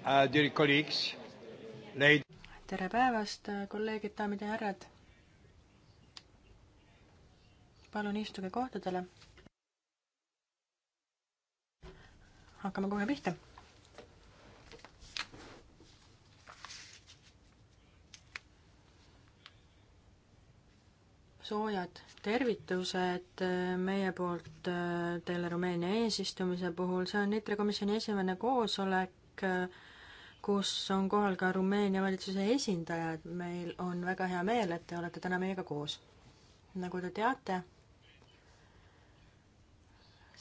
Uh, tere päevast, kolleegid, daamid ja härrad. palun istuge kohtadele. hakkame kohe pihta. soojad tervitused eh, meie poolt eh, teile Rumeenia eesistumise puhul, see on ITRE komisjoni esimene koosolek eh, kus on kohal ka Rumeenia valitsuse esindajad. meil on väga hea meel, et te olete täna meiega koos. nagu te teate,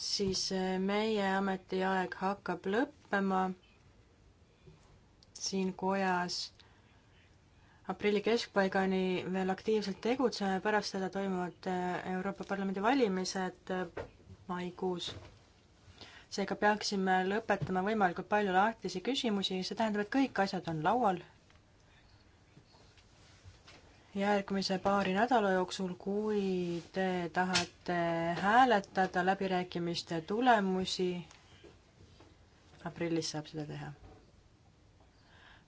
siis meie ametiaeg hakkab lõppema siin kojas aprilli keskpaigani veel aktiivselt tegutseme, pärast seda toimuvad Euroopa Parlamendi valimised maikuus seega peaksime lõpetama võimalikult palju lahtisi küsimusi, see tähendab, et kõik asjad on laual. järgmise paari nädala jooksul, kui te tahate hääletada läbirääkimiste tulemusi, aprillis saab seda teha.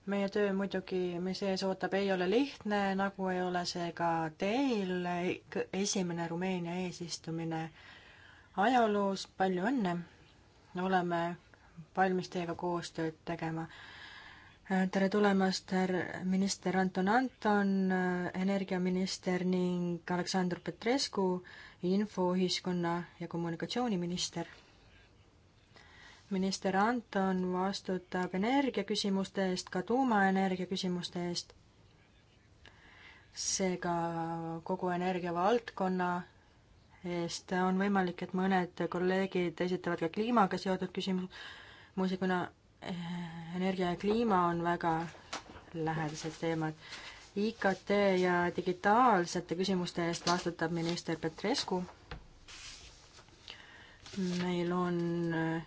meie töö muidugi, mis ees ootab, ei ole lihtne, nagu ei ole see ka teil, esimene Rumeenia eesistumine ajaloos, palju õnne! oleme valmis teiega koostööd tegema. tere tulemast, härra minister Anton Anton, energiaminister ning Aleksandr Petrescu, infoühiskonna ja kommunikatsiooniminister. minister Anton vastutab energiaküsimuste eest, ka tuumaenergia küsimuste eest. seega kogu energiavaldkonna eest, on võimalik, et mõned kolleegid esitavad ka kliimaga seotud küsimusi, kuna eh, energia ja kliima on väga lähedased teemad. IKT ja digitaalsete küsimuste eest vastutab minister Petrescu. meil on eh,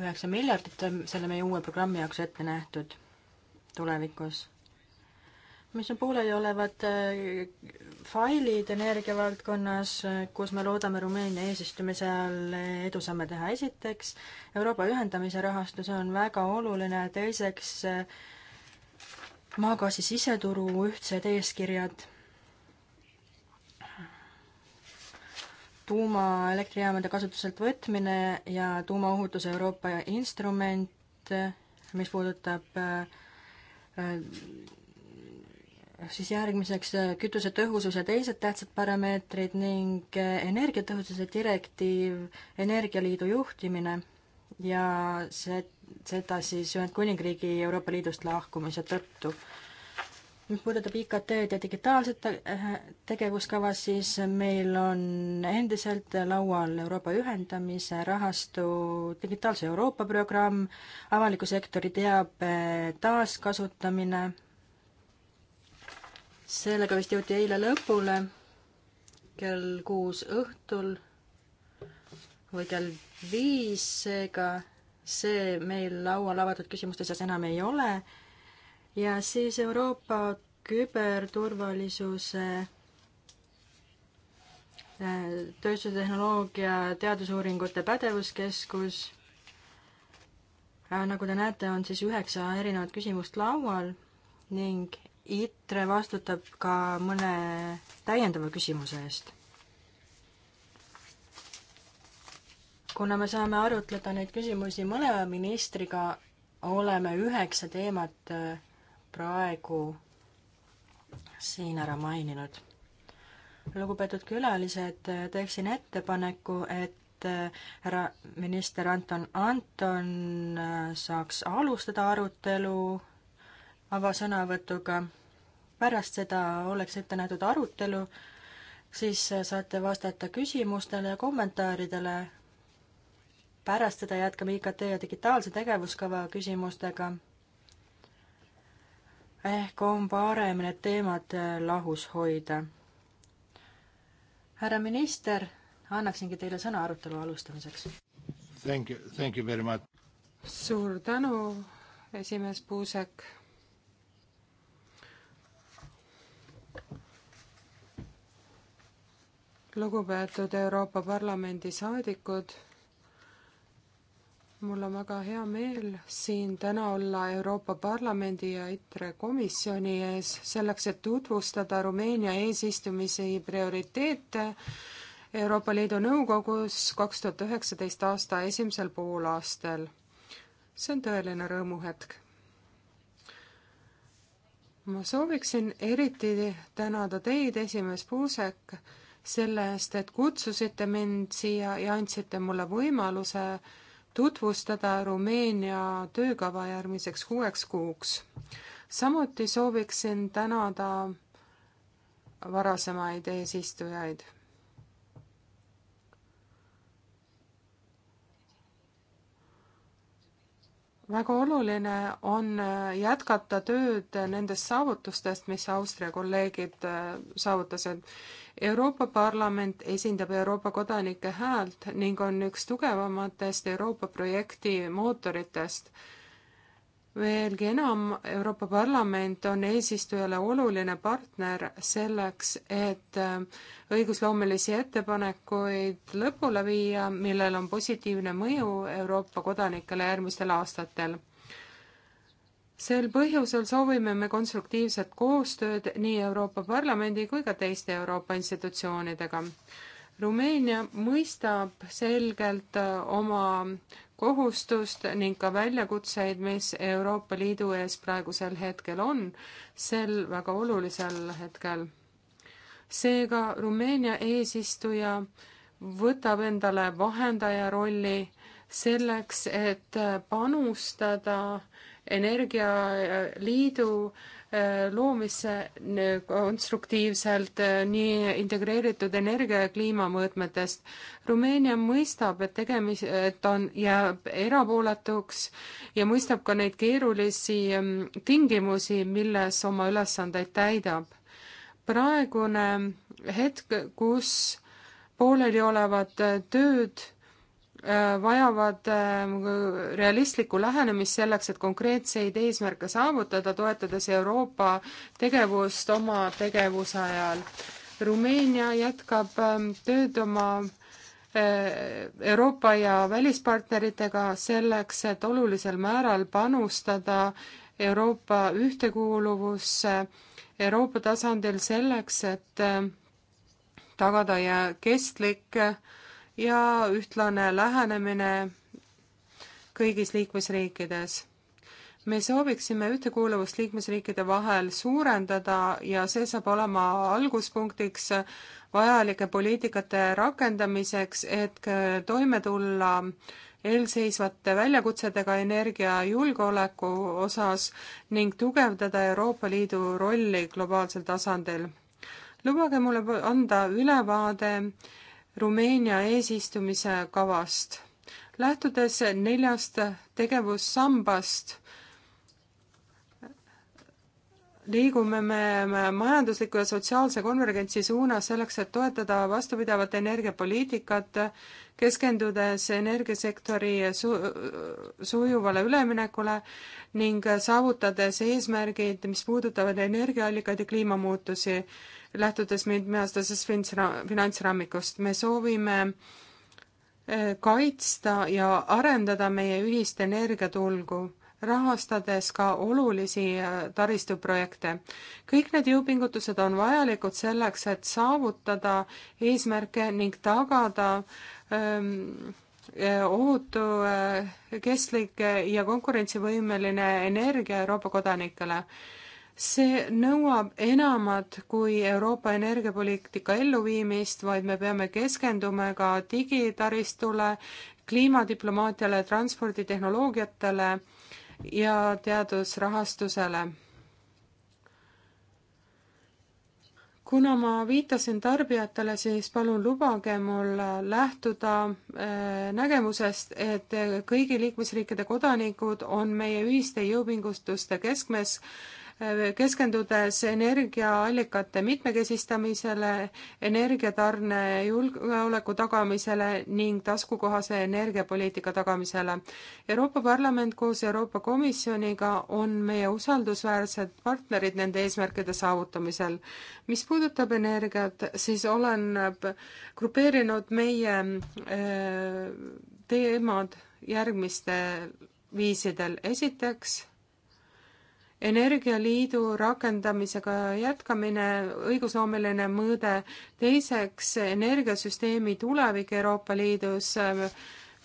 üheksa miljardit selle meie uue programmi jaoks ette nähtud tulevikus mis on pooleliolevad äh, failid energiavaldkonnas, kus me loodame Rumeenia eesistumise all edusamme teha. esiteks, Euroopa ühendamise rahastu, see on väga oluline, teiseks äh, maagaasi siseturu ühtsed eeskirjad, tuumaelektrijaamade kasutuselt võtmine ja tuumaohutuse Euroopa instrument, mis puudutab äh, siis järgmiseks äh, kütusetõhusus ja teised tähtsad parameetrid ning äh, energiatõhususe direktiiv, Energialiidu juhtimine ja see, seda siis Ühendkuningriigi Euroopa Liidust lahkumise tõttu. mis puudutab IKT-d ja digitaalset äh, tegevuskava, siis meil on endiselt laual Euroopa ühendamise rahastu Digitaalse Euroopa programm, avaliku sektori teabe taaskasutamine sellega vist jõuti eile lõpule kell kuus õhtul või kell viis, seega see meil laual avatud küsimuste seas enam ei ole. ja siis Euroopa küberturvalisuse äh, tööstustehnoloogia teadusuuringute pädevuskeskus. Äh, nagu te näete, on siis üheksa erinevat küsimust laual ning ITRE vastutab ka mõne täiendava küsimuse eest. kuna me saame arutleda neid küsimusi mõlema ministriga, oleme üheksa teemat äh, praegu siin ära maininud. lugupeetud külalised, äh, teeksin ettepaneku, et äh, härra minister Anton Anton saaks alustada arutelu avasõnavõtuga pärast seda oleks ette nähtud arutelu, siis saate vastata küsimustele ja kommentaaridele. pärast seda jätkame IKT ja digitaalse tegevuskava küsimustega. ehk on parem need teemad lahus hoida. härra minister, annaksingi teile sõna arutelu alustamiseks. Thank you, thank you very much. suur tänu, esimees Puusek lugupeetud Euroopa Parlamendi saadikud, mul on väga hea meel siin täna olla Euroopa Parlamendi ja ITRE komisjoni ees selleks, et tutvustada Rumeenia eesistumise prioriteete Euroopa Liidu Nõukogus kaks tuhat üheksateist aasta esimesel poolaastal. see on tõeline rõõmuhetk ma sooviksin eriti tänada teid, esimees Puusek, selle eest, et kutsusite mind siia ja andsite mulle võimaluse tutvustada Rumeenia töökava järgmiseks kuueks kuuks. samuti sooviksin tänada varasemaid eesistujaid väga oluline on jätkata tööd nendest saavutustest, mis Austria kolleegid saavutasid. Euroopa Parlament esindab Euroopa kodanike häält ning on üks tugevamatest Euroopa projekti mootoritest. veelgi enam, Euroopa Parlament on eesistujale oluline partner selleks, et äh, õigusloomelisi ettepanekuid lõpule viia, millel on positiivne mõju Euroopa kodanikele järgmistel aastatel sel põhjusel soovime me konstruktiivset koostööd nii Euroopa Parlamendi kui ka teiste Euroopa institutsioonidega. Rumeenia mõistab selgelt äh, oma kohustust ning ka väljakutseid, mis Euroopa Liidu ees praegusel hetkel on, sel väga olulisel hetkel. seega Rumeenia eesistuja võtab endale vahendaja rolli selleks, et panustada energialiidu äh, loomisse konstruktiivselt äh, nii integreeritud energia ja kliimamõõtmetest. Rumeenia mõistab, et tegemis-, et on, jääb erapooletuks ja mõistab ka neid keerulisi ähm, tingimusi, milles oma ülesandeid täidab. praegune hetk, kus pooleliolevad äh, tööd Äh, vajavad ähm, realistlikku lähenemist selleks, et konkreetseid eesmärke saavutada, toetades Euroopa tegevust oma tegevuse ajal. Rumeenia jätkab ähm, tööd oma äh, Euroopa ja välispartneritega selleks, et olulisel määral panustada Euroopa ühtekuuluvusse Euroopa tasandil selleks, et äh, tagada ja kestlik äh, ja ühtlane lähenemine kõigis liikmesriikides. me sooviksime ühtekuuluvust liikmesriikide vahel suurendada ja see saab olema alguspunktiks vajalike poliitikate rakendamiseks, et toime tulla eelseisvate väljakutsedega energiajulgeoleku osas ning tugevdada Euroopa Liidu rolli globaalsel tasandil. lubage mulle anda ülevaade Rumeenia eesistumise kavast. lähtudes neljast tegevussambast, liigume me majandusliku ja sotsiaalse konvergentsi suunas selleks, et toetada vastupidavat energiapoliitikat, keskendudes energiasektori su sujuvale üleminekule ning saavutades eesmärgid, mis puudutavad energiaallikaid ja kliimamuutusi lähtudes mitmeaastasest finantsraamikust. me soovime eh, kaitsta ja arendada meie ühist energiatulgu rahastades ka olulisi eh, taristuprojekte. kõik need jõupingutused on vajalikud selleks, et saavutada eesmärke ning tagada öö, ehm, eh, ohutu, kestlik ja konkurentsivõimeline energia Euroopa kodanikele see nõuab enamat kui Euroopa energiapoliitika elluviimist, vaid me peame keskenduma ka digitaristule, kliimadiplomaatiale, transporditehnoloogiatele ja teadusrahastusele. kuna ma viitasin tarbijatele, siis palun lubage mul lähtuda eh, nägemusest, et kõigi liikmesriikide kodanikud on meie ühiste jõupingutuste keskmes keskendudes energiaallikate mitmekesistamisele, energiatarne julgeoleku tagamisele ning taskukohase energiapoliitika tagamisele. Euroopa Parlament koos Euroopa Komisjoniga on meie usaldusväärsed partnerid nende eesmärkide saavutamisel. mis puudutab energiat, siis olen grupeerinud meie eh, teemad järgmistel viisidel. esiteks energialiidu rakendamisega jätkamine, õigusloomeline mõõde, teiseks energiasüsteemi tulevik Euroopa Liidus, äh,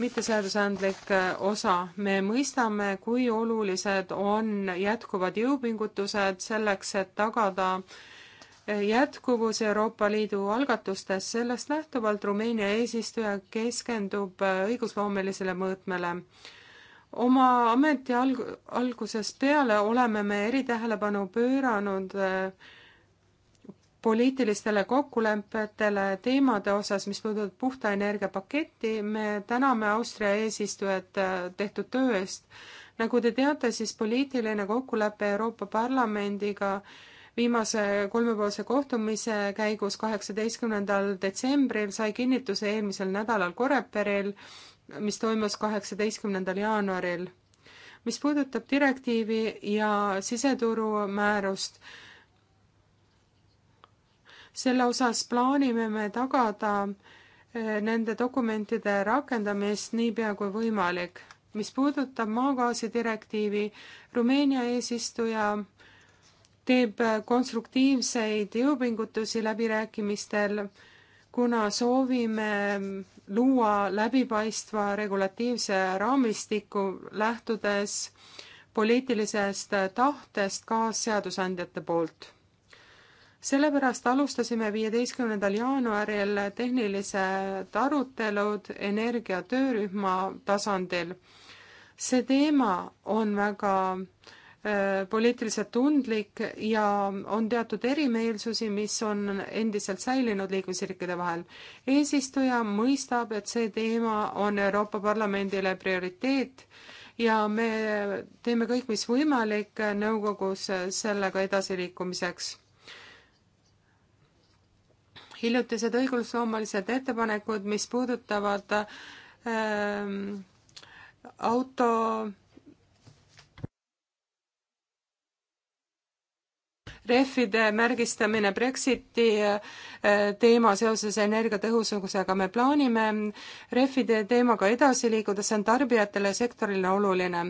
mitteseadusandlik äh, osa. me mõistame, kui olulised on jätkuvad jõupingutused selleks, et tagada äh, jätkuvus Euroopa Liidu algatustes, sellest lähtuvalt Rumeenia eesistuja keskendub õigusloomelisele mõõtmele oma ameti alg-, algusest peale oleme me eritähelepanu pööranud äh, poliitilistele kokkulepetele teemade osas, mis puudutab puhta energia paketti, me täname Austria eesistujat äh, tehtud töö eest. nagu te teate, siis poliitiline kokkulepe Euroopa Parlamendiga viimase kolmepoolse kohtumise käigus kaheksateistkümnendal detsembril sai kinnituse eelmisel nädalal Koreperil mis toimus kaheksateistkümnendal jaanuaril. mis puudutab direktiivi ja siseturu määrust, selle osas plaanime me tagada eh, nende dokumentide rakendamist niipea kui võimalik. mis puudutab maagaasi direktiivi, Rumeenia eesistuja teeb konstruktiivseid jõupingutusi läbirääkimistel, kuna soovime luua läbipaistva regulatiivse raamistiku, lähtudes poliitilisest tahtest kaasseadusandjate poolt. sellepärast alustasime viieteistkümnendal jaanuaril tehnilised arutelud energiatöörühma tasandil. see teema on väga äh, Äh, poliitiliselt tundlik ja on teatud erimeelsusi, mis on endiselt säilinud liikmesriikide vahel. eesistuja mõistab, et see teema on Euroopa Parlamendile prioriteet ja me teeme kõik, mis võimalik nõukogus sellega edasiliikumiseks. hiljutised õigusloomelised ettepanekud, mis puudutavad ähm, auto rehvide märgistamine, Brexiti äh, teema seoses energiatõhususega, me plaanime rehvide teemaga edasi liikuda, see on tarbijatele ja sektorile oluline.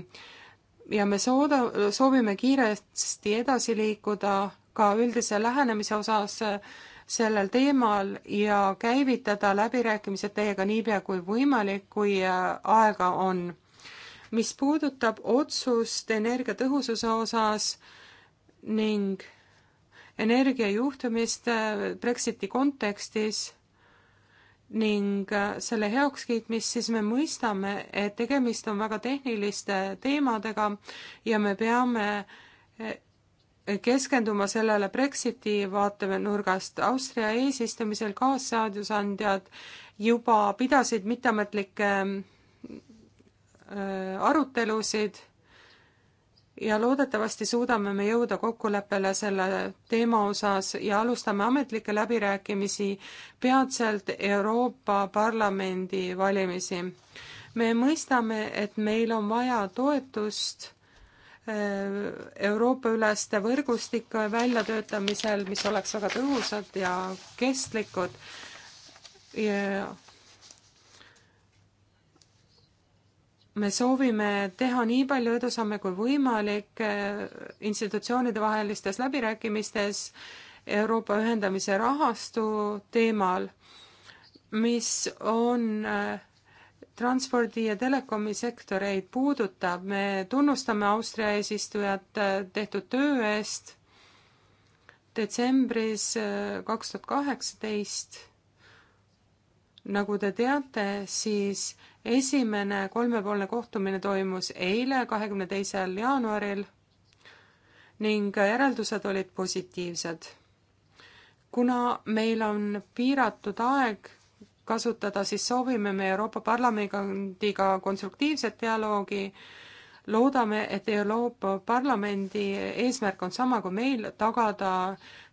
ja me sooda-, soovime kiiresti edasi liikuda ka üldise lähenemise osas äh, sellel teemal ja käivitada läbirääkimised teiega niipea kui võimalik, kui äh, aega on. mis puudutab otsust energiatõhususe osas ning energiajuhtimist äh, Brexiti kontekstis ning äh, selle heakskiitmist, siis me mõistame, et tegemist on väga tehniliste teemadega ja me peame äh, keskenduma sellele Brexiti vaatenurgast. Austria eesistumisel kaasseadusandjad juba pidasid mitteametlikke arutelusid ja loodetavasti suudame me jõuda kokkuleppele selle teema osas ja alustame ametlikke läbirääkimisi peatselt Euroopa Parlamendi valimisi. me mõistame, et meil on vaja toetust äh, Euroopa-üleste võrgustike väljatöötamisel, mis oleks väga tõhusad ja kestlikud ja me soovime teha nii palju edusamme kui võimalik eh, institutsioonide vahelistes läbirääkimistes Euroopa ühendamise rahastu teemal, mis on eh, transpordi ja telekomi sektoreid puudutab, me tunnustame Austria eesistujat eh, tehtud töö eest detsembris kaks tuhat kaheksateist nagu te teate, siis esimene kolmepoolne kohtumine toimus eile, kahekümne teisel jaanuaril ning järeldused olid positiivsed. kuna meil on piiratud aeg kasutada, siis soovime me Euroopa Parlamendiga konstruktiivset dialoogi, loodame, et Euroopa Parlamendi eesmärk on sama kui meil, tagada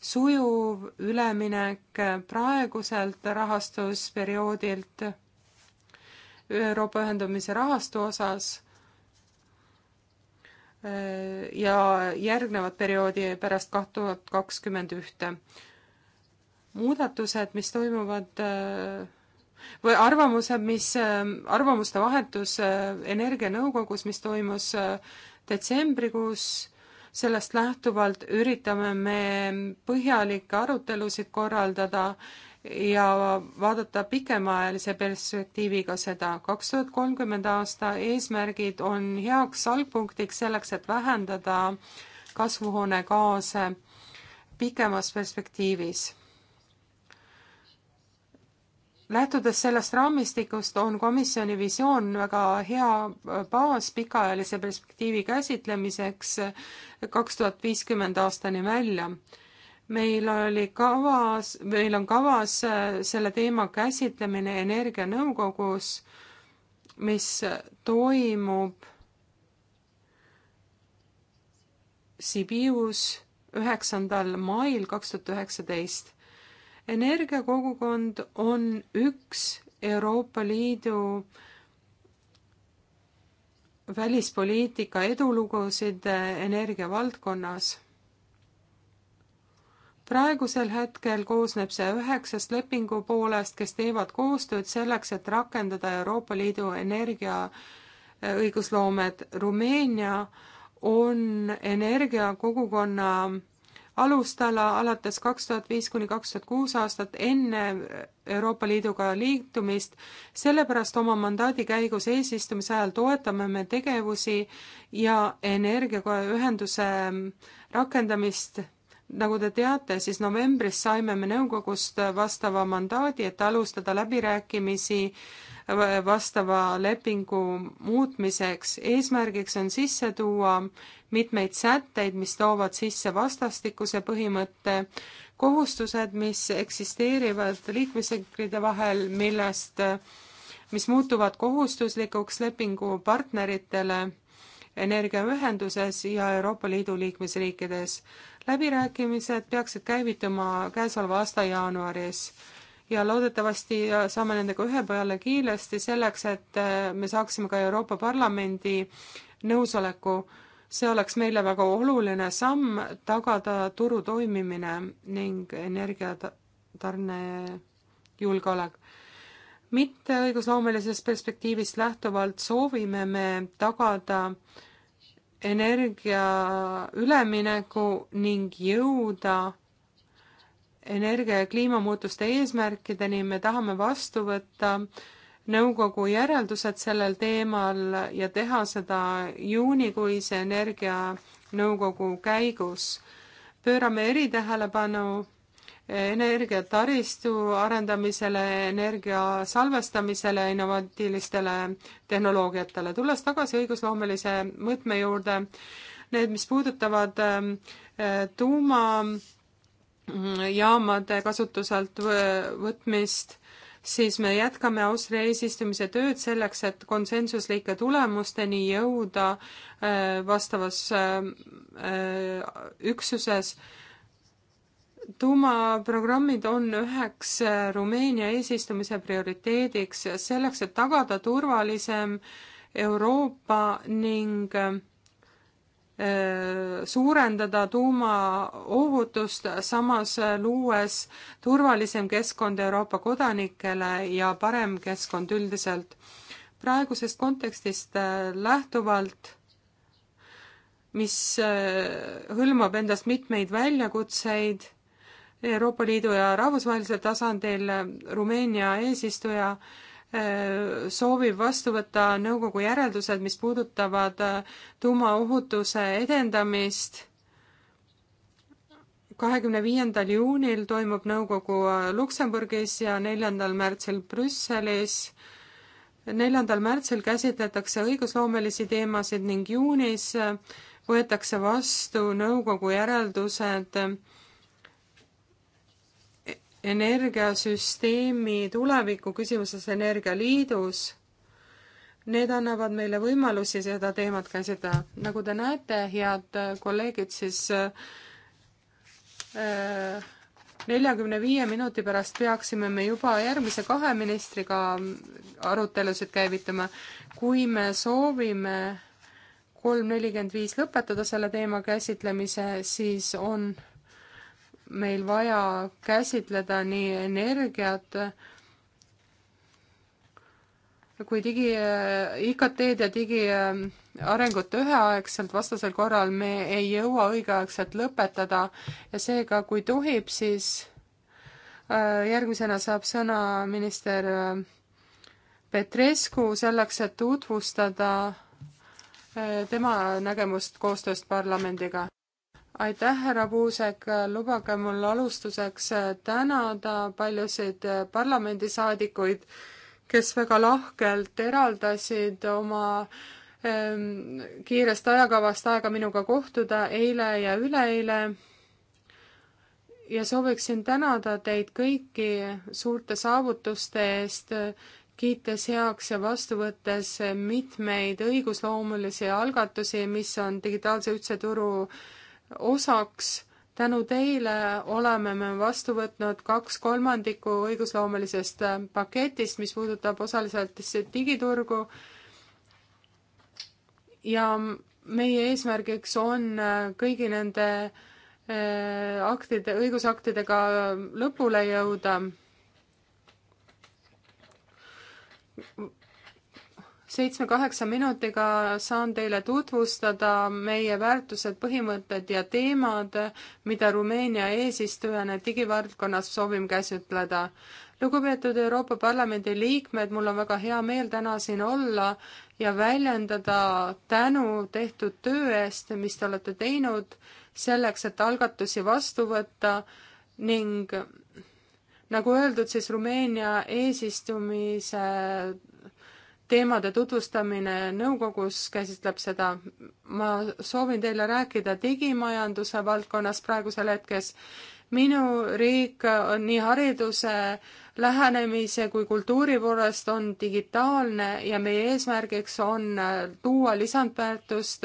sujuv üleminek praeguselt rahastusperioodilt Euroopa ühendamise rahastu osas eh, ja järgnevat perioodi pärast kaht tuhat kakskümmend ühte. muudatused, mis toimuvad eh, või arvamused, mis, eh, arvamuste vahetus Energianõukogus, mis toimus detsembrikuus, sellest lähtuvalt üritame me põhjalikke arutelusid korraldada ja vaadata pikemaajalise perspektiiviga seda. kaks tuhat kolmkümmend aasta eesmärgid on heaks algpunktiks selleks, et vähendada kasvuhoonegaase pikemas perspektiivis. lähtudes sellest raamistikust, on komisjoni visioon väga hea baas pikaajalise perspektiivi käsitlemiseks kaks tuhat viiskümmend aastani välja meil oli kavas, meil on kavas äh, selle teema käsitlemine Energianõukogus, mis toimub Sibius üheksandal mail kaks tuhat üheksateist. energiakogukond on üks Euroopa Liidu välispoliitika edulugusid äh, energiavaldkonnas praegusel hetkel koosneb see üheksast lepingupoolest, kes teevad koostööd selleks, et rakendada Euroopa Liidu energia õigusloomed. Rumeenia on energiakogukonna alustala alates kaks tuhat viis kuni kaks tuhat kuus aastat enne Euroopa Liiduga liitumist. sellepärast oma mandaadi käigus eesistumise ajal toetame me tegevusi ja energiaühenduse rakendamist nagu te teate, siis novembris saime me nõukogust vastava mandaadi, et alustada läbirääkimisi vastava lepingu muutmiseks. eesmärgiks on sisse tuua mitmeid sätteid, mis toovad sisse vastastikuse põhimõtte, kohustused, mis eksisteerivad liikmesriikide vahel, millest, mis muutuvad kohustuslikuks lepingupartneritele energiaühenduses ja Euroopa Liidu liikmesriikides läbirääkimised peaksid käivituma käesoleva aasta jaanuaris ja loodetavasti saame nendega ühe peale kiiresti selleks, et äh, me saaksime ka Euroopa Parlamendi nõusoleku. see oleks meile väga oluline samm tagada turu toimimine ning energiatarne julgeolek mitte õigusloomelises perspektiivist lähtuvalt soovime me tagada äh, energia ülemineku ning jõuda energia ja kliimamuutuste eesmärkideni, me tahame vastu võtta nõukogu järeldused sellel teemal ja teha seda juunikuise energianõukogu käigus. pöörame eritähelepanu energiataristu arendamisele, energia salvestamisele, innovaatilistele tehnoloogiatele. tulles tagasi õigusloomelise mõõtme juurde, need, mis puudutavad ähm, äh, tuumajaamade kasutuselt võtmist, siis me jätkame Austria eesistumise tööd selleks, et konsensuslike tulemusteni jõuda äh, vastavas äh, üksuses tuumaprogrammid on üheks äh, Rumeenia eesistumise prioriteediks selleks, et tagada turvalisem Euroopa ning äh, suurendada tuumaohutust, samas äh, luues turvalisem keskkond Euroopa kodanikele ja parem keskkond üldiselt. praegusest kontekstist lähtuvalt, mis hõlmab endast mitmeid väljakutseid Euroopa Liidu ja rahvusvahelisel tasandil Rumeenia eesistuja eh, soovib vastu võtta nõukogu järeldused, mis puudutavad eh, tuumaohutuse edendamist. kahekümne viiendal juunil toimub nõukogu eh, Luksemburgis ja neljandal märtsil Brüsselis. neljandal märtsil käsitletakse õigusloomelisi teemasid ning juunis võetakse vastu nõukogu järeldused energiasüsteemi tuleviku küsimuses Energialiidus. Need annavad meile võimalusi seda teemat käsitleda. nagu te näete, head kolleegid, siis äh, neljakümne viie minuti pärast peaksime me juba järgmise kahe ministriga arutelusid käivitama. kui me soovime kolm nelikümmend viis lõpetada selle teema käsitlemise, siis on meil vaja käsitleda nii energiat kui digi, IKT-d ja digiarengut äh, üheaegselt, vastasel korral me ei jõua õigeaegselt lõpetada ja seega, kui tohib, siis äh, järgmisena saab sõna minister äh, Petrescu selleks, et tutvustada tema nägemust koostööst parlamendiga aitäh, härra Puusek, lubage mul alustuseks tänada paljusid parlamendisaadikuid, kes väga lahkelt eraldasid oma ähm, kiirest ajakavast aega minuga kohtuda eile ja üleeile ja sooviksin tänada teid kõiki suurte saavutuste eest, kiites heaks ja vastu võttes mitmeid õigusloomulisi algatusi, mis on digitaalse ühtse turu osaks. tänu teile oleme me vastu võtnud kaks kolmandikku õigusloomelisest äh, paketist, mis puudutab osaliselt digiturgu. ja meie eesmärgiks on äh, kõigi nende äh, aktide, õigusaktidega lõpule jõuda seitsme-kaheksa minutiga saan teile tutvustada meie väärtused, põhimõtted ja teemad, mida Rumeenia eesistujana digivaldkonnas soovime käsitleda lugupeetud Euroopa Parlamendi liikmed, mul on väga hea meel täna siin olla ja väljendada tänu tehtud töö eest, mis te olete teinud selleks, et algatusi vastu võtta ning nagu öeldud, siis Rumeenia eesistumise teemade tutvustamine nõukogus käsitleb seda. ma soovin teile rääkida digimajanduse valdkonnas praegusel hetkes. minu riik on nii hariduse lähenemise kui kultuuri poolest on digitaalne ja meie eesmärgiks on tuua lisandväärtust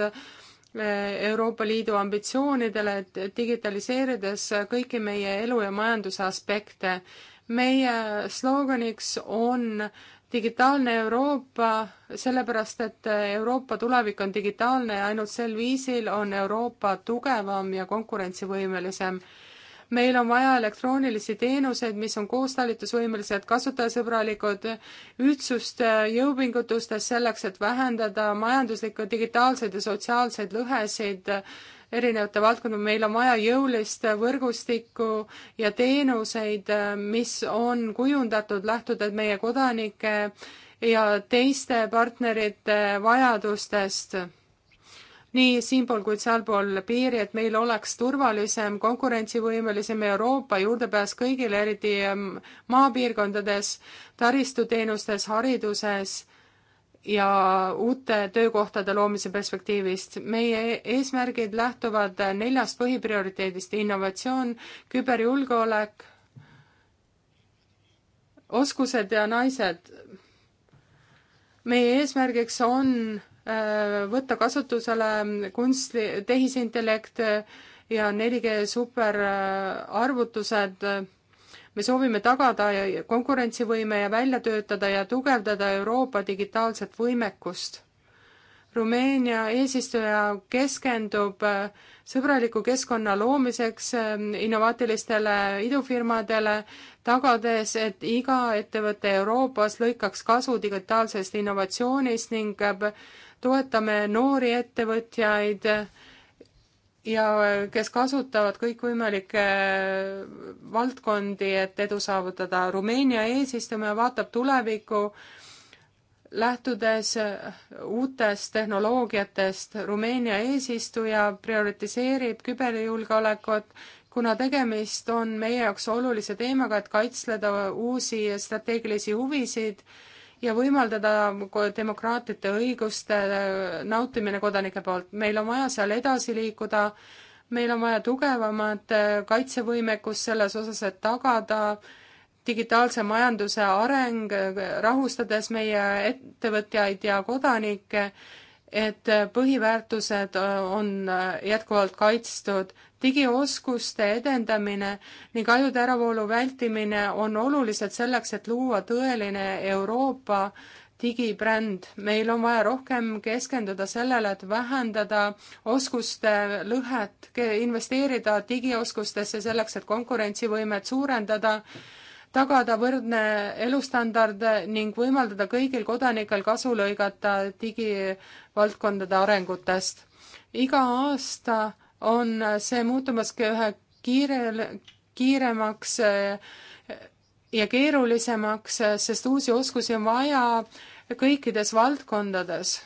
Euroopa Liidu ambitsioonidele, et digitaliseerides kõiki meie elu ja majanduse aspekte meie sloganiks on digitaalne Euroopa, sellepärast et Euroopa tulevik on digitaalne ja ainult sel viisil on Euroopa tugevam ja konkurentsivõimelisem. meil on vaja elektroonilisi teenuseid, mis on koostalitusvõimelised, kasutajasõbralikud, ühtsust jõupingutustes selleks, et vähendada majanduslikke, digitaalseid ja sotsiaalseid lõhesid erinevate valdkondade, meil on vaja jõulist võrgustikku ja teenuseid, mis on kujundatud lähtudes meie kodanike ja teiste partnerite vajadustest nii siinpool kui sealpool piiri, et meil oleks turvalisem, konkurentsivõimelisem Euroopa juurdepääs kõigile, eriti maapiirkondades, taristuteenustes, hariduses ja uute töökohtade loomise perspektiivist. meie eesmärgid lähtuvad neljast põhiprioriteedist, innovatsioon, küberjulgeolek, oskused ja naised. meie eesmärgiks on äh, võtta kasutusele kunsti, tehisintellekt ja 4G superarvutused me soovime tagada konkurentsivõime ja välja töötada ja tugevdada Euroopa digitaalset võimekust. Rumeenia eesistuja keskendub äh, sõbraliku keskkonna loomiseks äh, innovaatilistele idufirmadele, tagades, et iga ettevõte Euroopas lõikaks kasu digitaalsest innovatsioonist ning äh, toetame noori ettevõtjaid ja kes kasutavad kõikvõimalikke valdkondi, et edu saavutada. Rumeenia eesistumine vaatab tulevikku lähtudes uutest tehnoloogiatest. Rumeenia eesistuja prioritiseerib küberjulgeolekut, kuna tegemist on meie jaoks olulise teemaga, et kaitsleda uusi strateegilisi huvisid ja võimaldada demokraatide õiguste äh, nautimine kodanike poolt. meil on vaja seal edasi liikuda, meil on vaja tugevamat äh, kaitsevõimekust selles osas, et tagada digitaalse majanduse areng, äh, rahustades meie ettevõtjaid ja kodanikke et äh, põhiväärtused äh, on äh, jätkuvalt kaitstud. digioskuste edendamine ning ajude äravoolu vältimine on olulised selleks, et luua tõeline Euroopa digibränd. meil on vaja rohkem keskenduda sellele, et vähendada oskuste lõhet, investeerida digioskustesse selleks, et konkurentsivõimet suurendada tagada võrdne elustandard ning võimaldada kõigil kodanikel kasu lõigata digivaldkondade arengutest. iga aasta on see muutumaski ühe kiirel, kiiremaks eh, ja keerulisemaks, sest uusi oskusi on vaja kõikides valdkondades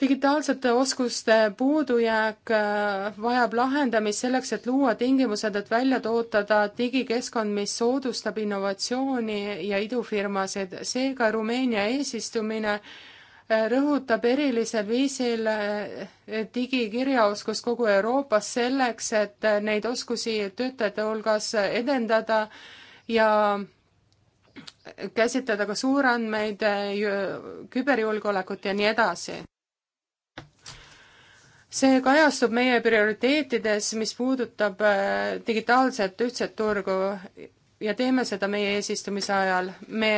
digitaalsete oskuste puudujääk äh, vajab lahendamist selleks, et luua tingimused, et välja tootada digikeskkond, mis soodustab innovatsiooni ja idufirmasid. seega Rumeenia eesistumine äh, rõhutab erilisel viisil äh, digikirjaoskust kogu Euroopas selleks, et neid oskusi töötajate hulgas edendada ja käsitleda ka suurandmeid, küberjulgeolekut ja nii edasi see kajastub meie prioriteetides, mis puudutab äh, digitaalset ühtset turgu ja teeme seda meie eesistumise ajal. me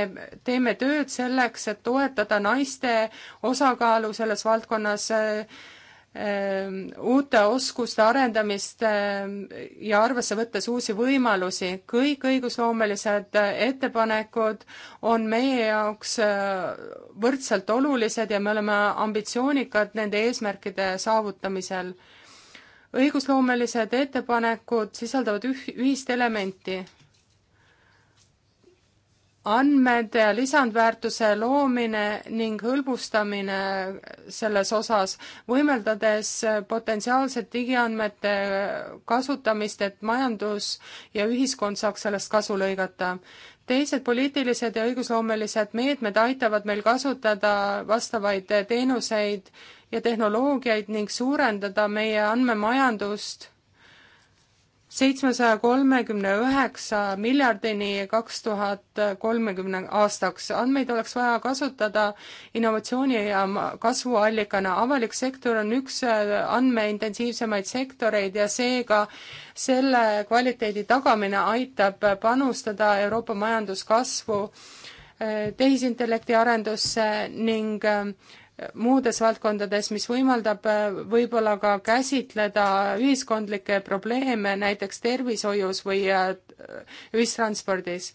teeme tööd selleks, et toetada naiste osakaalu selles valdkonnas äh, Ehm, uute oskuste arendamist ehm, ja arvesse võttes uusi võimalusi. kõik õigusloomelised eh, ettepanekud on meie jaoks eh, võrdselt olulised ja me oleme ambitsioonikad nende eesmärkide saavutamisel. õigusloomelised ettepanekud sisaldavad üh-, ühist elementi andmete lisandväärtuse loomine ning hõlbustamine selles osas, võimeldades potentsiaalset digiandmete kasutamist, et majandus ja ühiskond saaks sellest kasu lõigata. teised poliitilised ja õigusloomelised meetmed aitavad meil kasutada vastavaid teenuseid ja tehnoloogiaid ning suurendada meie andmemajandust seitsmesaja kolmekümne üheksa miljardini kaks tuhat kolmekümne aastaks. andmeid oleks vaja kasutada innovatsiooni ja kasvuallikana. avalik sektor on üks äh, andmeintensiivsemaid sektoreid ja seega selle kvaliteedi tagamine aitab panustada Euroopa majanduskasvu äh, tehisintellekti arendusse ning äh, muudes valdkondades, mis võimaldab äh, võib-olla ka käsitleda ühiskondlikke probleeme näiteks tervishoius või äh, ühistranspordis.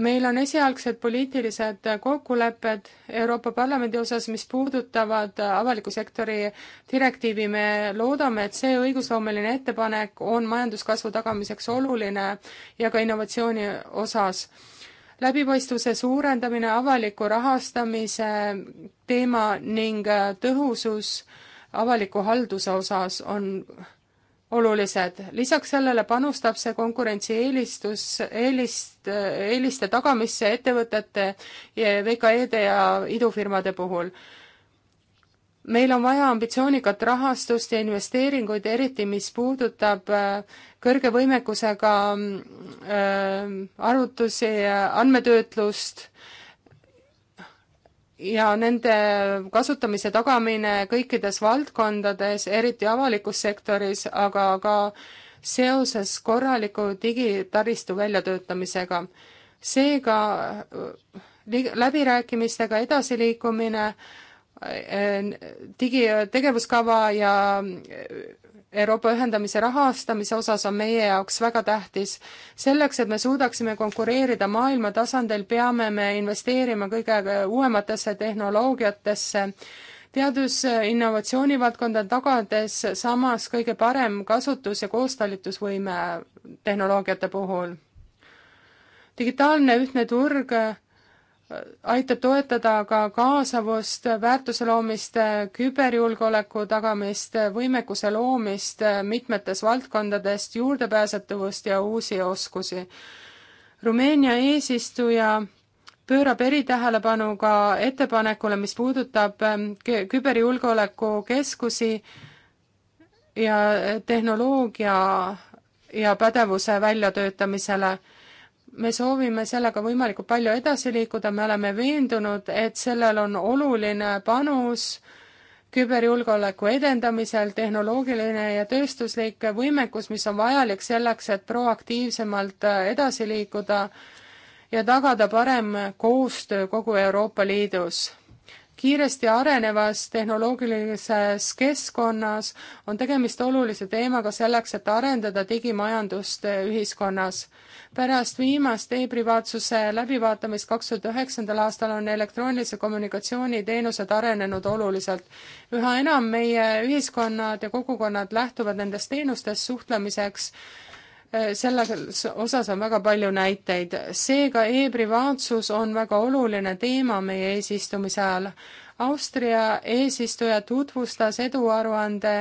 meil on esialgsed poliitilised kokkulepped Euroopa Parlamendi osas, mis puudutavad avaliku sektori direktiivi, me loodame, et see õigusloomeline ettepanek on majanduskasvu tagamiseks oluline ja ka innovatsiooni osas läbipaistvuse suurendamine, avaliku rahastamise teema ning äh, tõhusus avaliku halduse osas on olulised. lisaks sellele panustab see konkurentsieelistus, eelist, äh, eeliste tagamisse ettevõtete, VKE-de ja idufirmade puhul meil on vaja ambitsioonikat rahastust ja investeeringuid, eriti mis puudutab äh, kõrge võimekusega äh, arvutusi, andmetöötlust ja nende kasutamise tagamine kõikides valdkondades, eriti avalikus sektoris, aga ka seoses korraliku digitaristu väljatöötamisega. seega äh, läbirääkimistega edasiliikumine äh, Äh, digitegevuskava ja äh, Euroopa ühendamise rahastamise osas on meie jaoks väga tähtis. selleks, et me suudaksime konkureerida maailma tasandil, peame me investeerima kõige uuematesse tehnoloogiatesse, teadusinnovatsiooni valdkonda tagades samas kõige parem kasutus- ja koostalitusvõime tehnoloogiate puhul. digitaalne ühtne turg aitab toetada ka kaasavust, väärtuse loomist, küberjulgeoleku tagamist, võimekuse loomist mitmetes valdkondades, juurdepääsetavust ja uusi oskusi. Rumeenia eesistuja pöörab eritähelepanu ka ettepanekule, mis puudutab ähm, küberjulgeolekukeskusi ja äh, tehnoloogia ja pädevuse väljatöötamisele me soovime sellega võimalikult palju edasi liikuda, me oleme veendunud, et sellel on oluline panus küberjulgeoleku edendamisel, tehnoloogiline ja tööstuslik võimekus, mis on vajalik selleks, et proaktiivsemalt edasi liikuda ja tagada parem koostöö kogu Euroopa Liidus kiiresti arenevas tehnoloogilises keskkonnas on tegemist olulise teemaga selleks, et arendada digimajandust ühiskonnas. pärast viimast e-privaatsuse läbivaatamist kaks tuhat üheksandal aastal on elektroonilise kommunikatsiooni teenused arenenud oluliselt. üha enam meie ühiskonnad ja kogukonnad lähtuvad nendest teenustest suhtlemiseks Äh, selles osas on väga palju näiteid. seega e-privaatsus on väga oluline teema meie eesistumise ajal. Austria eesistuja tutvustas eduaruande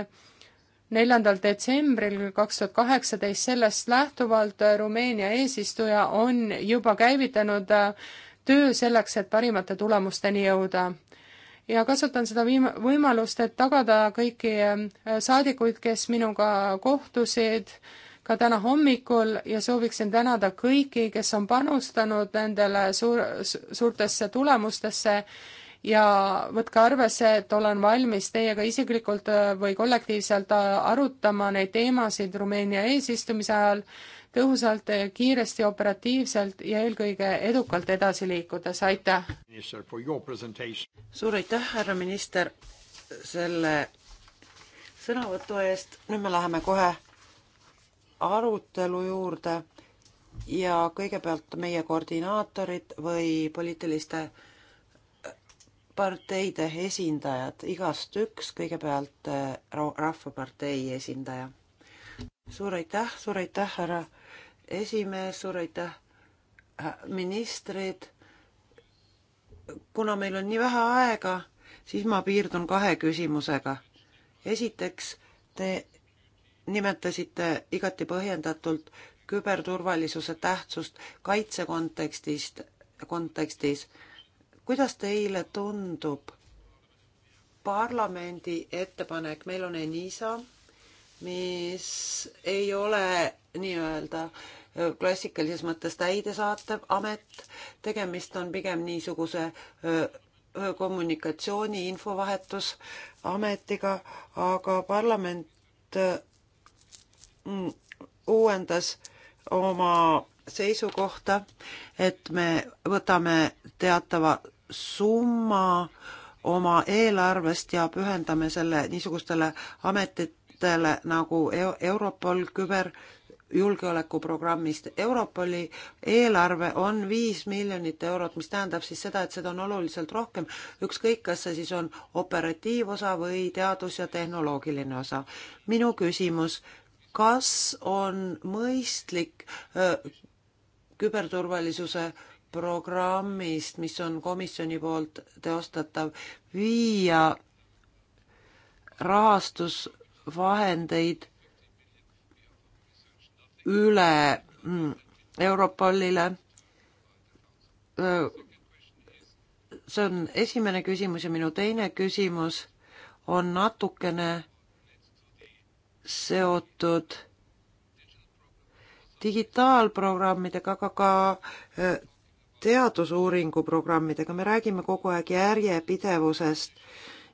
neljandal detsembril kaks tuhat kaheksateist, sellest lähtuvalt Rumeenia eesistuja on juba käivitanud äh, töö selleks, et parimate tulemusteni jõuda. ja kasutan seda viim-, võimalust, et tagada kõiki äh, saadikuid, kes minuga kohtusid, ka täna hommikul ja sooviksin tänada kõiki, kes on panustanud nendele suur, suurtesse tulemustesse ja võtke arvesse, et olen valmis teiega isiklikult äh, või kollektiivselt äh, arutama neid teemasid Rumeenia eesistumise ajal tõhusalt, äh, kiiresti, operatiivselt ja eelkõige edukalt edasi liikudes, aitäh! suur aitäh, härra minister, selle sõnavõtu eest, nüüd me läheme kohe arutelu juurde ja kõigepealt meie koordinaatorid või poliitiliste äh, parteide esindajad, igast üks, kõigepealt äh, Rahvapartei esindaja. suur aitäh, suur aitäh, härra esimees, suur aitäh, äh, ministrid. kuna meil on nii vähe aega, siis ma piirdun kahe küsimusega. esiteks, te nimetasite igati põhjendatult küberturvalisuse tähtsust kaitse kontekstist, kontekstis. kuidas teile tundub parlamendi ettepanek, meil on ENISA, mis ei ole nii-öelda äh, klassikalises mõttes täidesaatev amet, tegemist on pigem niisuguse äh, äh, kommunikatsiooni infovahetusametiga, aga parlament uuendas oma seisukohta, et me võtame teatava summa oma eelarvest ja pühendame selle niisugustele ametitele nagu e-, Europol küber julgeolekuprogrammist. Europoli eelarve on viis miljonit eurot, mis tähendab siis seda, et seda on oluliselt rohkem, ükskõik, kas see siis on operatiivosa või teadus- ja tehnoloogiline osa. minu küsimus, kas on mõistlik äh, küberturvalisuse programmist, mis on komisjoni poolt teostatav, viia rahastusvahendeid üle mm, Europolile. Äh, see on esimene küsimus ja minu teine küsimus on natukene seotud digitaalprogrammidega, aga ka e, teadusuuringuprogrammidega, me räägime kogu aeg järjepidevusest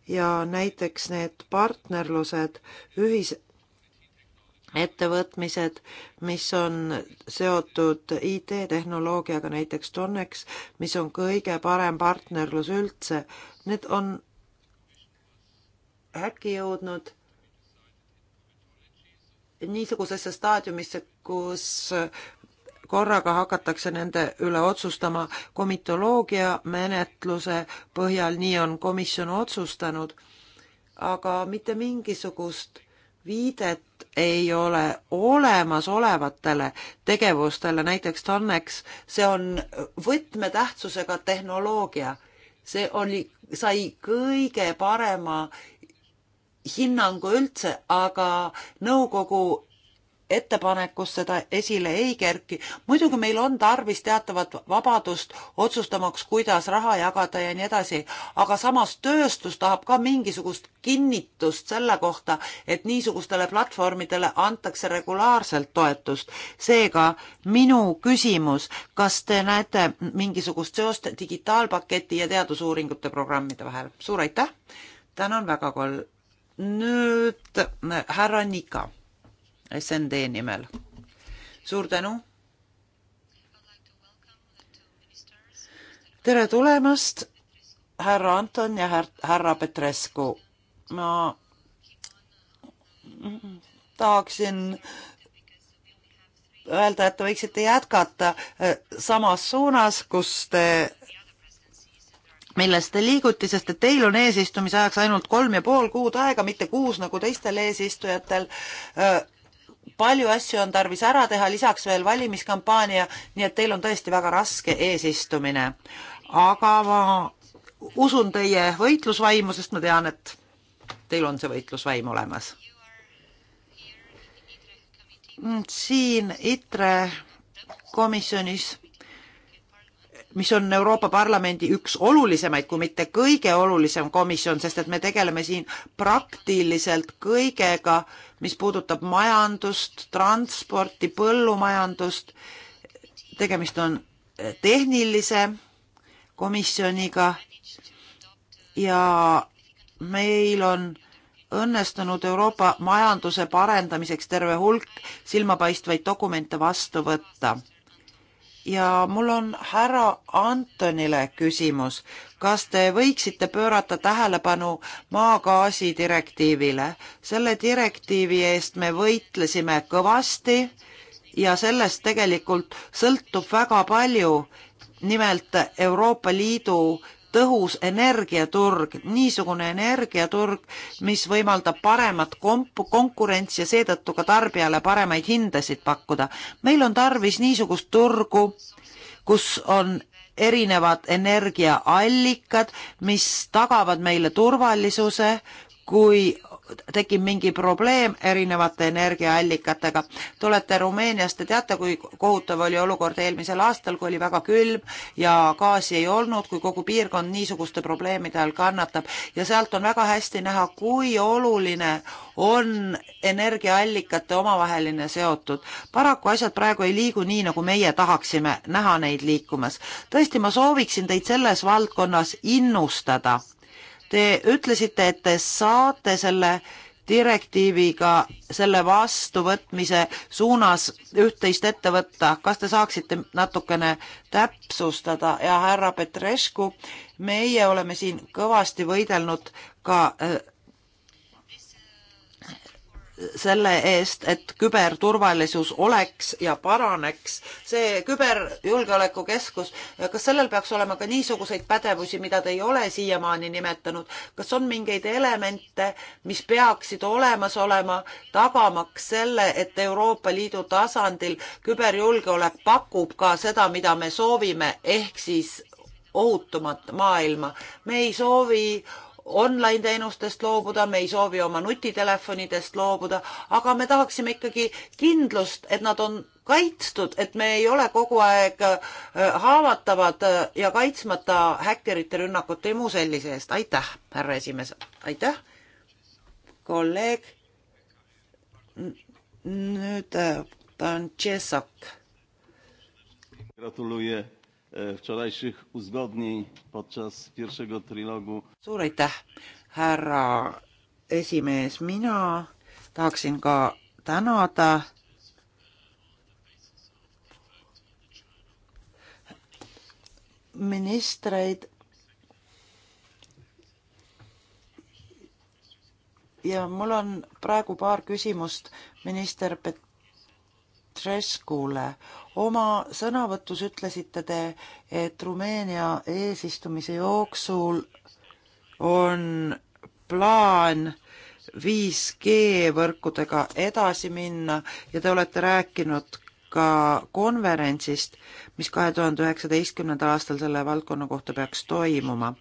ja näiteks need partnerlused, ühisettevõtmised, mis on seotud IT-tehnoloogiaga, näiteks Tonex, mis on kõige parem partnerlus üldse, need on äkki jõudnud niisugusesse staadiumisse, kus korraga hakatakse nende üle otsustama komitoloogia menetluse põhjal, nii on komisjon otsustanud, aga mitte mingisugust viidet ei ole olemasolevatele tegevustele, näiteks TANEX, see on võtmetähtsusega tehnoloogia. see oli, sai kõige parema hinnangu üldse, aga nõukogu ettepanekus seda esile ei kerki. muidugi meil on tarvis teatavat vabadust otsustamaks, kuidas raha jagada ja nii edasi, aga samas tööstus tahab ka mingisugust kinnitust selle kohta, et niisugustele platvormidele antakse regulaarselt toetust. seega minu küsimus, kas te näete mingisugust seost digitaalpaketi ja teadusuuringute programmide vahel? suur aitäh! tänan väga, Kol-, nüüd äh, härra Nika SND nimel. suur tänu. tere tulemast, härra Anton ja härra Petrescu. ma tahaksin öelda, et te võiksite jätkata äh, samas suunas, kus te millest te liiguti, sest et teil on eesistumise ajaks ainult kolm ja pool kuud aega, mitte kuus nagu teistel eesistujatel. palju asju on tarvis ära teha, lisaks veel valimiskampaania, nii et teil on tõesti väga raske eesistumine. aga ma usun teie võitlusvaimu, sest ma tean, et teil on see võitlusvaim olemas. siin ITRE komisjonis mis on Euroopa Parlamendi üks olulisemaid, kui mitte kõige olulisem komisjon, sest et me tegeleme siin praktiliselt kõigega, mis puudutab majandust, transporti, põllumajandust. tegemist on tehnilise komisjoniga ja meil on õnnestunud Euroopa majanduse parendamiseks terve hulk silmapaistvaid dokumente vastu võtta ja mul on härra Antonile küsimus. kas te võiksite pöörata tähelepanu maagaasi direktiivile? selle direktiivi eest me võitlesime kõvasti ja sellest tegelikult sõltub väga palju nimelt Euroopa Liidu tõhus energiaturg, niisugune energiaturg, mis võimaldab paremat komp-, konkurentsi ja seetõttu ka tarbijale paremaid hindasid pakkuda. meil on tarvis niisugust turgu, kus on erinevad energiaallikad, mis tagavad meile turvalisuse, kui tekib mingi probleem erinevate energiaallikatega. Te olete Rumeeniast, te teate, kui kohutav oli olukord eelmisel aastal, kui oli väga külm ja gaasi ei olnud, kui kogu piirkond niisuguste probleemide all kannatab ja sealt on väga hästi näha, kui oluline on energiaallikate omavaheline seotud. paraku asjad praegu ei liigu nii, nagu meie tahaksime näha neid liikumas. tõesti, ma sooviksin teid selles valdkonnas innustada Te ütlesite, et te saate selle direktiiviga selle vastuvõtmise suunas üht-teist ette võtta. Kas te saaksite natukene täpsustada? Ja härra Petresku, meie oleme siin kõvasti võidelnud ka äh, selle eest, et küberturvalisus oleks ja paraneks. see küberjulgeoleku keskus, kas sellel peaks olema ka niisuguseid pädevusi, mida te ei ole siiamaani nimetanud? kas on mingeid elemente, mis peaksid olemas olema, tagamaks selle, et Euroopa Liidu tasandil küberjulgeolek pakub ka seda, mida me soovime, ehk siis ohutumat maailma. me ei soovi online teenustest loobuda, me ei soovi oma nutitelefonidest loobuda, aga me tahaksime ikkagi kindlust, et nad on kaitstud, et me ei ole kogu aeg äh, haavatavad äh, ja kaitsmata häkkerite rünnakute ja muu sellise eest. aitäh, härra esimees, aitäh. kolleeg. nüüd Pan äh, Czesak. gratuluję E, wczorajszych uzgodnień podczas pierwszego trilogu. suur aitäh, härra esimees, mina tahaksin ka tänada ministreid ja mul on praegu paar küsimust minister Pet-, Petrescule. oma sõnavõtus ütlesite te, et Rumeenia eesistumise jooksul on plaan 5G võrkudega edasi minna ja te olete rääkinud ka konverentsist, mis kahe tuhande üheksateistkümnendal aastal selle valdkonna kohta peaks toimuma.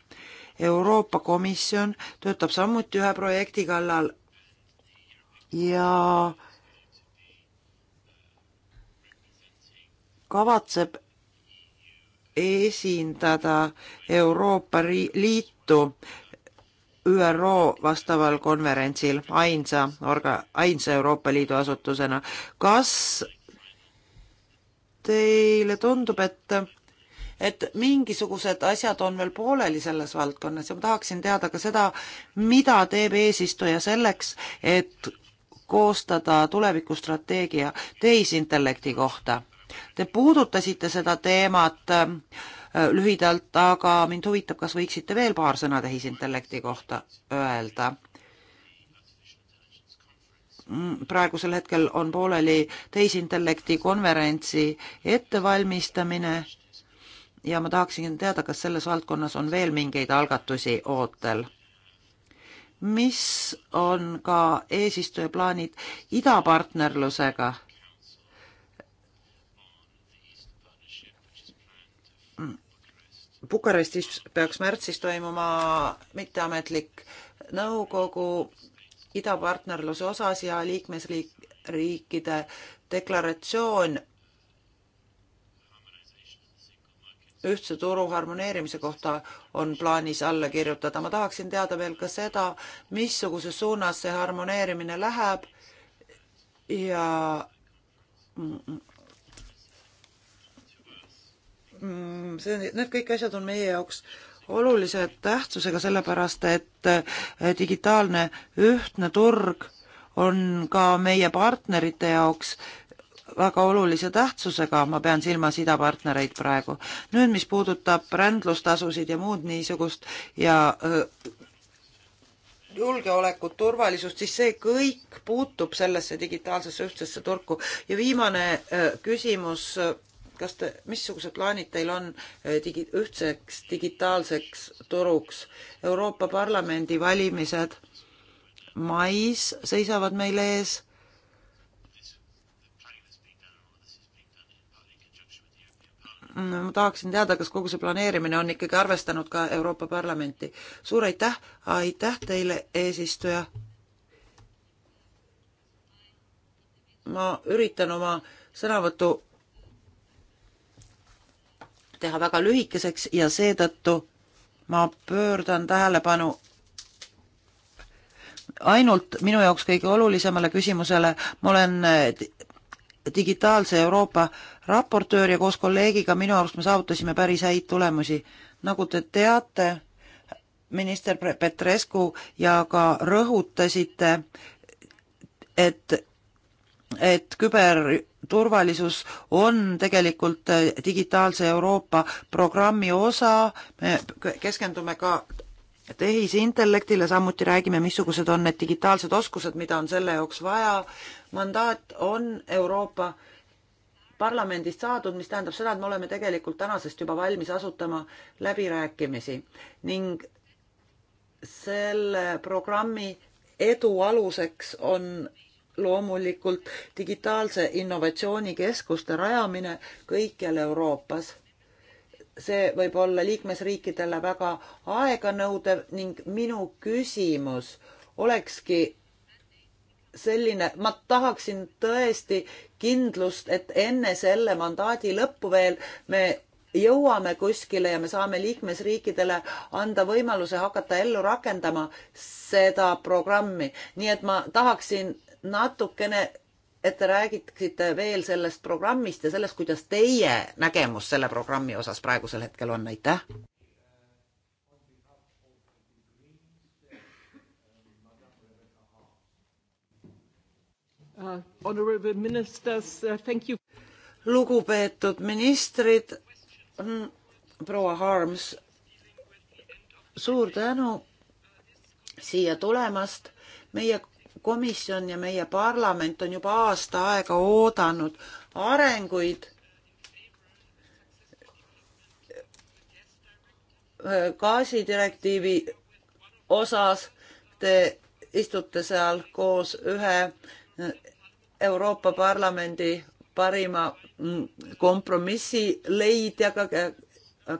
Euroopa Komisjon töötab samuti ühe projekti kallal ja kavatseb esindada Euroopa Liitu ÜRO vastaval konverentsil ainsa orga, ainsa Euroopa Liidu asutusena. kas teile tundub, et et mingisugused asjad on veel pooleli selles valdkonnas ja ma tahaksin teada ka seda, mida teeb eesistuja selleks, et koostada tulevikustrateegia tehisintellekti kohta Te puudutasite seda teemat äh, lühidalt, aga mind huvitab, kas võiksite veel paar sõna tehisintellekti kohta öelda? Mm, praegusel hetkel on pooleli tehisintellekti konverentsi ettevalmistamine ja ma tahaksin teada, kas selles valdkonnas on veel mingeid algatusi ootel. mis on ka eesistuja plaanid idapartnerlusega? Bukarestis peaks märtsis toimuma mitteametlik nõukogu idapartnerluse osas ja liikmesriikide deklaratsioon ühtse turu harmoneerimise kohta on plaanis alla kirjutada. ma tahaksin teada veel ka seda, missuguses suunas see harmoneerimine läheb ja Mm, see, need kõik asjad on meie jaoks olulise tähtsusega, sellepärast et eh, digitaalne ühtne turg on ka meie partnerite jaoks väga olulise tähtsusega, ma pean silmas idapartnereid praegu. nüüd, mis puudutab rändlustasusid ja muud niisugust ja eh, julgeolekut, turvalisust, siis see kõik puutub sellesse digitaalsesse ühtsesse turku. ja viimane eh, küsimus kas te, missugused plaanid teil on eh, digi-, ühtseks digitaalseks turuks? Euroopa Parlamendi valimised mais seisavad meil ees. Mm, ma tahaksin teada, kas kogu see planeerimine on ikkagi arvestanud ka Euroopa Parlamenti. suur aitäh, aitäh teile, eesistuja. ma üritan oma sõnavõtu teha väga lühikeseks ja seetõttu ma pöördan tähelepanu ainult minu jaoks kõige olulisemale küsimusele, ma olen eh, digitaalse Euroopa raportöör ja koos kolleegiga minu arust me saavutasime päris häid tulemusi. nagu te teate, minister Petrescu ja ka rõhutasite, et, et küber turvalisus on tegelikult äh, digitaalse Euroopa programmi osa, me keskendume ka tehisintellektile, samuti räägime, missugused on need digitaalsed oskused, mida on selle jaoks vaja. mandaat on Euroopa parlamendist saadud, mis tähendab seda, et me oleme tegelikult tänasest juba valmis asutama läbirääkimisi ning selle programmi edu aluseks on loomulikult digitaalse innovatsioonikeskuste rajamine kõikjal Euroopas. see võib olla liikmesriikidele väga aeganõudev ning minu küsimus olekski selline, ma tahaksin tõesti kindlust, et enne selle mandaadi lõppu veel me jõuame kuskile ja me saame liikmesriikidele anda võimaluse hakata ellu rakendama seda programmi. nii et ma tahaksin natukene, et te räägiksite veel sellest programmist ja sellest, kuidas teie nägemus selle programmi osas praegusel hetkel on, aitäh! Uh, honorable ministers, uh, thank you. lugupeetud ministrid, proua Harms, suur tänu siia tulemast. meie komisjon ja meie parlament on juba aasta aega oodanud arenguid äh, gaasidirektiivi osas. Te istute seal koos ühe äh, Euroopa Parlamendi parima mm, kompromissi leidjaga äh,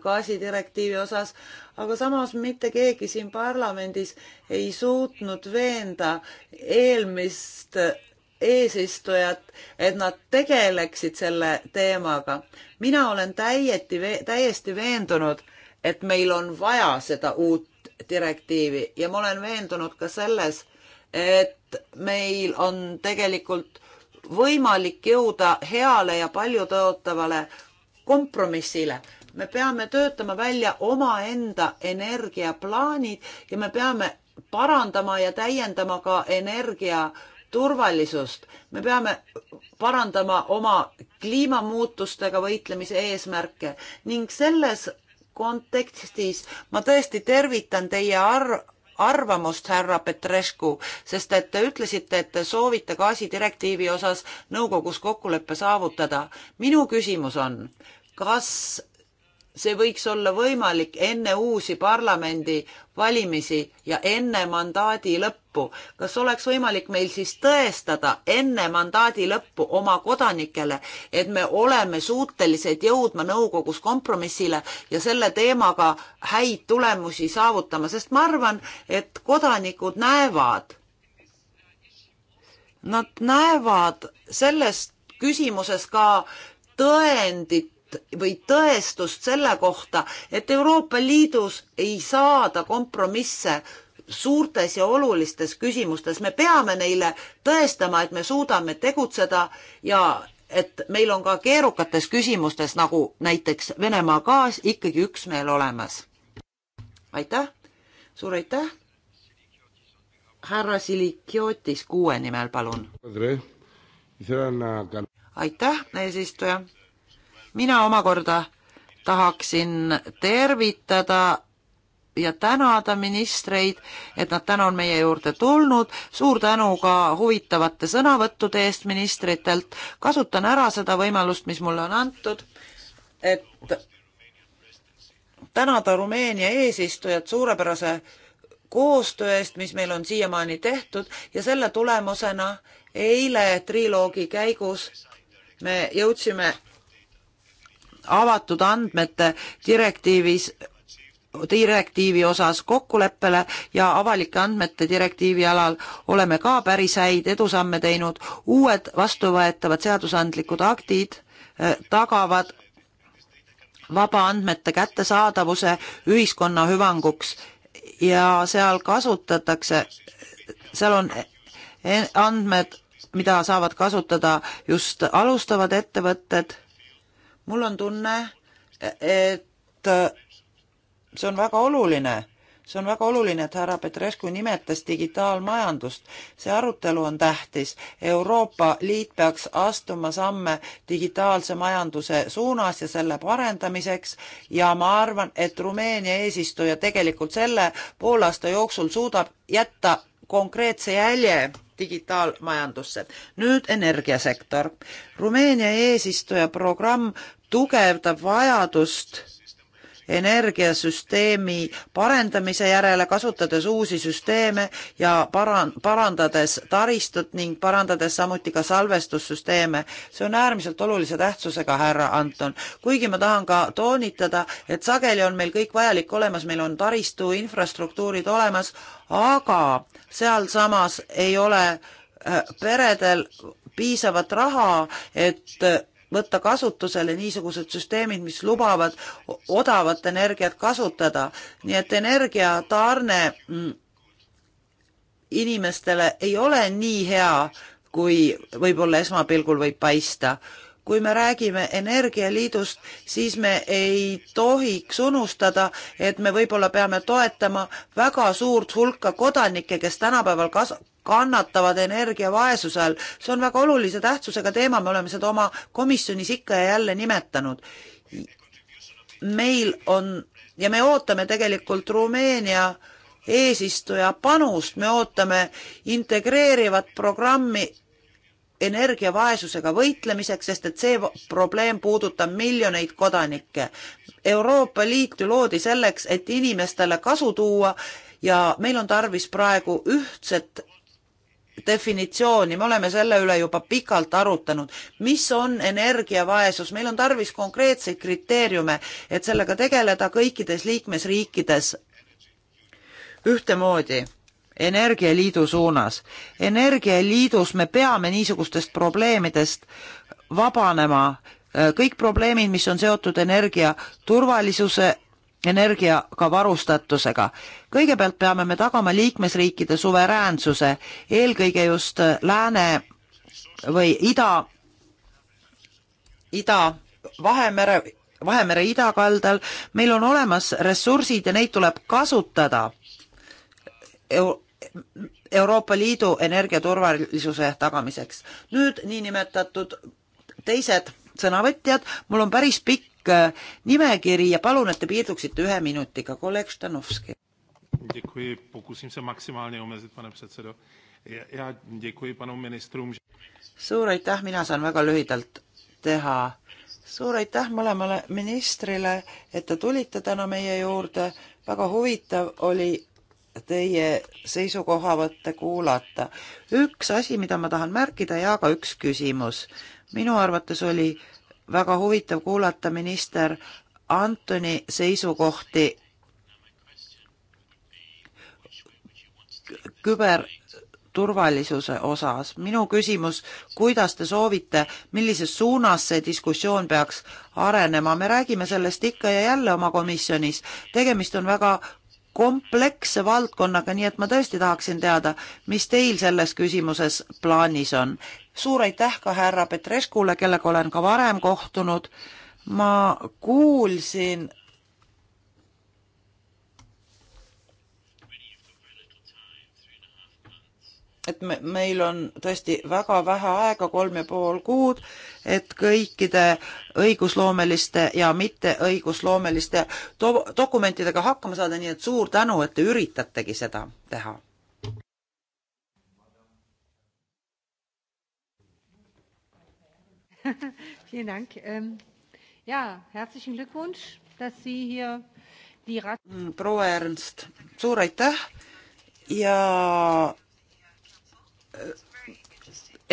gaasidirektiivi osas, aga samas mitte keegi siin parlamendis ei suutnud veenda eelmist eesistujat, et nad tegeleksid selle teemaga. mina olen täieti, täiesti veendunud, et meil on vaja seda uut direktiivi ja ma olen veendunud ka selles, et meil on tegelikult võimalik jõuda heale ja paljutõotavale kompromissile me peame töötama välja omaenda energiaplaanid ja me peame parandama ja täiendama ka energia turvalisust. me peame parandama oma kliimamuutustega võitlemise eesmärke ning selles kontekstis ma tõesti tervitan teie arv, arvamust, härra Petrescu, sest et te ütlesite, et te soovite gaasidirektiivi osas nõukogus kokkuleppe saavutada. minu küsimus on, kas see võiks olla võimalik enne uusi parlamendivalimisi ja enne mandaadi lõppu. kas oleks võimalik meil siis tõestada enne mandaadi lõppu oma kodanikele, et me oleme suutelised jõudma nõukogus kompromissile ja selle teemaga häid tulemusi saavutama, sest ma arvan, et kodanikud näevad, nad näevad selles küsimuses ka tõendit või tõestust selle kohta, et Euroopa Liidus ei saada kompromisse suurtes ja olulistes küsimustes. me peame neile tõestama, et me suudame tegutseda ja et meil on ka keerukates küsimustes, nagu näiteks Venemaa gaas, ikkagi üksmeel olemas. aitäh, suur aitäh. härra Silikiotis kuue nimel, palun. aitäh, eesistuja mina omakorda tahaksin tervitada ja tänada ministreid, et nad täna on meie juurde tulnud. suur tänu ka huvitavate sõnavõttude eest ministritelt. kasutan ära seda võimalust, mis mulle on antud, et tänada Rumeenia eesistujat suurepärase koostöö eest, mis meil on siiamaani tehtud ja selle tulemusena eile triloogi käigus me jõudsime avatud andmete direktiivis direktiivi osas kokkuleppele ja avalike andmete direktiivi alal oleme ka päris häid edusamme teinud. uued vastuvõetavad seadusandlikud aktid eh, tagavad vaba andmete kättesaadavuse ühiskonna hüvanguks ja seal kasutatakse, seal on e-, andmed, mida saavad kasutada just alustavad ettevõtted mul on tunne, et see on väga oluline, see on väga oluline, et härra Petrescu nimetas digitaalmajandust. see arutelu on tähtis. Euroopa Liit peaks astuma samme digitaalse majanduse suunas ja selle parendamiseks ja ma arvan, et Rumeenia eesistuja tegelikult selle poolaasta jooksul suudab jätta konkreetse jälje digitaalmajandusse. nüüd energiasektor. Rumeenia eesistuja programm tugevdab vajadust energiasüsteemi parendamise järele, kasutades uusi süsteeme ja paran-, parandades taristut ning parandades samuti ka salvestussüsteeme. see on äärmiselt olulise tähtsusega, härra Anton. kuigi ma tahan ka toonitada, et sageli on meil kõik vajalik olemas, meil on taristu, infrastruktuurid olemas, aga sealsamas ei ole äh, peredel piisavat raha, et võtta kasutusele niisugused süsteemid, mis lubavad odavat energiat kasutada. nii et energiatarne mm, inimestele ei ole nii hea, kui võib-olla esmapilgul võib paista kui me räägime Energialiidust, siis me ei tohiks unustada, et me võib-olla peame toetama väga suurt hulka kodanikke, kes tänapäeval kas-, kannatavad energiavaesuse all. see on väga olulise tähtsusega teema, me oleme seda oma komisjonis ikka ja jälle nimetanud. meil on ja me ootame tegelikult Rumeenia eesistuja panust, me ootame integreerivat programmi energiavaesusega võitlemiseks, sest et see probleem puudutab miljoneid kodanikke. Euroopa Liit ju loodi selleks, et inimestele kasu tuua ja meil on tarvis praegu ühtset definitsiooni, me oleme selle üle juba pikalt arutanud, mis on energiavaesus, meil on tarvis konkreetseid kriteeriume, et sellega tegeleda kõikides liikmesriikides ühtemoodi energialiidu suunas. energialiidus me peame niisugustest probleemidest vabanema, kõik probleemid, mis on seotud energia turvalisuse, energiaga varustatusega. kõigepealt peame me tagama liikmesriikide suveräänsuse, eelkõige just lääne või ida, ida, Vahemere, Vahemere idakaldal, meil on olemas ressursid ja neid tuleb kasutada. Euroopa Liidu energiaturvalisuse tagamiseks. nüüd niinimetatud teised sõnavõtjad, mul on päris pikk äh, nimekiri ja palun, et te piirduksite ühe minutiga, kolleeg Štanovski. Děkuji, pokusím se maximálně omezit, pane předsedo. Já děkuji panu ministrům. Suur aitäh, mina saan väga lühidalt teha. Suur aitäh mõlemale ministrile, et te tulite täna meie juurde. Väga huvitav oli teie seisukohavõtte kuulata. üks asi, mida ma tahan märkida ja ka üks küsimus. minu arvates oli väga huvitav kuulata minister Antoni seisukohti küberturvalisuse osas. minu küsimus, kuidas te soovite, millises suunas see diskussioon peaks arenema, me räägime sellest ikka ja jälle oma komisjonis, tegemist on väga kompleksse valdkonnaga, nii et ma tõesti tahaksin teada, mis teil selles küsimuses plaanis on. suur aitäh ka härra Petreskule, kellega olen ka varem kohtunud. ma kuulsin et me, meil on tõesti väga vähe aega, kolm ja pool kuud, et kõikide õigusloomeliste ja mitteõigusloomeliste do dokumentidega hakkama saada, nii et suur tänu, et te üritategi seda teha. Vielen Dank. Ähm, ja, herzlichen Glückwunsch, dass Sie hier die Rat- mm, proua Ernst, suur aitäh ja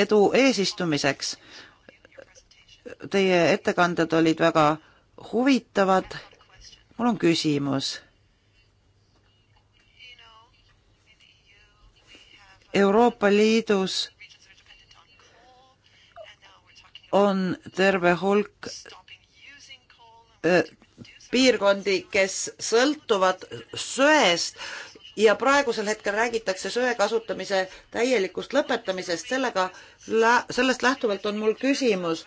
edu eesistumiseks. Teie ettekanded olid väga huvitavad. mul on küsimus. Euroopa Liidus on terve hulk eh, piirkondi, kes sõltuvad söest ja praegusel hetkel räägitakse söe kasutamise täielikust lõpetamisest, sellega, sellest lähtuvalt on mul küsimus,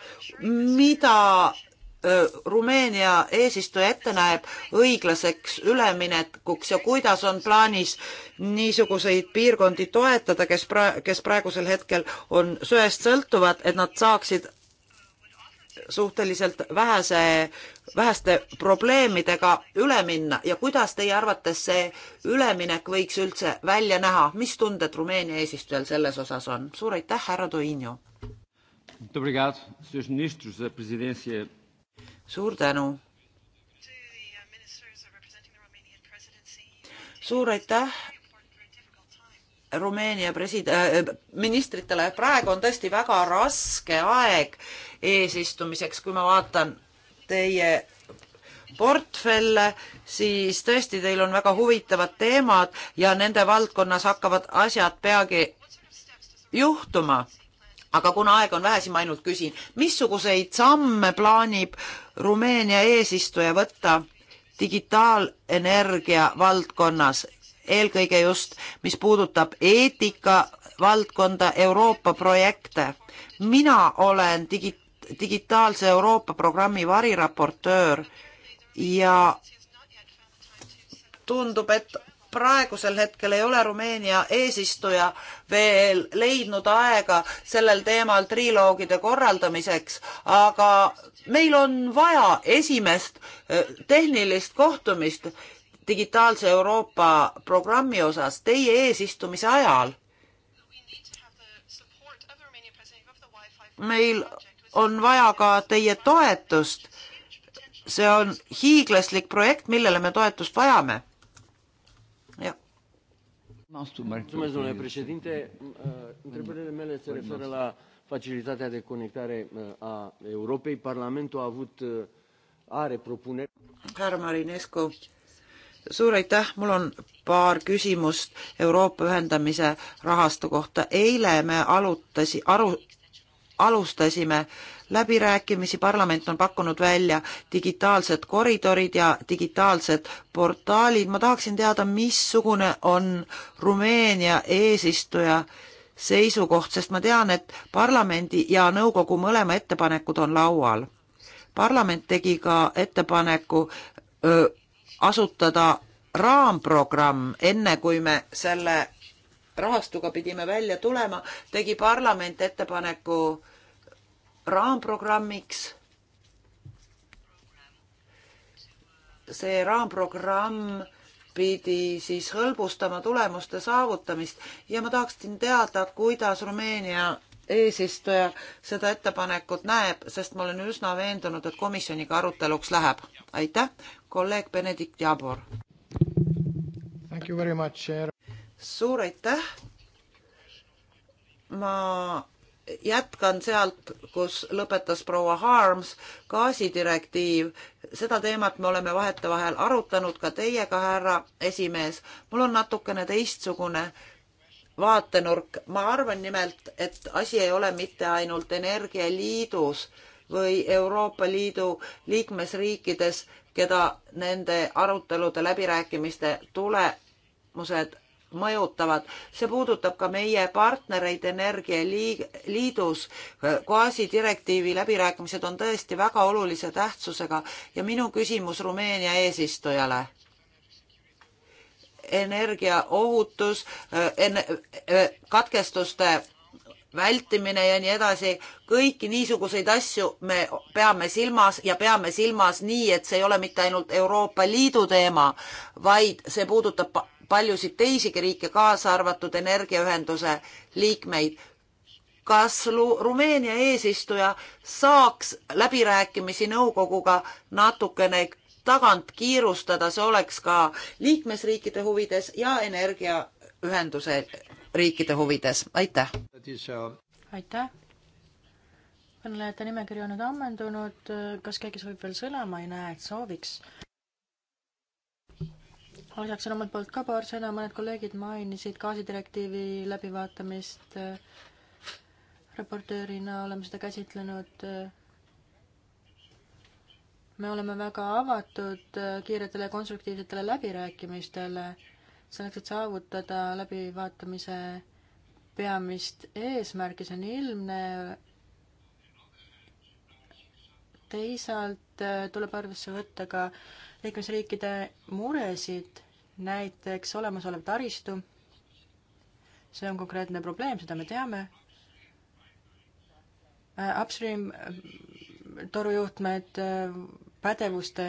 mida Rumeenia eesistuja ette näeb õiglaseks üleminekuks ja kuidas on plaanis niisuguseid piirkondi toetada, kes pra-, kes praegusel hetkel on söest sõltuvad, et nad saaksid suhteliselt vähese, väheste probleemidega üle minna ja kuidas teie arvates see üleminek võiks üldse välja näha, mis tunded Rumeenia eesistujal selles osas on? suur aitäh, härra Toinio! suur tänu! suur aitäh Rumeenia presid-, äh, ministritele, praegu on tõesti väga raske aeg eesistumiseks, kui ma vaatan teie portfelle, siis tõesti, teil on väga huvitavad teemad ja nende valdkonnas hakkavad asjad peagi juhtuma. aga kuna aega on vähe, siis ma ainult küsin, missuguseid samme plaanib Rumeenia eesistuja võtta digitaalenergia valdkonnas eelkõige just, mis puudutab eetika valdkonda Euroopa projekte. mina olen digi-, digitaalse Euroopa programmi variraportöör ja tundub, et praegusel hetkel ei ole Rumeenia eesistuja veel leidnud aega sellel teemal triloogide korraldamiseks, aga meil on vaja esimest eh, tehnilist kohtumist digitaalse Euroopa programmi osas teie eesistumise ajal meil on vaja ka teie toetust. see on hiiglaslik projekt, millele me toetust vajame. Mulțumesc, domnule președinte. Întrebările mele se referă la facilitatea de conectare uh, a Europei. Parlamentul a avut, uh, are propuneri. Härra Marinescu, suur aitäh, mul on paar küsimust Euroopa ühendamise rahastu kohta. eile me alutasi, aru, alustasime läbirääkimisi, parlament on pakkunud välja digitaalsed koridorid ja digitaalsed portaalid. ma tahaksin teada, missugune on Rumeenia eesistuja seisukoht, sest ma tean, et parlamendi ja nõukogu mõlema ettepanekud on laual. parlament tegi ka ettepaneku öö, asutada raamprogramm, enne kui me selle rahastuga pidime välja tulema, tegi parlament ettepaneku raamprogrammiks. see raamprogramm pidi siis hõlbustama tulemuste saavutamist ja ma tahaksin teada, kuidas Rumeenia eesistuja seda ettepanekut näeb, sest ma olen üsna veendunud, et komisjoniga aruteluks läheb. aitäh, kolleeg Benedikt Jabor. suur aitäh. ma jätkan sealt, kus lõpetas proua Harms, gaasidirektiiv. seda teemat me oleme vahetevahel arutanud ka teiega, härra esimees. mul on natukene teistsugune vaatenurk. ma arvan nimelt, et asi ei ole mitte ainult Energialiidus või Euroopa Liidu liikmesriikides, keda nende arutelude läbirääkimiste tulemused mõjutavad. see puudutab ka meie partnereid Energialiidus. gaasidirektiivi läbirääkimised on tõesti väga olulise tähtsusega ja minu küsimus Rumeenia eesistujale energiaohutus, eh, eh, katkestuste vältimine ja nii edasi, kõiki niisuguseid asju me peame silmas ja peame silmas nii, et see ei ole mitte ainult Euroopa Liidu teema, vaid see puudutab paljusid teisigi riike, kaasa arvatud energiaühenduse liikmeid. kas Rumeenia eesistuja saaks läbirääkimisi nõukoguga natukene tagant kiirustada, see oleks ka liikmesriikide huvides ja energiaühenduse riikide huvides, aitäh! aitäh! kõnelejate nimekiri on nüüd ammendunud, kas keegi soovib veel sõna, ma ei näe, et sooviks. lisaksin omalt poolt ka paar sõna, mõned kolleegid mainisid gaasidirektiivi läbivaatamist. raportöörina oleme seda käsitlenud me oleme väga avatud äh, kiiretele konstruktiivsetele läbirääkimistele, selleks et saavutada läbivaatamise peamist eesmärki, see on ilmne. teisalt äh, tuleb arvesse võtta ka liikmesriikide muresid, näiteks olemasolev taristu. see on konkreetne probleem, seda me teame. Äh, upstream torujuhtmed pädevuste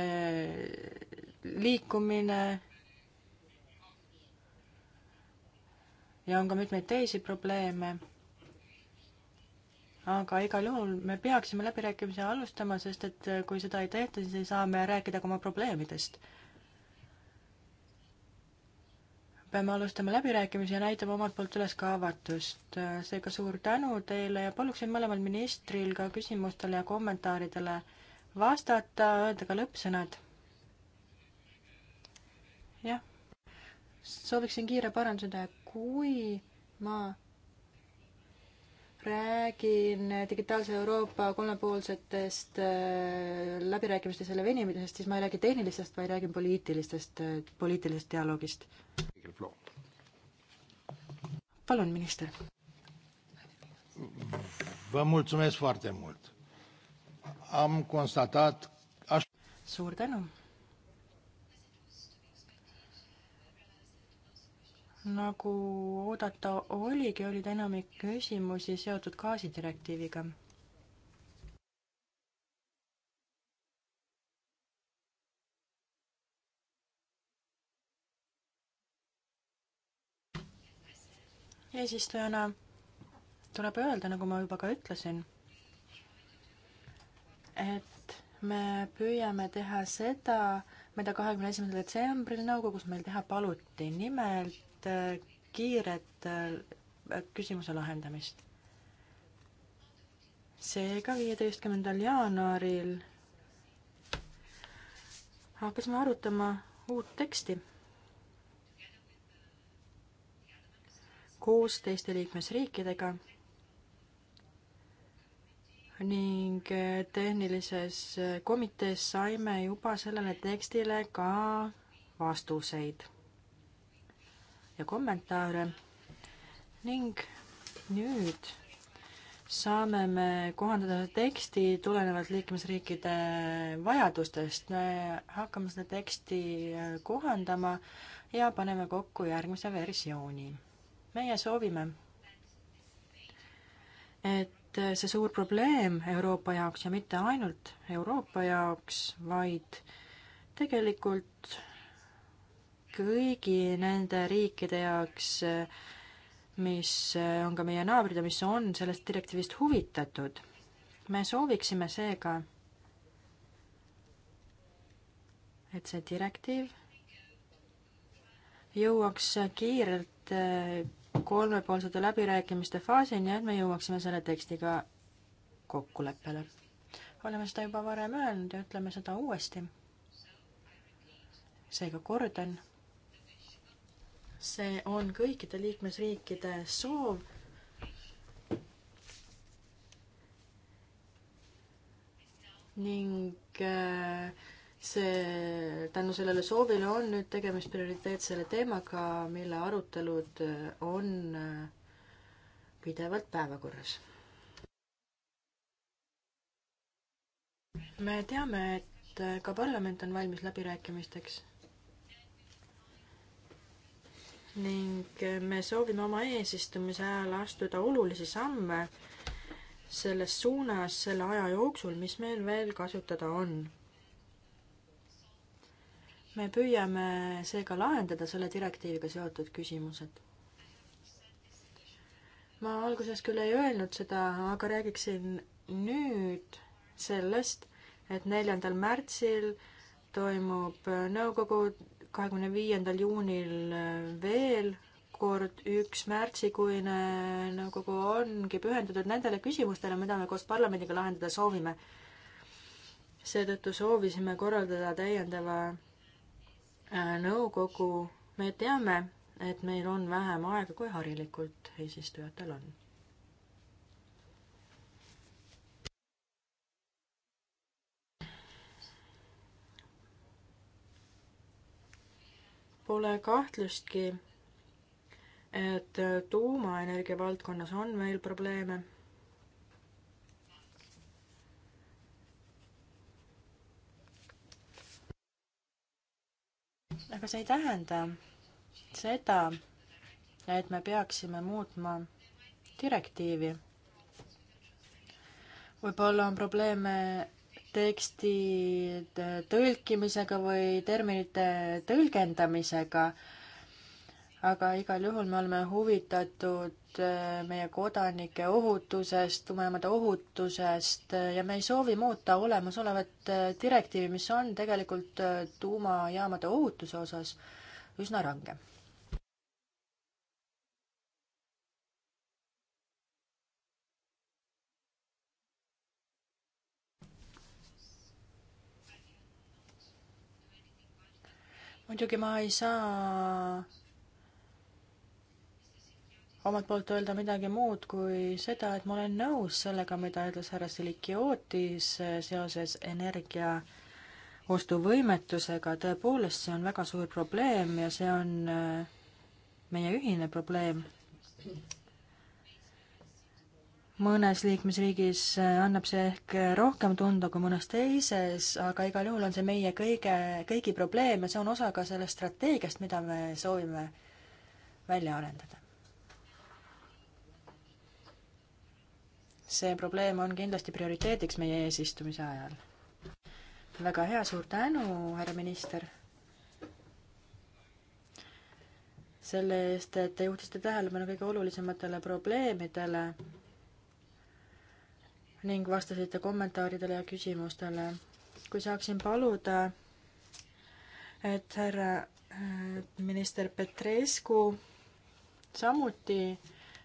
liikumine ja on ka mitmeid teisi probleeme. aga igal juhul me peaksime läbirääkimisi alustama, sest et kui seda ei tehta, siis ei saa me rääkida ka oma probleemidest. peame alustama läbirääkimisi ja näitama omalt poolt üles ka avatust. seega suur tänu teile ja paluksin mõlemal ministril ka küsimustele ja kommentaaridele vastata, öelda ka lõppsõnad. jah, sooviksin kiire paranduse teha, kui ma räägin Digitaalse Euroopa kolmepoolsetest äh, läbirääkimiste selle venimisest, siis ma ei räägi tehnilistest, vaid räägin poliitilistest, äh, poliitilisest dialoogist. palun, minister. Vă mulțumesc foarte mult am constatat... Aș... Suur tänu! nagu oodata oligi, olid enamik küsimusi seotud gaasidirektiiviga eesistujana tuleb öelda, nagu ma juba ka ütlesin et me püüame teha seda, mida kahekümne esimesel detsembril nõukogus meil teha paluti, nimelt äh, kiiret äh, küsimuse lahendamist. seega viieteistkümnendal jaanuaril hakkasime arutama uut teksti koos teiste liikmesriikidega ning eh, tehnilises eh, komitees saime juba sellele tekstile ka vastuseid ja kommentaare ning nüüd saame me kohandada teksti tulenevalt liikmesriikide vajadustest. me hakkame seda teksti eh, kohandama ja paneme kokku järgmise versiooni. meie soovime, et et see suur probleem Euroopa jaoks ja mitte ainult Euroopa jaoks, vaid tegelikult kõigi nende riikide jaoks, mis on ka meie naabrid ja mis on sellest direktiivist huvitatud. me sooviksime seega, et see direktiiv jõuaks kiirelt kolmepoolsete läbirääkimiste faasini, et me jõuaksime selle tekstiga kokkuleppele. oleme seda juba varem öelnud ja ütleme seda uuesti. seega kordan, see on kõikide liikmesriikide soov ning äh, see, tänu sellele soovile on nüüd tegemist prioriteetsele teemaga, mille arutelud äh, on äh, pidevalt päevakorras. me teame, et äh, ka parlament on valmis läbirääkimisteks. ning me soovime oma eesistumise ajal astuda olulisi samme selles suunas selle aja jooksul, mis meil veel kasutada on me püüame seega lahendada selle direktiiviga seotud küsimused. ma alguses küll ei öelnud seda, aga räägiksin nüüd sellest, et neljandal märtsil toimub nõukogu kahekümne viiendal juunil veel kord üks märtsikuine nõukogu ongi pühendatud nendele küsimustele, mida me koos parlamendiga lahendada soovime. seetõttu soovisime korraldada täiendava Äh, nõukogu, me teame, et meil on vähem aega, kui harilikult eesistujatel on. Pole kahtlustki, et tuumaenergia valdkonnas on meil probleeme aga see ei tähenda seda, et me peaksime muutma direktiivi. võib-olla on probleeme teksti tõlkimisega või terminite tõlgendamisega, aga igal juhul me oleme huvitatud Äh, meie kodanike ohutusest, tumejaamade ohutusest äh, ja me ei soovi muuta olemasolevat äh, direktiivi, mis on tegelikult tuumajaamade ohutuse osas üsna range. muidugi ma ei saa omalt poolt öelda midagi muud kui seda, et ma olen nõus sellega, mida ütles härra Silikiotis eh, seoses energia ostuvõimetusega, tõepoolest, see on väga suur probleem ja see on eh, meie ühine probleem. mõnes liikmesriigis eh, annab see ehk rohkem tunda kui mõnes teises, aga igal juhul on see meie kõige, kõigi probleem ja see on osa ka sellest strateegiast, mida me soovime välja arendada. see probleem on kindlasti prioriteediks meie eesistumise ajal. väga hea, suur tänu, härra minister, selle eest, et te juhtisite tähelepanu kõige olulisematele probleemidele ning vastasite kommentaaridele ja küsimustele. kui saaksin paluda, et härra äh, minister Petrescu samuti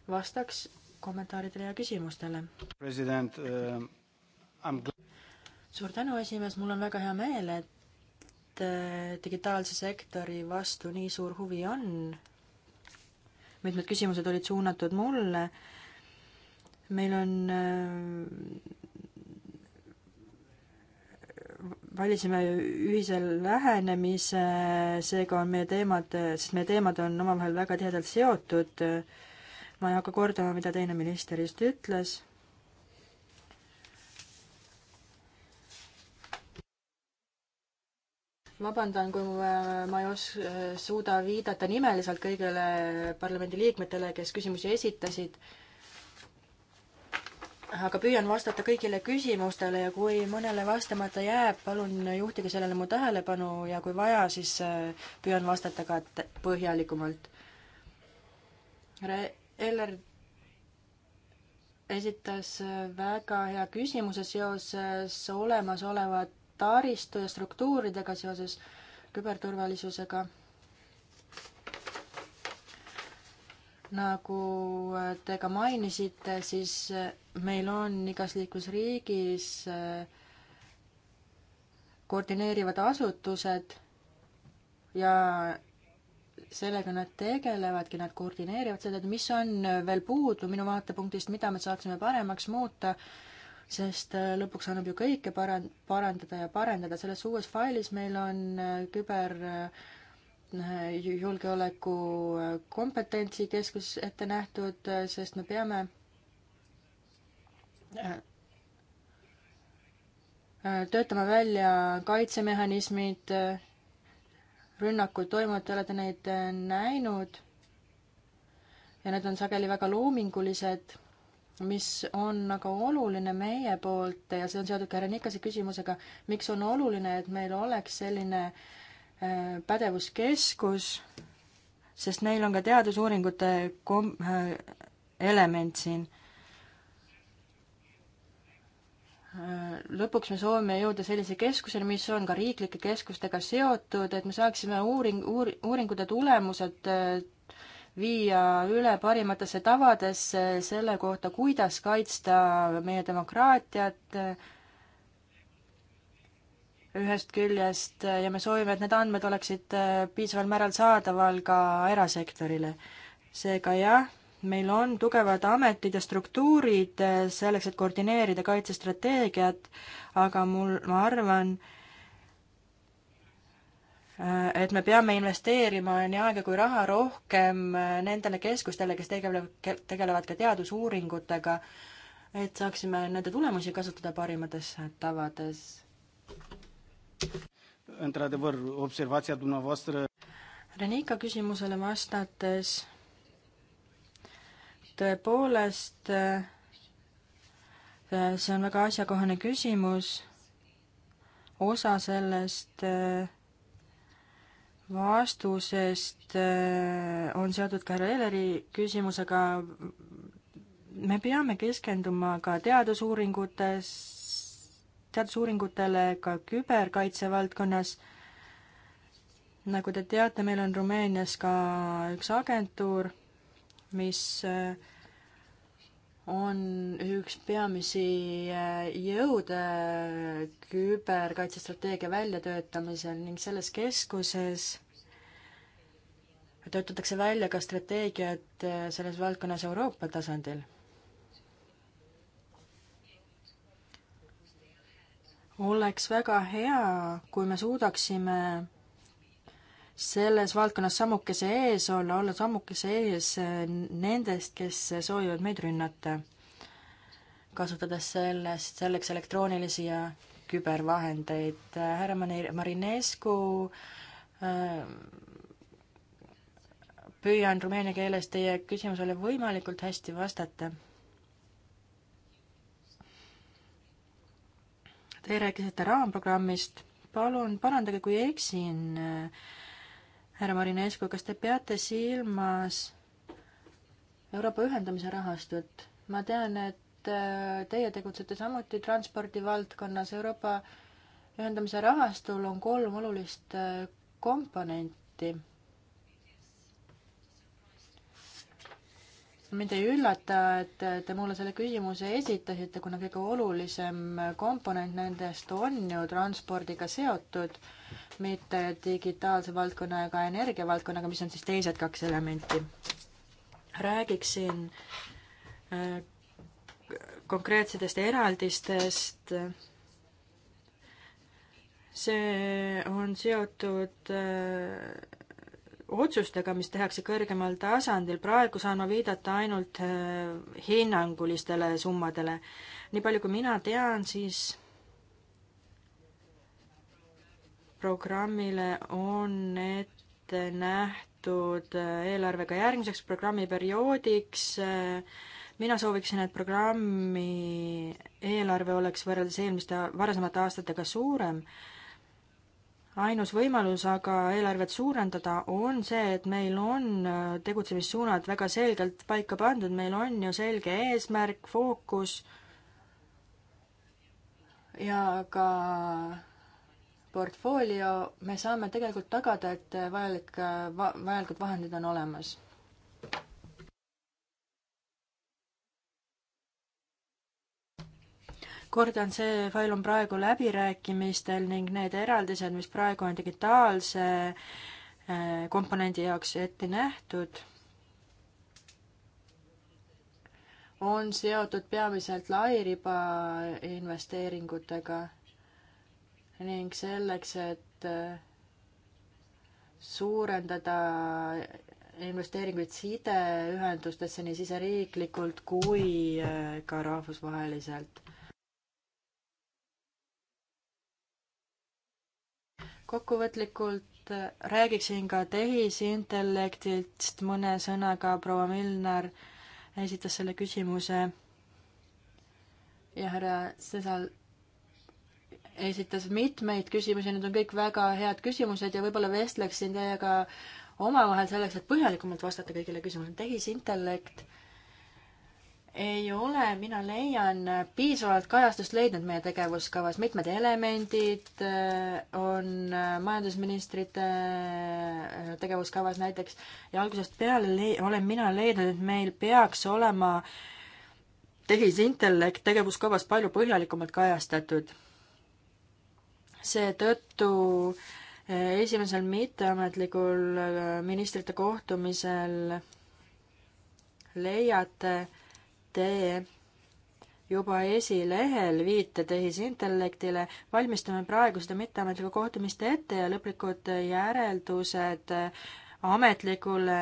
vastaks kommentaaridele ja küsimustele. president um,, suur tänu, esimees, mul on väga hea meel, et eh, digitaalse sektori vastu nii suur huvi on. mitmed küsimused olid suunatud mulle. meil on eh, valisime ühise lähenemise, seega on meie teemad, sest meie teemad on omavahel väga tihedalt seotud äh, ma ei hakka kordama, mida teine minister just ütles vabandan, kui ma, ma ei os-, suuda viidata nimeliselt kõigile parlamendiliikmetele, kes küsimusi esitasid, aga püüan vastata kõigile küsimustele ja kui mõnele vastamata jääb, palun juhtige sellele mu tähelepanu ja kui vaja, siis äh, püüan vastata ka põhjalikumalt Re Eller esitas väga hea küsimuse seoses olemasoleva taristu ja struktuuridega seoses küberturvalisusega. nagu te ka mainisite, siis meil on igas liiklusriigis äh, koordineerivad asutused ja sellega nad tegelevadki, nad koordineerivad seda, et mis on veel puudu minu vaatepunktist, mida me saaksime paremaks muuta, sest äh, lõpuks annab ju kõike paran-, parandada ja parendada. selles uues failis meil on äh, küber äh, julgeoleku kompetentsikeskus ette nähtud, sest me peame töötama välja kaitsemehhanismid, rünnakud toimuvad, te olete neid äh, näinud ja need on sageli väga loomingulised, mis on aga oluline meie poolt ja see on seotud ka härra Nikase küsimusega, miks on oluline, et meil oleks selline äh, pädevuskeskus, sest neil on ka teadusuuringute kom-, äh, element siin lõpuks me soovime jõuda sellise keskuseni, mis on ka riiklike keskustega seotud, et me saaksime uuring, uur-, uuringute tulemused äh, viia üle parimatesse tavadesse selle kohta, kuidas kaitsta meie demokraatiat äh, ühest küljest äh, ja me soovime, et need andmed oleksid piisaval määral saadaval ka erasektorile. seega jah meil on tugevad ametid ja struktuurid eh, selleks, et koordineerida kaitsestrateegiat, aga mul, ma arvan, eh, et me peame investeerima nii aega kui raha rohkem eh, nendele keskustele, kes tegelevad, tegelevad ka teadusuuringutega, et saaksime nende tulemusi kasutada parimates tavades. Într-adevăr, observația dumneavoastră Renika küsimusele vastates tõepoolest, äh, see on väga asjakohane küsimus, osa sellest äh, vastusest äh, on seotud ka härra Elleri küsimusega, me peame keskenduma ka teadusuuringutes, teadusuuringutele ka küberkaitse valdkonnas. nagu te teate, meil on Rumeenias ka üks agentuur, mis äh, on üks peamisi äh, jõude küberkaitsestrateegia väljatöötamisel ning selles keskuses töötatakse välja ka strateegiad äh, selles valdkonnas Euroopa tasandil. oleks väga hea, kui me suudaksime selles valdkonnas sammukese ees olla, olla sammukese ees eh, nendest, kes soovivad meid rünnata, kasutades sellest, selleks elektroonilisi ja kübervahendeid. Eh, härra Marinescu eh, püüan rumeenia keeles teie küsimusele võimalikult hästi vastata. Te rääkisite raamprogrammist, palun parandage, kui eksin härra Marinescu, kas te peate silmas Euroopa ühendamise rahastut? ma tean, et äh, teie tegutsete samuti transpordivaldkonnas. Euroopa ühendamise rahastul on kolm olulist äh, komponenti. mind ei üllata, et äh, te mulle selle küsimuse esitasite, kuna kõige olulisem komponent nendest on ju transpordiga seotud mitte digitaalse valdkonna ega energiavaldkonnaga, mis on siis teised kaks elementi. räägiksin äh, konkreetsetest eraldistest. see on seotud äh, otsustega, mis tehakse kõrgemal tasandil, praegu saan ma viidata ainult äh, hinnangulistele summadele. nii palju, kui mina tean, siis programmile on ette nähtud äh, eelarve ka järgmiseks programmiperioodiks. Äh, mina sooviksin, et programmi eelarve oleks võrreldes eelmiste varasemate aastatega suurem ainus võimalus aga eelarvet suurendada on see, et meil on äh, tegutsemissuunad väga selgelt paika pandud, meil on ju selge eesmärk, fookus ja ka portfoolio, me saame tegelikult tagada, et vajalik va,, vajalikud vahendid on olemas. kordan, see fail on praegu läbirääkimistel ning need eraldised, mis praegu on digitaalse eh, komponendi jaoks ette nähtud, on seotud peamiselt lairiba investeeringutega ning selleks, et äh, suurendada investeeringuid sideühendustesse nii siseriiklikult kui äh, ka rahvusvaheliselt. kokkuvõtlikult äh, räägiksin ka tehisintellektist mõne sõnaga, proua Milner esitas selle küsimuse ja härra Cesar esitas mitmeid küsimusi, need on kõik väga head küsimused ja võib-olla vestleksin teiega omavahel selleks, et põhjalikumalt vastata kõigile küsimusele. tehisintellekt ei ole, mina leian, piisavalt kajastust leidnud meie tegevuskavas. mitmed elemendid äh, on äh, majandusministrite äh, tegevuskavas näiteks ja algusest peale lei-, olen mina leidnud, et meil peaks olema tehisintellekt tegevuskavas palju põhjalikumalt kajastatud seetõttu eh, esimesel mitteametlikul eh, ministrite kohtumisel leiate te juba esilehel viite tehisintellektile, valmistame praegu seda mitteametlikku kohtumist ette ja lõplikud järeldused eh, ametlikule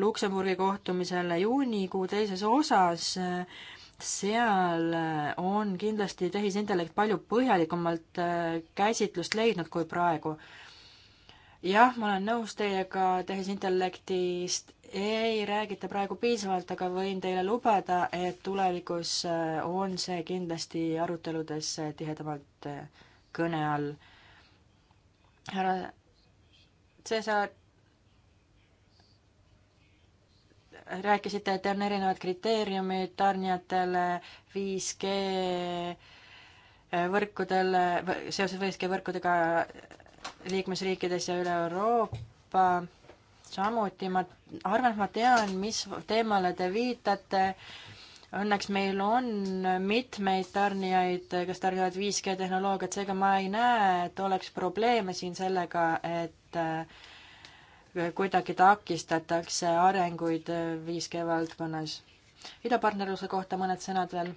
Luksemburgi kohtumisele juunikuu teises osas seal äh, on kindlasti tehisintellekt palju põhjalikumalt äh, käsitlust leidnud kui praegu. jah, ma olen nõus teiega, tehisintellektist ei räägita praegu piisavalt, aga võin teile lubada, et tulevikus äh, on see kindlasti aruteludes tihedamalt kõne all. härra Cesar rääkisite, et on erinevad kriteeriumid tarnijatele 5G võrkudel, seoses 5G võrkudega liikmesriikides ja üle Euroopa. samuti ma arvan, et ma tean, mis teemale te viitate. Õnneks meil on mitmeid tarnijaid, kes tarnivad 5G tehnoloogiat, seega ma ei näe, et oleks probleeme siin sellega, et äh, kuidagi takistatakse arenguid 5G valdkonnas. idapartnerluse kohta mõned sõnad veel.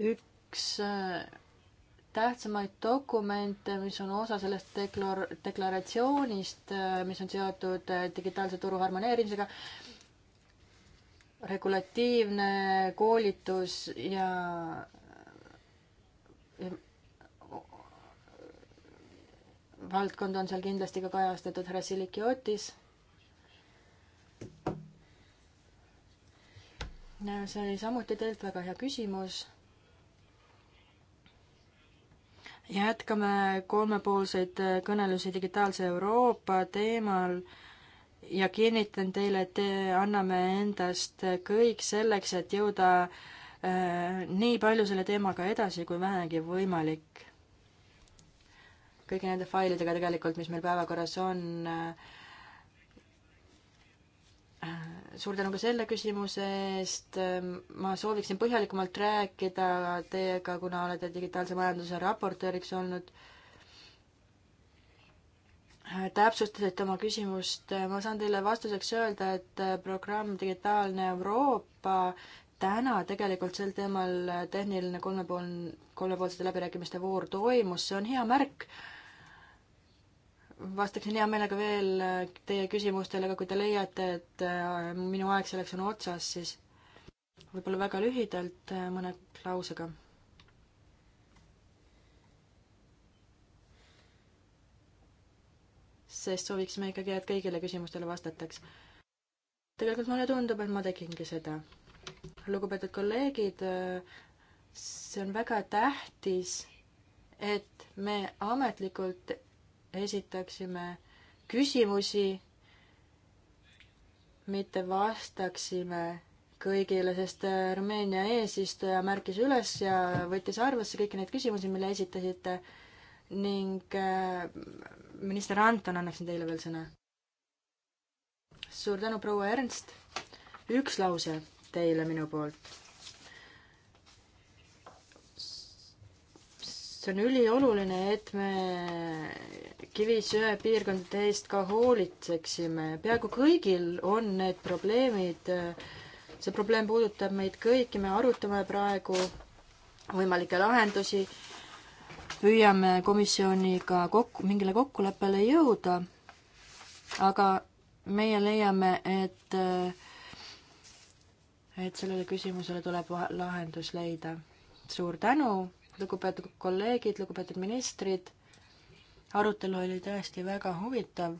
üks äh, tähtsamaid dokumente, mis on osa sellest deklar-, deklaratsioonist, äh, mis on seotud äh, digitaalse turu harmoneerimisega, regulatiivne koolitus ja, ja valdkond on seal kindlasti ka kajastatud, härra Silikiotis. see oli samuti teilt väga hea küsimus. jätkame kolmepoolseid kõnelusi digitaalse Euroopa teemal ja kinnitan teile, et anname endast kõik selleks, et jõuda äh, nii palju selle teemaga edasi, kui vähegi võimalik kõigi nende failidega tegelikult, mis meil päevakorras on. Äh, äh, suur tänu ka selle küsimuse eest. ma sooviksin põhjalikumalt rääkida teiega, kuna olete digitaalse majanduse raportööriks olnud. täpsustasite oma küsimust. ma saan teile vastuseks öelda, et programm Digitaalne Euroopa täna tegelikult sel teemal tehniline kolmepoolne, kolmepoolsete läbirääkimiste voor toimus, see on hea märk vastaksin hea meelega veel teie küsimustele, aga kui te leiate, et äh, minu aeg selleks on otsas, siis võib-olla väga lühidalt äh, mõne lausega sest sooviksime ikkagi, et kõigile küsimustele vastataks. tegelikult mulle tundub, et ma tegingi seda. lugupeetud kolleegid, äh, see on väga tähtis, et me ametlikult esitaksime küsimusi, mitte vastaksime kõigile, sest äh, Rumeenia eesistuja märkis üles ja võttis arvesse kõiki neid küsimusi, mille esitasite ning äh, minister Anton, annaksin teile veel sõna. suur tänu, proua Ernst. üks lause teile minu poolt see on ülioluline, et me kivisöe piirkondade eest ka hoolitseksime. peaaegu kõigil on need probleemid. see probleem puudutab meid kõiki, me arutame praegu võimalikke lahendusi, püüame komisjoniga kokku, mingile kokkuleppele jõuda, aga meie leiame, et, et sellele küsimusele tuleb lahendus leida. suur tänu lugupeetud kolleegid, lugupeetud ministrid, arutelu oli tõesti väga huvitav.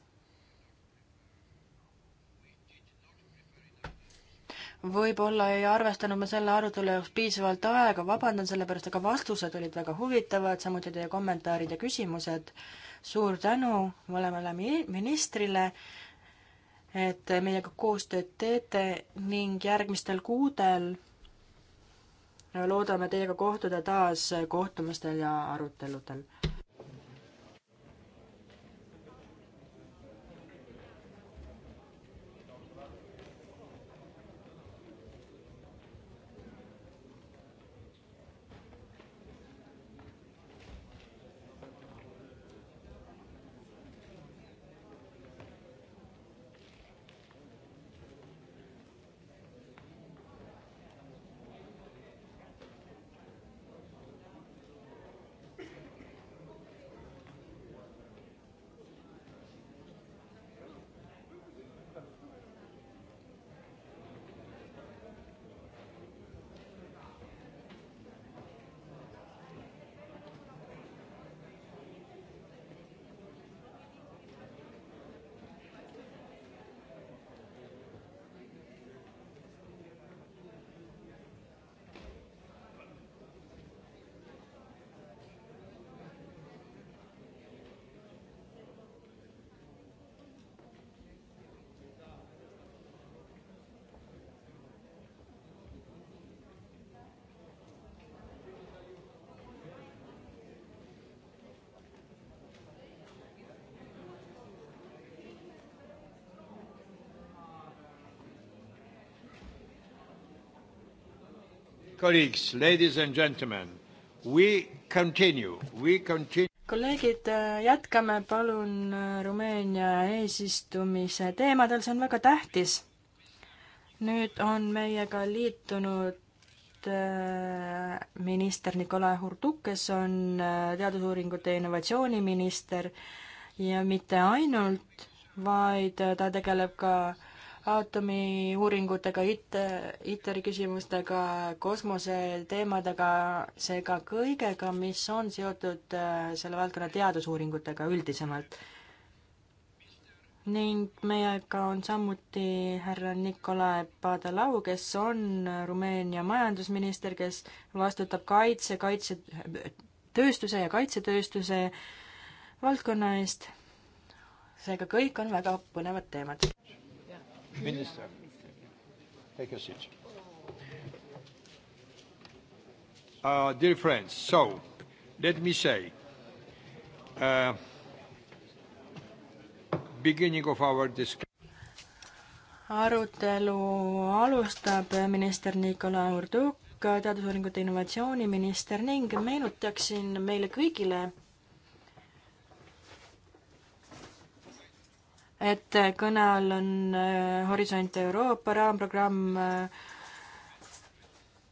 võib-olla ei arvestanud ma selle arutelu jaoks piisavalt aega, vabandan selle pärast, aga vastused olid väga huvitavad, samuti teie kommentaarid ja küsimused. suur tänu mõlemale ministrile et meiega koostööd teete ning järgmistel kuudel loodame teiega kohtuda taas kohtumistel ja aruteludel. Colleagues, ladies and gentlemen, we continue, we continue. kolleegid, äh, jätkame palun äh, Rumeenia eesistumise teemadel, see on väga tähtis. nüüd on meiega liitunud äh, minister Nikolai Hurtuk, kes on teadusuuringute ja innovatsiooniminister ja mitte ainult, vaid ta tegeleb ka aatomiuuringutega, IT, ITER-i küsimustega, kosmoseteemadega, seega kõigega, mis on seotud äh, selle valdkonna teadusuuringutega üldisemalt. ning meiega on samuti härra Nicolae Padalau, kes on Rumeenia majandusminister, kes vastutab kaitse, kaitse, tööstuse ja kaitsetööstuse valdkonna eest. seega kõik on väga põnevad teemad. Minister, take a seat. Uh, dear friends, so let me say, uh, beginning of our discussion. arutelu alustab minister Nikolai Urduk, teadusuuringute innovatsiooniminister ning meenutaksin meile kõigile, et kõne all on äh, Horisont Euroopa raamprogramm, äh,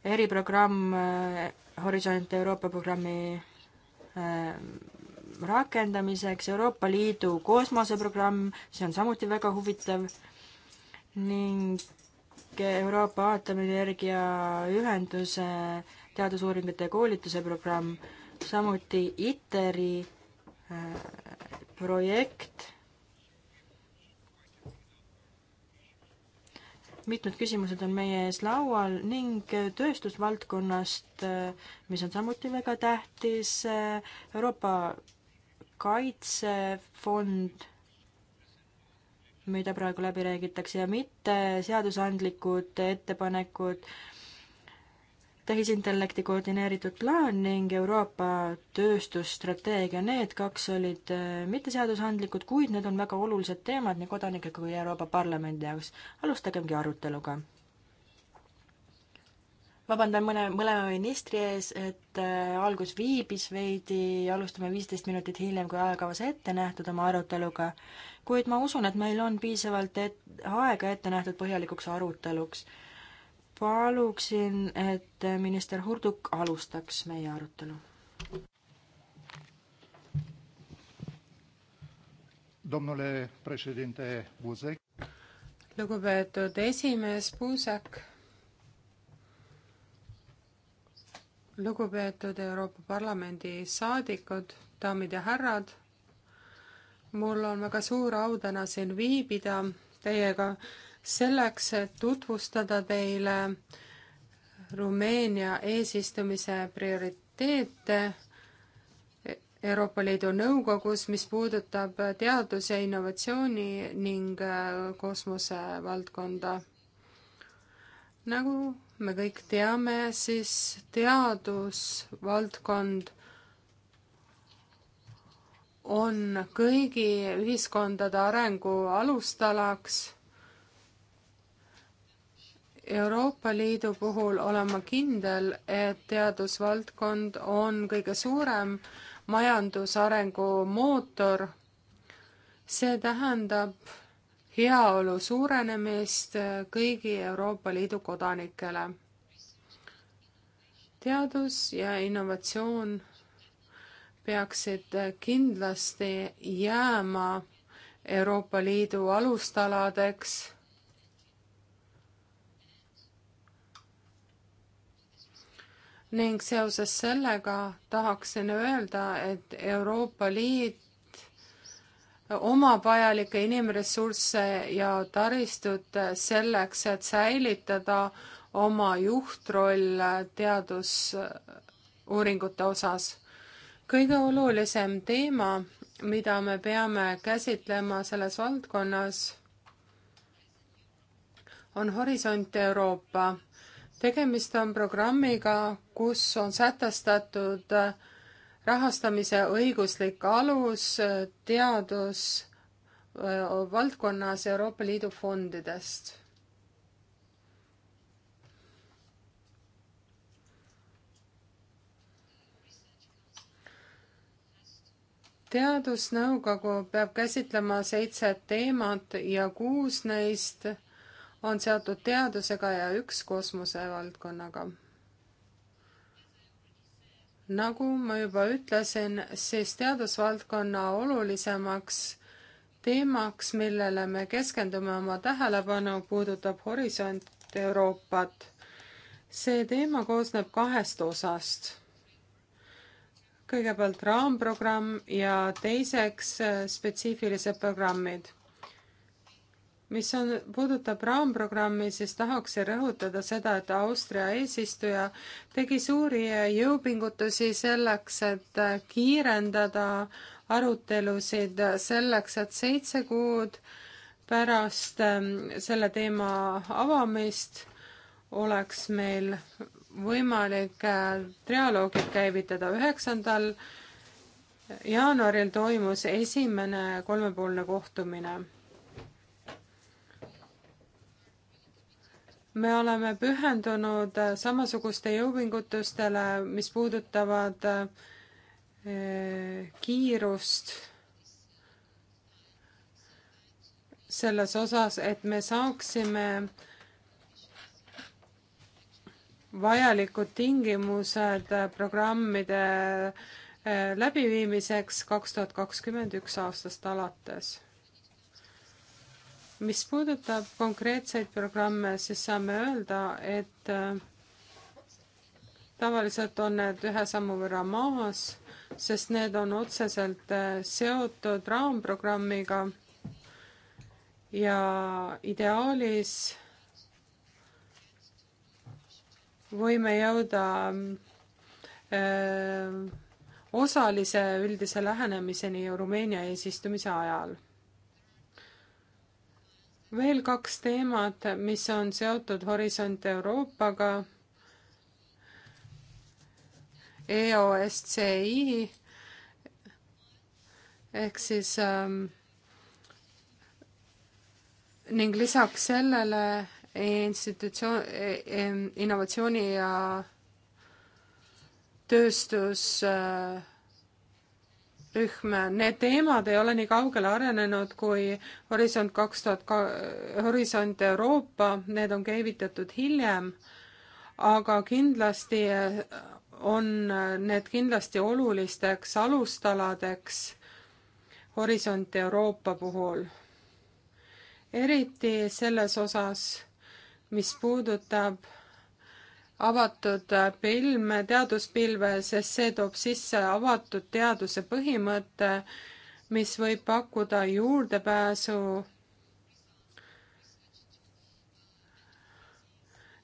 eriprogramm äh, Horisont Euroopa programmi rakendamiseks, Euroopa Liidu kosmoseprogramm, see on samuti väga huvitav, ning Euroopa Aatomienergia Ühenduse teadusuuringute ja koolituse programm, samuti ITER-i projekt mitmed küsimused on meie ees laual ning tööstusvaldkonnast, mis on samuti väga tähtis, Euroopa Kaitsefond, mida praegu läbi räägitakse, ja mitte seadusandlikud ettepanekud tehisintellekti koordineeritud plaan ning Euroopa tööstusstrateegia, need kaks olid äh, mitteseadusandlikud, kuid need on väga olulised teemad nii kodanike kui Euroopa Parlamendi jaoks. alustagemgi aruteluga. vabandan mõne, mõlema ministri ees, et äh, algus viibis veidi, alustame viisteist minutit hiljem kui ajakavas ette nähtud oma aruteluga, kuid ma usun, et meil on piisavalt et-, aega ette nähtud põhjalikuks aruteluks paluksin, et minister Hurduk alustaks meie arutelu. lugupeetud esimees Puusek, lugupeetud Euroopa Parlamendi saadikud, daamid ja härrad, mul on väga suur au täna siin viibida teiega selleks, et tutvustada teile Rumeenia eesistumise prioriteete Euroopa Liidu Nõukogus, mis puudutab teadus- ja innovatsiooni ning äh, kosmosevaldkonda. nagu me kõik teame, siis teadusvaldkond on kõigi ühiskondade arengu alustalaks Euroopa Liidu puhul olen ma kindel, et teadusvaldkond on kõige suurem majandusarengu mootor. see tähendab heaolu suurenemist kõigi Euroopa Liidu kodanikele. teadus ja innovatsioon peaksid kindlasti jääma Euroopa Liidu alustaladeks ning seoses sellega tahaksin öelda, et Euroopa Liit omab vajalikke inimressursse ja taristut selleks, et säilitada oma juhtroll teadusuuringute osas. kõige olulisem teema, mida me peame käsitlema selles valdkonnas, on Horisont Euroopa tegemist on programmiga, kus on sätestatud äh, rahastamise õiguslik alus äh, teadus äh, valdkonnas Euroopa Liidu fondidest. teadusnõukogu peab käsitlema seitset teemat ja kuus neist on seotud teadusega ja üks kosmosevaldkonnaga. nagu ma juba ütlesin, siis teadusvaldkonna olulisemaks teemaks, millele me keskendume oma tähelepanu, puudutab Horisont Euroopat. see teema koosneb kahest osast. kõigepealt raamprogramm ja teiseks spetsiifilised programmid mis on, puudutab raamprogrammi, siis tahaks rõhutada seda, et Austria eesistuja tegi suuri jõupingutusi selleks, et kiirendada arutelusid selleks, et seitse kuud pärast ähm, selle teema avamist oleks meil võimalik äh, trialoogid käivitada üheksandal jaanuaril toimus esimene kolmepoolne kohtumine me oleme pühendunud äh, samasuguste jõupingutustele, mis puudutavad äh, äh, kiirust selles osas, et me saaksime vajalikud tingimused programmide läbiviimiseks kaks tuhat kakskümmend üks aastast alates mis puudutab konkreetseid programme, siis saame öelda, et äh, tavaliselt on need ühe sammu võrra maas, sest need on otseselt äh, seotud raamprogrammiga ja ideaalis võime jõuda öö, äh, osalise üldise lähenemiseni Rumeenia eesistumise ajal veel kaks teemat, mis on seotud Horisont Euroopaga. EOSCI ehk siis ähm, ning lisaks sellele institutsioon, e-, e-, innovatsiooni ja tööstus äh, rühm, need teemad ei ole nii kaugele arenenud kui Horisont kaks tuhat ka-, Horisont Euroopa, need on käivitatud hiljem, aga kindlasti on need kindlasti olulisteks alustaladeks Horisont Euroopa puhul. eriti selles osas, mis puudutab avatud äh, pilm, teaduspilve, sest see toob sisse avatud teaduse põhimõte, mis võib pakkuda juurdepääsu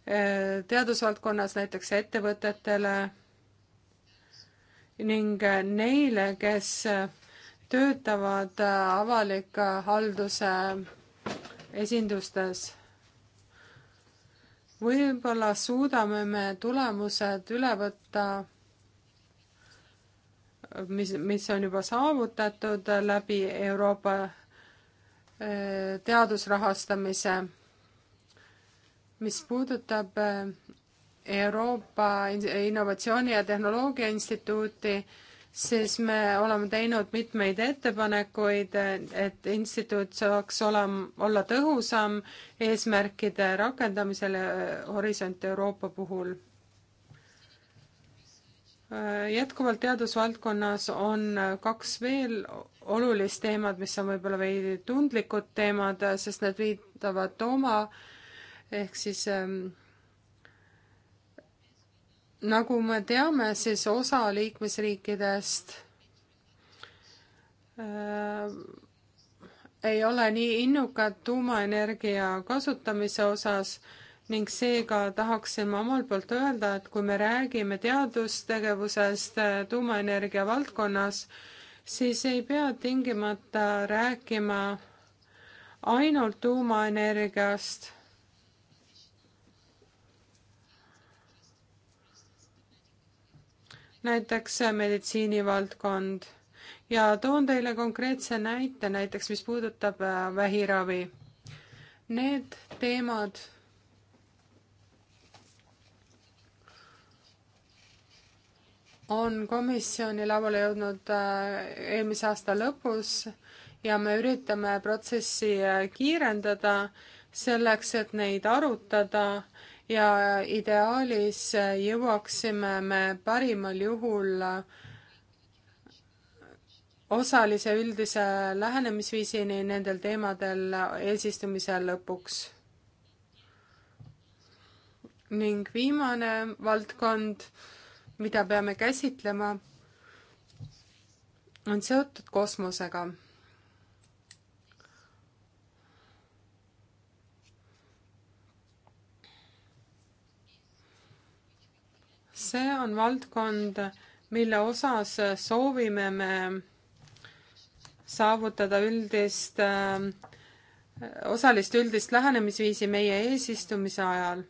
äh, teadusvaldkonnas näiteks ettevõtetele ning äh, neile, kes töötavad avalike halduse esindustes võib-olla suudame me tulemused üle võtta, mis, mis on juba saavutatud läbi Euroopa eh, teadusrahastamise, mis puudutab eh, Euroopa Innovatsiooni ja Tehnoloogia Instituuti, siis me oleme teinud mitmeid ettepanekuid, et instituut saaks olema, olla tõhusam eesmärkide rakendamisel Horisont Euroopa puhul. jätkuvalt teadusvaldkonnas on kaks veel olulist teemat, mis on võib-olla veidi tundlikud teemad, sest need viitavad Tooma ehk siis ähm, nagu me teame, siis osa liikmesriikidest äh, ei ole nii innukad tuumaenergia kasutamise osas ning seega tahaksime omalt poolt öelda, et kui me räägime teadustegevusest äh, tuumaenergia valdkonnas, siis ei pea tingimata rääkima ainult tuumaenergiast näiteks meditsiinivaldkond ja toon teile konkreetse näite, näiteks mis puudutab äh, vähiravi. Need teemad on komisjoni lauale jõudnud äh, eelmise aasta lõpus ja me üritame protsessi äh, kiirendada selleks, et neid arutada ja ideaalis äh, jõuaksime me parimal juhul äh, osalise üldise lähenemisviisini nendel teemadel eesistumise lõpuks. ning viimane valdkond, mida peame käsitlema, on seotud kosmosega see on valdkond, mille osas soovime me saavutada üldist, äh, osalist üldist lähenemisviisi meie eesistumise ajal.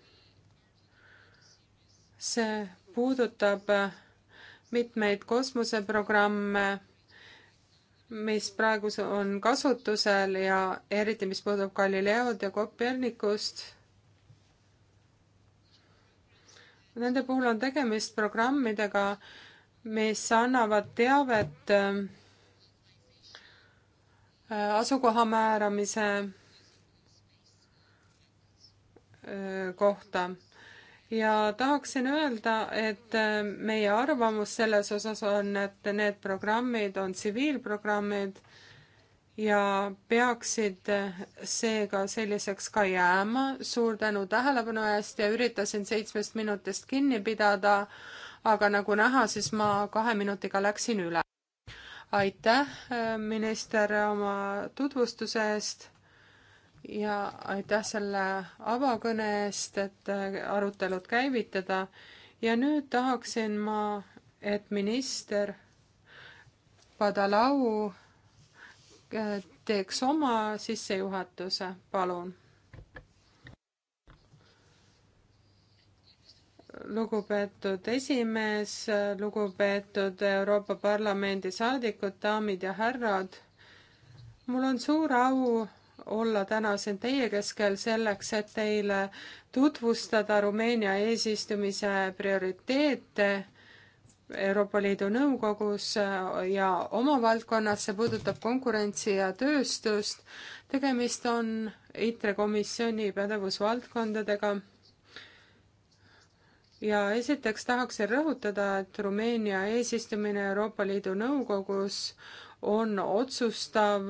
see puudutab äh, mitmeid kosmoseprogramme, mis praegu on kasutusel ja eriti, mis puudutab Galileod ja Kopernikust Nende puhul on tegemist programmidega, mis annavad teavet äh, asukoha määramise äh, kohta ja tahaksin öelda, et äh, meie arvamus selles osas on, et need programmid on tsiviilprogrammid ja peaksid seega selliseks ka jääma. suur tänu tähelepanu eest ja üritasin seitsmest minutist kinni pidada, aga nagu näha, siis ma kahe minutiga läksin üle. aitäh, minister, oma tutvustuse eest ja aitäh selle avakõne eest, et arutelud käivitada. ja nüüd tahaksin ma, et minister Padalau teeks oma sissejuhatuse, palun. lugupeetud esimees, lugupeetud Euroopa Parlamendi saadikud, daamid ja härrad. mul on suur au olla täna siin teie keskel selleks, et teile tutvustada Rumeenia eesistumise prioriteete Euroopa Liidu Nõukogus äh, ja oma valdkonnas, see puudutab konkurentsi ja tööstust. tegemist on ITRE komisjoni pädevusvaldkondadega. ja esiteks tahaksin rõhutada, et Rumeenia eesistumine Euroopa Liidu Nõukogus on otsustav,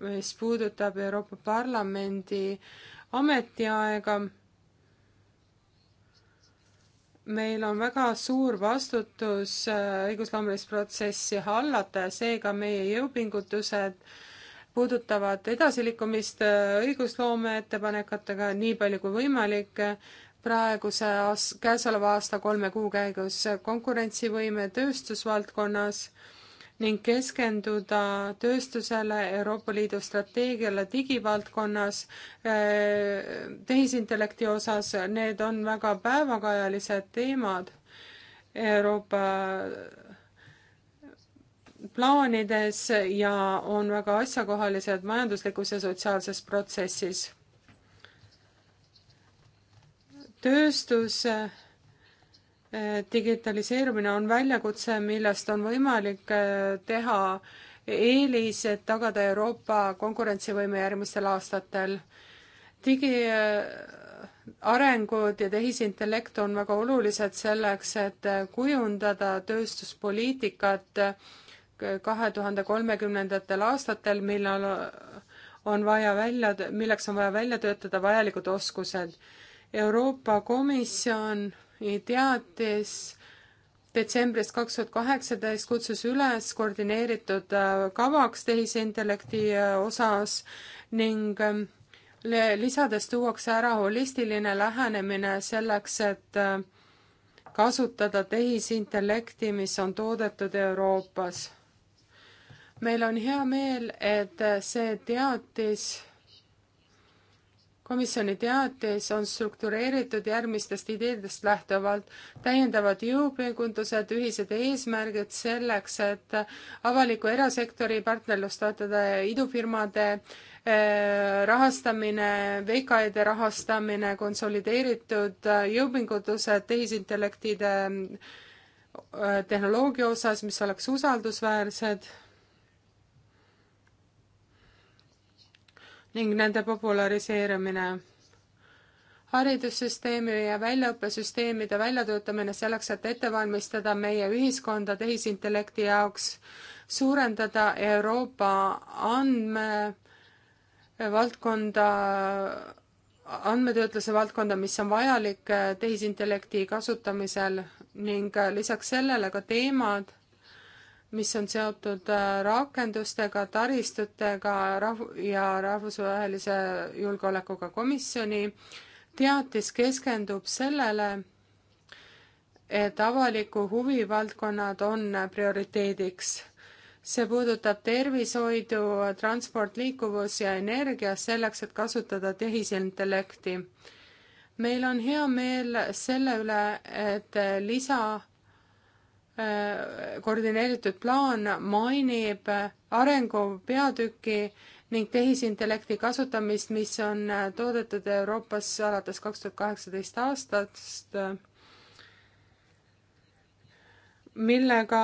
mis puudutab Euroopa Parlamendi ametiaega meil on väga suur vastutus äh, õigusloomelist protsessi hallata ja seega meie jõupingutused puudutavad edasiliikumist äh, õigusloome ettepanekutega nii palju kui võimalik äh, praeguse aas-, käesoleva aasta kolme kuu käigus konkurentsivõime tööstusvaldkonnas äh, ning keskenduda tööstusele, Euroopa Liidu strateegiale digivaldkonnas, eh, tehisintellekti osas, need on väga päevakajalised teemad Euroopa plaanides ja on väga asjakohalised majanduslikus ja sotsiaalses protsessis. tööstus digitaliseerumine on väljakutse, millest on võimalik äh, teha eelis, et tagada Euroopa konkurentsivõime järgmistel aastatel. digiarengud äh, ja tehisintellekt on väga olulised selleks, et äh, kujundada tööstuspoliitikat kahe tuhande kolmekümnendatel aastatel, millal on vaja välja, milleks on vaja välja töötada vajalikud oskused. Euroopa Komisjon teatis detsembrist kaks tuhat kaheksateist kutsus üles koordineeritud äh, kavaks tehisintellekti äh, osas ning ähm, lisades tuuakse ära holistiline lähenemine selleks, et äh, kasutada tehisintellekti, mis on toodetud Euroopas. meil on hea meel, et see teatis komisjoni teatis on struktureeritud järgmistest ideedest lähtuvalt täiendavad jõupingutused, ühised eesmärgid selleks, et avaliku erasektori partnerlust toetada ja idufirmade eh, rahastamine, VKE-de rahastamine, konsolideeritud jõupingutused tehisintellektide eh, tehnoloogia osas, mis oleks usaldusväärsed ning nende populariseerimine. haridussüsteemi ja väljaõppesüsteemide väljatöötamine selleks, et ette valmistada meie ühiskonda tehisintellekti jaoks, suurendada Euroopa andmevaldkonda, andmetöötluse valdkonda, mis on vajalik tehisintellekti kasutamisel ning lisaks sellele ka teemad mis on seotud äh, rakendustega, taristutega rahv- ja rahvusvahelise julgeolekuga komisjoni teatis keskendub sellele, et avaliku huvi valdkonnad on prioriteediks. see puudutab tervishoidu, transport, liikuvus ja energia selleks, et kasutada tehisintellekti. meil on hea meel selle üle, et lisa Äh, koordineeritud plaan mainib arengu peatüki ning tehisintellekti kasutamist, mis on äh, toodetud Euroopas alates kaks tuhat kaheksateist aastast, millega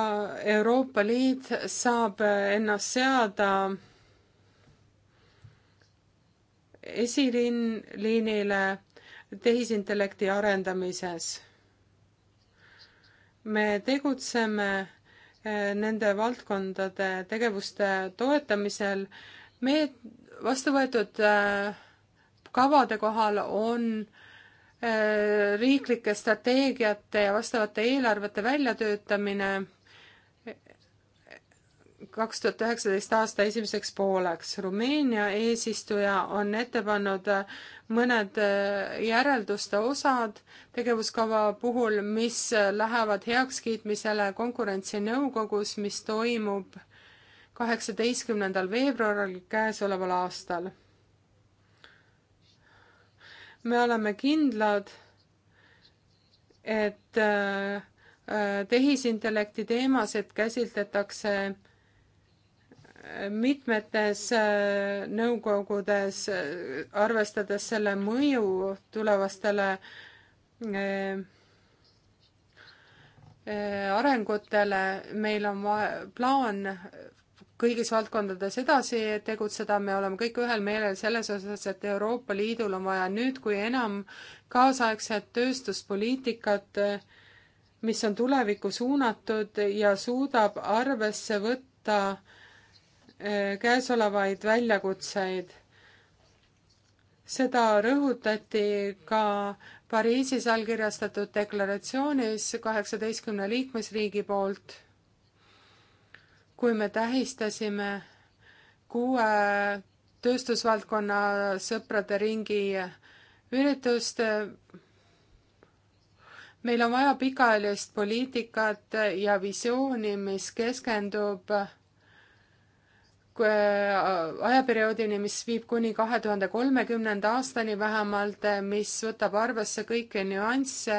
Euroopa Liit saab ennast seada esiliinile tehisintellekti arendamises me tegutseme eh, nende valdkondade tegevuste toetamisel. meie vastu võetud eh, kavade kohal on eh, riiklike strateegiate ja vastavate eelarvete väljatöötamine kaks tuhat üheksateist aasta esimeseks pooleks. Rumeenia eesistuja on ette pannud äh, mõned äh, järelduste osad tegevuskava puhul, mis äh, lähevad heakskiitmisele konkurentsinõukogus, mis toimub kaheksateistkümnendal veebruaril käesoleval aastal. me oleme kindlad, et äh, tehisintellekti teemasid käsitletakse mitmetes äh, nõukogudes, äh, arvestades selle mõju tulevastele äh, arengutele, meil on plaan kõigis valdkondades edasi tegutseda, me oleme kõik ühel meelel selles osas, et Euroopa Liidul on vaja nüüd kui enam kaasaegset tööstuspoliitikat, mis on tulevikku suunatud ja suudab arvesse võtta äh, Äh, käesolevaid väljakutseid. seda rõhutati ka Pariisis allkirjastatud deklaratsioonis kaheksateistkümne liikmesriigi poolt, kui me tähistasime kuue tööstusvaldkonna sõprade ringi üritust. meil on vaja pikaajalist poliitikat ja visiooni, mis keskendub Äh, ajaperioodini, mis viib kuni kahe tuhande kolmekümnenda aastani vähemalt, äh, mis võtab arvesse kõiki nüansse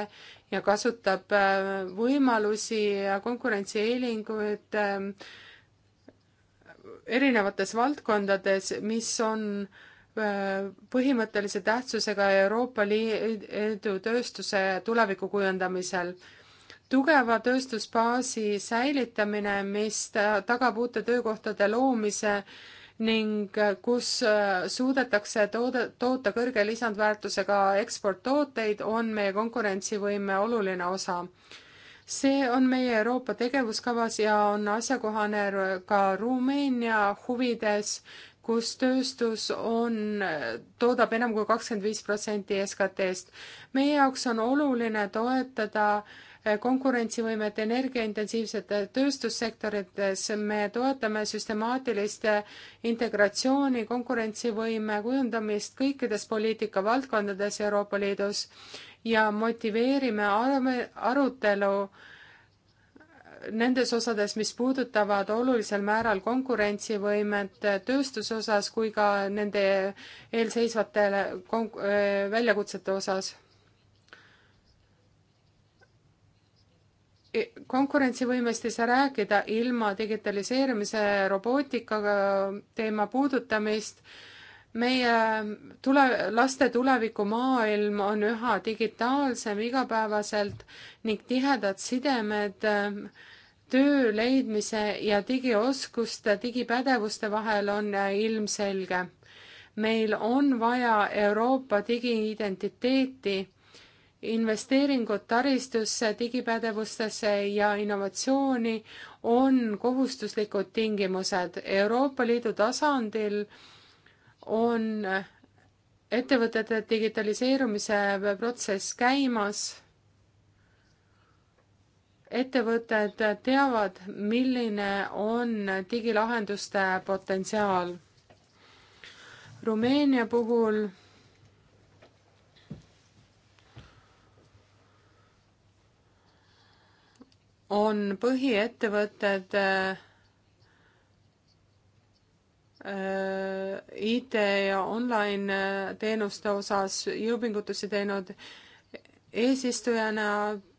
ja kasutab äh, võimalusi ja konkurentsieelinguid erinevates valdkondades, mis on põhimõttelise tähtsusega Euroopa Liidu tööstuse tuleviku kujundamisel tugeva tööstusbaasi säilitamine, mis tagab uute töökohtade loomise ning äh, kus äh, suudetakse toode, toota kõrge lisandväärtusega eksporttooteid, on meie konkurentsivõime oluline osa. see on meie Euroopa tegevuskavas ja on asjakohane ka Rumeenia huvides, kus tööstus on, toodab enam kui kakskümmend viis protsenti SKT-st. SKT meie jaoks on oluline toetada äh, Äh, konkurentsivõimet energiaintensiivsete tööstussektorites, me toetame süstemaatilist integratsiooni, konkurentsivõime kujundamist kõikides poliitikavaldkondades Euroopa Liidus ja motiveerime arutelu nendes osades, mis puudutavad olulisel määral konkurentsivõimet tööstuse osas kui ka nende eelseisvate äh, väljakutsete osas. konkurentsivõimest ei saa rääkida ilma digitaliseerimise robootikaga äh, teema puudutamist. meie tule, laste tulevikumaailm on üha digitaalsem igapäevaselt ning tihedad sidemed äh, töö leidmise ja digioskuste, digipädevuste vahel on äh, ilmselge. meil on vaja Euroopa digiidentiteeti investeeringud taristusse, digipädevustesse ja innovatsiooni on kohustuslikud tingimused. Euroopa Liidu tasandil on ettevõtete digitaliseerumise protsess käimas ettevõtted teavad, milline on digilahenduste potentsiaal. Rumeenia puhul on põhiettevõtted äh, IT ja online äh, teenuste osas jõupingutusi teinud. eesistujana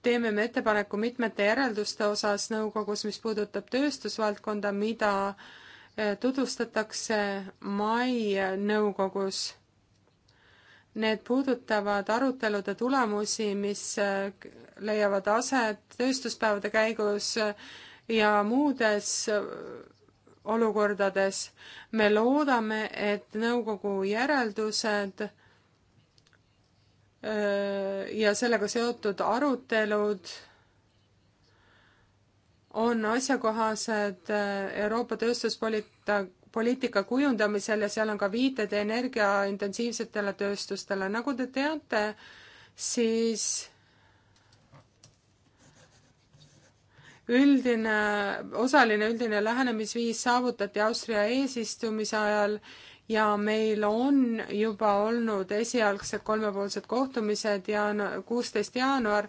teeme me ettepaneku mitmete järelduste osas nõukogus, mis puudutab tööstusvaldkonda, mida äh, tutvustatakse mai nõukogus. Need puudutavad arutelude tulemusi, mis äh, leiavad aset tööstuspäevade käigus äh, ja muudes äh, olukordades. me loodame, et nõukogu järeldused ja sellega seotud arutelud on asjakohased Euroopa tööstuspoliitika poliitika kujundamisel ja seal on ka viited energiaintensiivsetele tööstustele. nagu te teate, siis üldine, osaline üldine lähenemisviis saavutati Austria eesistumise ajal ja meil on juba olnud esialgsed kolmepoolsed kohtumised jaanuar, kuusteist jaanuar.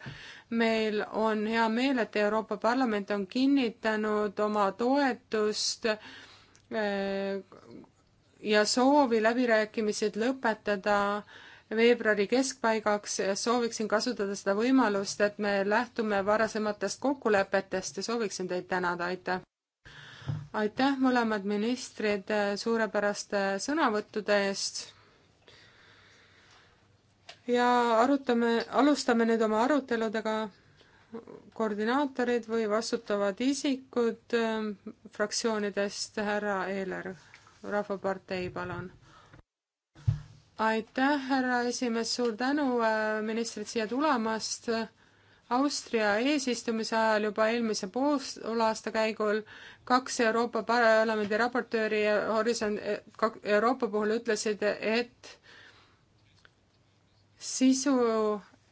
meil on hea meel, et Euroopa Parlament on kinnitanud oma toetust äh, Äh, ja soovi läbirääkimised lõpetada veebruari keskpaigaks, sooviksin kasutada seda võimalust, et me lähtume varasematest kokkulepetest ja sooviksin teid tänada, aitäh! aitäh, mõlemad ministrid, suurepäraste sõnavõttude eest! ja arutame, alustame nüüd oma aruteludega koordinaatorid või vastutavad isikud ähm, fraktsioonidest, härra Eeler, Rahvapartei, palun. aitäh, härra esimees, suur tänu äh, ministrid siia tulemast. Austria eesistumise ajal juba eelmise poolaasta käigul kaks Euroopa Parlamendi raportööri Horisont äh, Euroopa puhul ütlesid, et sisu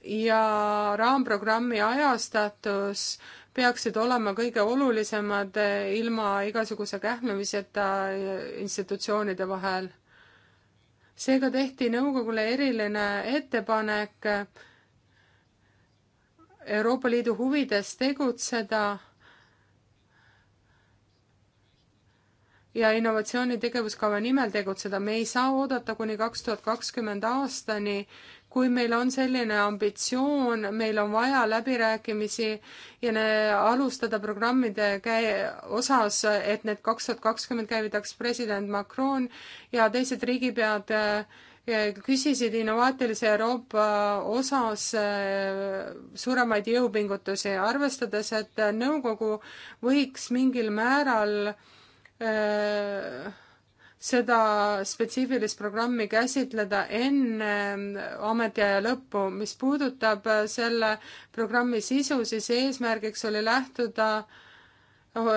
ja raamprogrammi ajastatus peaksid olema kõige olulisemad eh, ilma igasuguse kähmlemiseta eh, institutsioonide vahel. seega tehti nõukogule eriline ettepanek eh, Euroopa Liidu huvides tegutseda ja innovatsiooni tegevuskava nimel tegutseda. me ei saa oodata kuni kaks tuhat kakskümmend aastani, kui meil on selline ambitsioon, meil on vaja läbirääkimisi ja ne, alustada programmide käi-, osas, et need kaks tuhat kakskümmend käivitaks president Macron ja teised riigipead eh, küsisid innovaatilise Euroopa osas eh, suuremaid jõupingutusi, arvestades, et nõukogu võiks mingil määral öö, eh, seda spetsiifilist programmi käsitleda enne ähm, ametiaja lõppu. mis puudutab äh, selle programmi sisu, siis eesmärgiks oli lähtuda äh,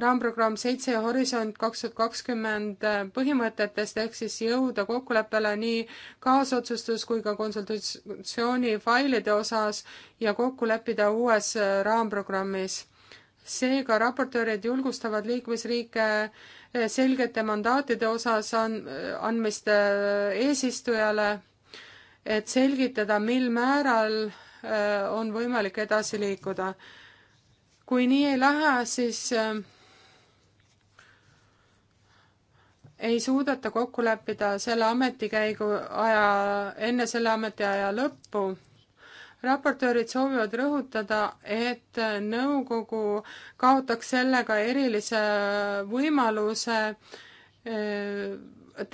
raamprogramm seitse ja Horisont kaks tuhat kakskümmend põhimõtetest ehk siis jõuda kokkuleppele nii kaasotsustus kui ka konsultatsiooni failide osas ja kokku leppida uues äh, raamprogrammis. seega raportöörid julgustavad liikmesriike selgete mandaatide osas an-, andmist äh, eesistujale, et selgitada, mil määral äh, on võimalik edasi liikuda. kui nii ei lähe, siis äh, ei suudeta kokku leppida selle ametikäigu aja, enne selle ametiaja lõppu raportöörid soovivad rõhutada, et nõukogu kaotaks sellega erilise võimaluse eh,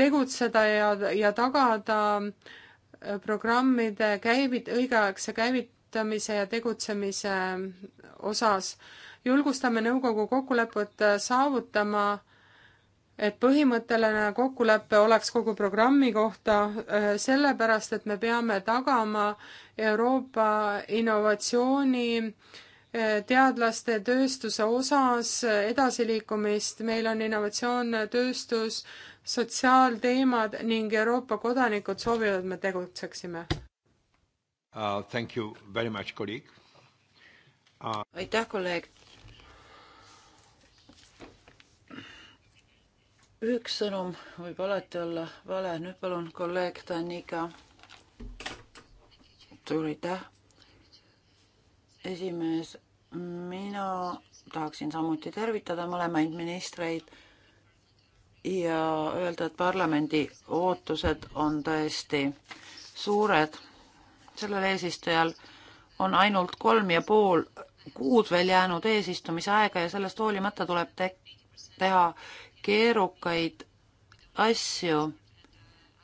tegutseda ja, ja tagada eh, programmide käivit-, õigeaegse käivitamise ja tegutsemise osas. julgustame nõukogu kokkulepet saavutama, et põhimõtteline kokkulepe oleks kogu programmi kohta, eh, sellepärast et me peame tagama, Euroopa innovatsiooni eh, teadlaste tööstuse osas edasiliikumist, meil on innovatsioon, tööstus, sotsiaalteemad ning Euroopa kodanikud soovivad, et me tegutseksime uh,. Thank you very much, kolleeg uh.... aitäh, kolleeg. üks sõnum võib alati olla vale, nüüd palun kolleeg Tanika suur aitäh, esimees. mina tahaksin samuti tervitada mõlemaid ministreid ja öelda, et parlamendi ootused on tõesti suured. sellel eesistujal on ainult kolm ja pool kuud veel jäänud eesistumise aega ja sellest hoolimata tuleb te teha keerukaid asju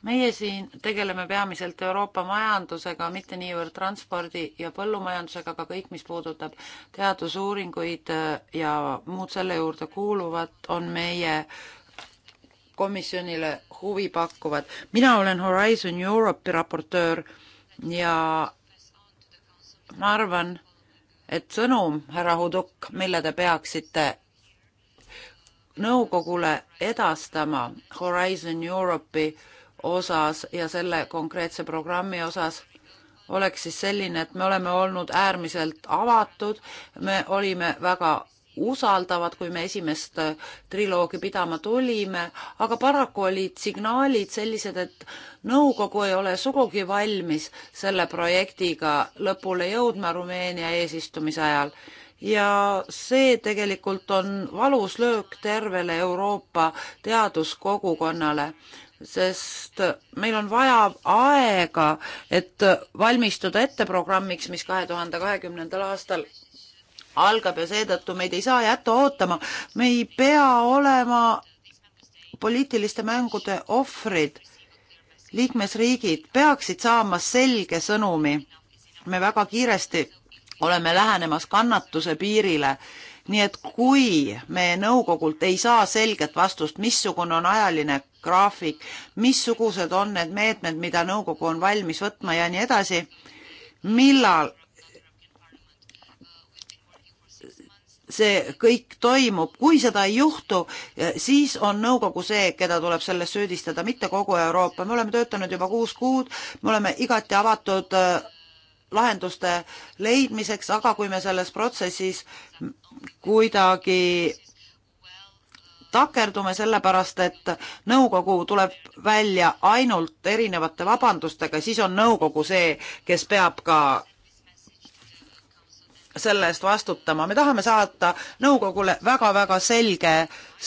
meie siin tegeleme peamiselt Euroopa majandusega, mitte niivõrd transpordi ja põllumajandusega, aga kõik, mis puudutab teadusuuringuid äh, ja muud selle juurde kuuluvat, on meie komisjonile huvi pakkuvad. mina olen Horizon Europe'i raportöör ja ma arvan, et sõnum, härra Huduk, mille te peaksite nõukogule edastama Horizon Europe'i osas ja selle konkreetse programmi osas oleks siis selline, et me oleme olnud äärmiselt avatud, me olime väga usaldavad, kui me esimest äh, triloogi pidama tulime, aga paraku olid signaalid sellised, et nõukogu ei ole sugugi valmis selle projektiga lõpule jõudma Rumeenia eesistumise ajal. ja see tegelikult on valus löök tervele Euroopa teaduskogukonnale sest meil on vaja aega, et valmistuda ette programmiks, mis kahe tuhande kahekümnendal aastal algab ja seetõttu meid ei saa jätta ootama. me ei pea olema poliitiliste mängude ohvrid. liikmesriigid peaksid saama selge sõnumi. me väga kiiresti oleme lähenemas kannatuse piirile nii et kui me nõukogult ei saa selget vastust, missugune on ajaline graafik, missugused on need meetmed, mida nõukogu on valmis võtma ja nii edasi, millal see kõik toimub, kui seda ei juhtu, siis on nõukogu see, keda tuleb selles süüdistada, mitte kogu Euroopa. me oleme töötanud juba kuus kuud, me oleme igati avatud lahenduste leidmiseks, aga kui me selles protsessis kuidagi takerdume sellepärast, et nõukogu tuleb välja ainult erinevate vabandustega, siis on nõukogu see, kes peab ka selle eest vastutama. me tahame saata nõukogule väga-väga selge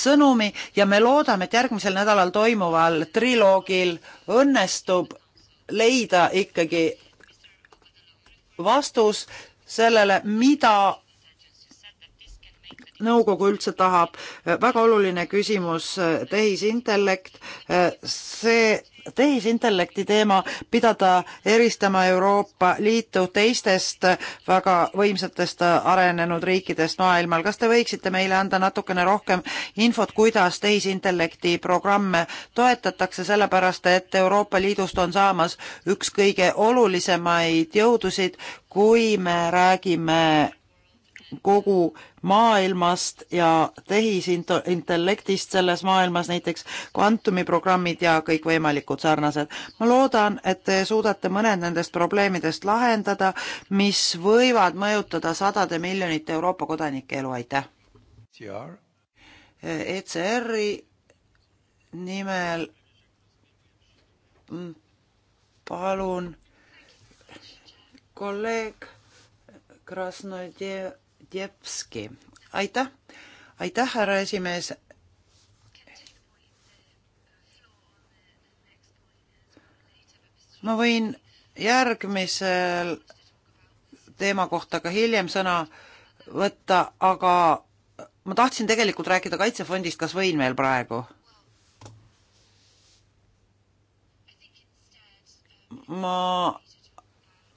sõnumi ja me loodame, et järgmisel nädalal toimuval triloogil õnnestub leida ikkagi vastus sellele, mida nõukogu üldse tahab. väga oluline küsimus, eh, tehisintellekt, eh, see tehisintellekti teema pidada eristama Euroopa Liitu teistest väga võimsatest arenenud riikidest maailmal. kas te võiksite meile anda natukene rohkem infot, kuidas tehisintellekti programme toetatakse, sellepärast et Euroopa Liidust on saamas üks kõige olulisemaid jõudusid, kui me räägime kogu maailmast ja tehisintellektist selles maailmas, näiteks kvantumiprogrammid ja kõikvõimalikud sarnased. ma loodan, et te suudate mõned nendest probleemidest lahendada, mis võivad mõjutada sadade miljonite Euroopa kodanike elu, aitäh! ECR-i e nimel palun kolleeg Krasnodje Zdjevski. aitäh, aitäh, härra esimees. ma võin järgmisel teema kohta ka hiljem sõna võtta, aga ma tahtsin tegelikult rääkida Kaitsefondist, kas võin veel praegu? ma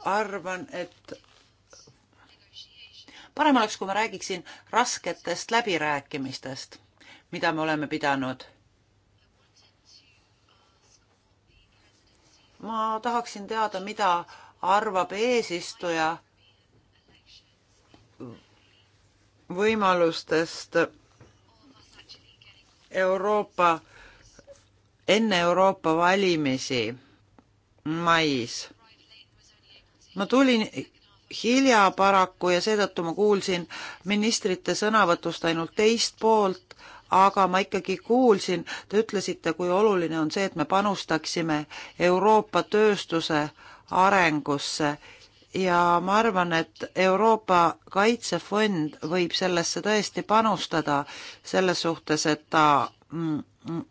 arvan, et parem oleks, kui ma räägiksin rasketest läbirääkimistest, mida me oleme pidanud. ma tahaksin teada, mida arvab eesistuja võimalustest Euroopa, enne Euroopa valimisi mais. ma tulin hilja paraku ja seetõttu ma kuulsin ministrite sõnavõtust ainult teist poolt, aga ma ikkagi kuulsin, te ütlesite, kui oluline on see, et me panustaksime Euroopa tööstuse arengusse ja ma arvan, et Euroopa Kaitsefond võib sellesse tõesti panustada, selles suhtes, et ta mm, mm,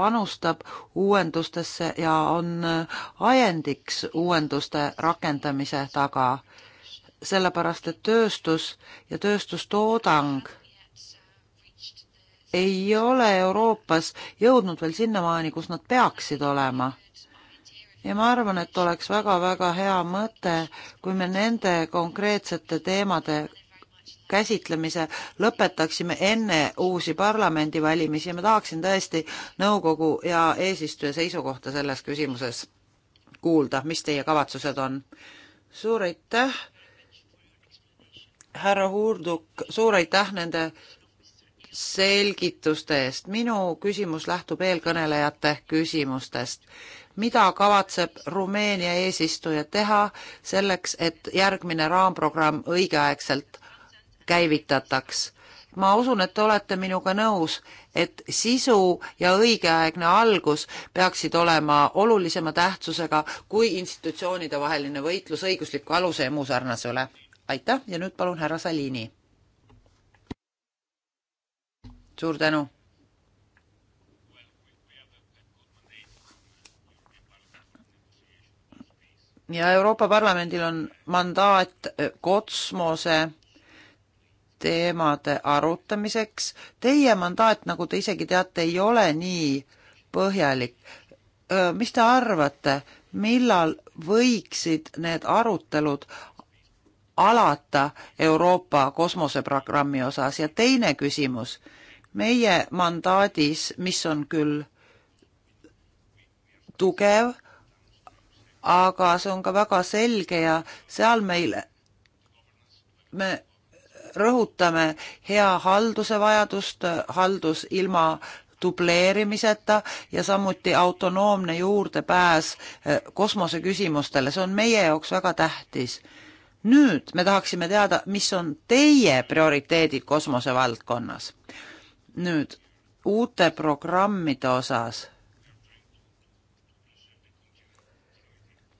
panustab uuendustesse ja on äh, ajendiks uuenduste rakendamise taga sellepärast et tööstus ja tööstustoodang ei ole Euroopas jõudnud veel sinnamaani, kus nad peaksid olema. ja ma arvan, et oleks väga-väga hea mõte, kui me nende konkreetsete teemade käsitlemise lõpetaksime enne uusi parlamendivalimisi ja ma tahaksin tõesti nõukogu ja eesistuja seisukohta selles küsimuses kuulda, mis teie kavatsused on. suur aitäh härra Huurduk, suur aitäh nende selgituste eest. minu küsimus lähtub eelkõnelejate küsimustest. mida kavatseb Rumeenia eesistuja teha selleks, et järgmine raamprogramm õigeaegselt käivitataks? ma usun, et te olete minuga nõus, et sisu ja õigeaegne algus peaksid olema olulisema tähtsusega kui institutsioonide vaheline võitlus õigusliku aluse ja muu sarnase üle aitäh ja nüüd palun härra Salini. suur tänu. ja Euroopa Parlamendil on mandaat äh, kosmose teemade arutamiseks. Teie mandaat, nagu te isegi teate, ei ole nii põhjalik. Äh, mis te arvate, millal võiksid need arutelud alata Euroopa kosmoseprogrammi osas ja teine küsimus, meie mandaadis, mis on küll tugev, aga see on ka väga selge ja seal meil, me rõhutame hea halduse vajadust, haldus ilma dubleerimiseta ja samuti autonoomne juurdepääs eh, kosmoseküsimustele, see on meie jaoks väga tähtis nüüd me tahaksime teada, mis on teie prioriteedid kosmosevaldkonnas. nüüd uute programmide osas.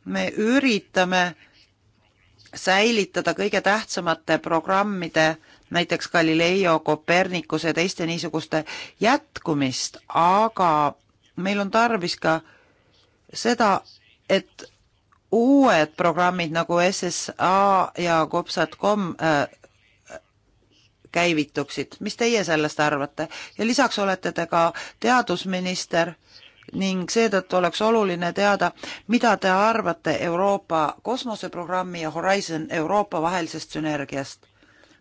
me üritame säilitada kõige tähtsamate programmide, näiteks Galileo, Copernicuse ja teiste niisuguste jätkumist, aga meil on tarvis ka seda, et uued programmid nagu SSA ja Kopsatkom äh, käivituksid. mis teie sellest arvate? ja lisaks olete te ka teadusminister ning seetõttu oleks oluline teada, mida te arvate Euroopa kosmoseprogrammi ja Horizon Euroopa vahelisest sünergiast.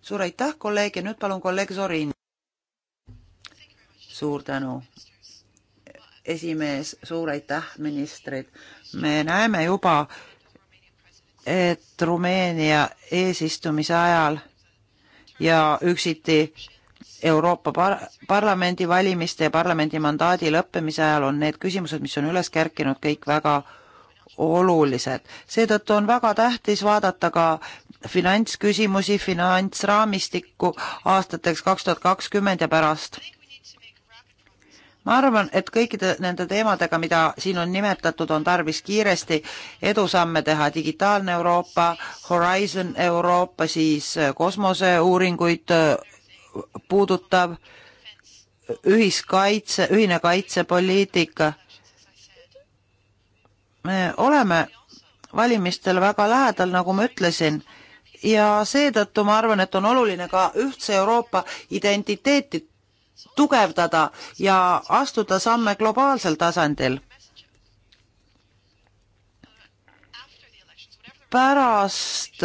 suur aitäh, kolleeg, ja nüüd palun kolleeg Sorin. suur tänu, esimees, suur aitäh, ministrid me näeme juba, et Rumeenia eesistumise ajal ja üksiti Euroopa par parlamendi valimiste ja parlamendi mandaadi lõppemise ajal on need küsimused, mis on üles kärkinud, kõik väga olulised. seetõttu on väga tähtis vaadata ka finantsküsimusi, finantsraamistikku aastateks kaks tuhat kakskümmend ja pärast ma arvan, et kõikide nende teemadega, mida siin on nimetatud, on tarvis kiiresti edusamme teha, digitaalne Euroopa, Horizon Euroopa, siis äh, kosmoseuuringuid äh, puudutav ühiskaitse, ühine kaitsepoliitika. me oleme valimistel väga lähedal, nagu ma ütlesin, ja seetõttu ma arvan, et on oluline ka ühtse Euroopa identiteeti tugevdada ja astuda samme globaalsel tasandil. pärast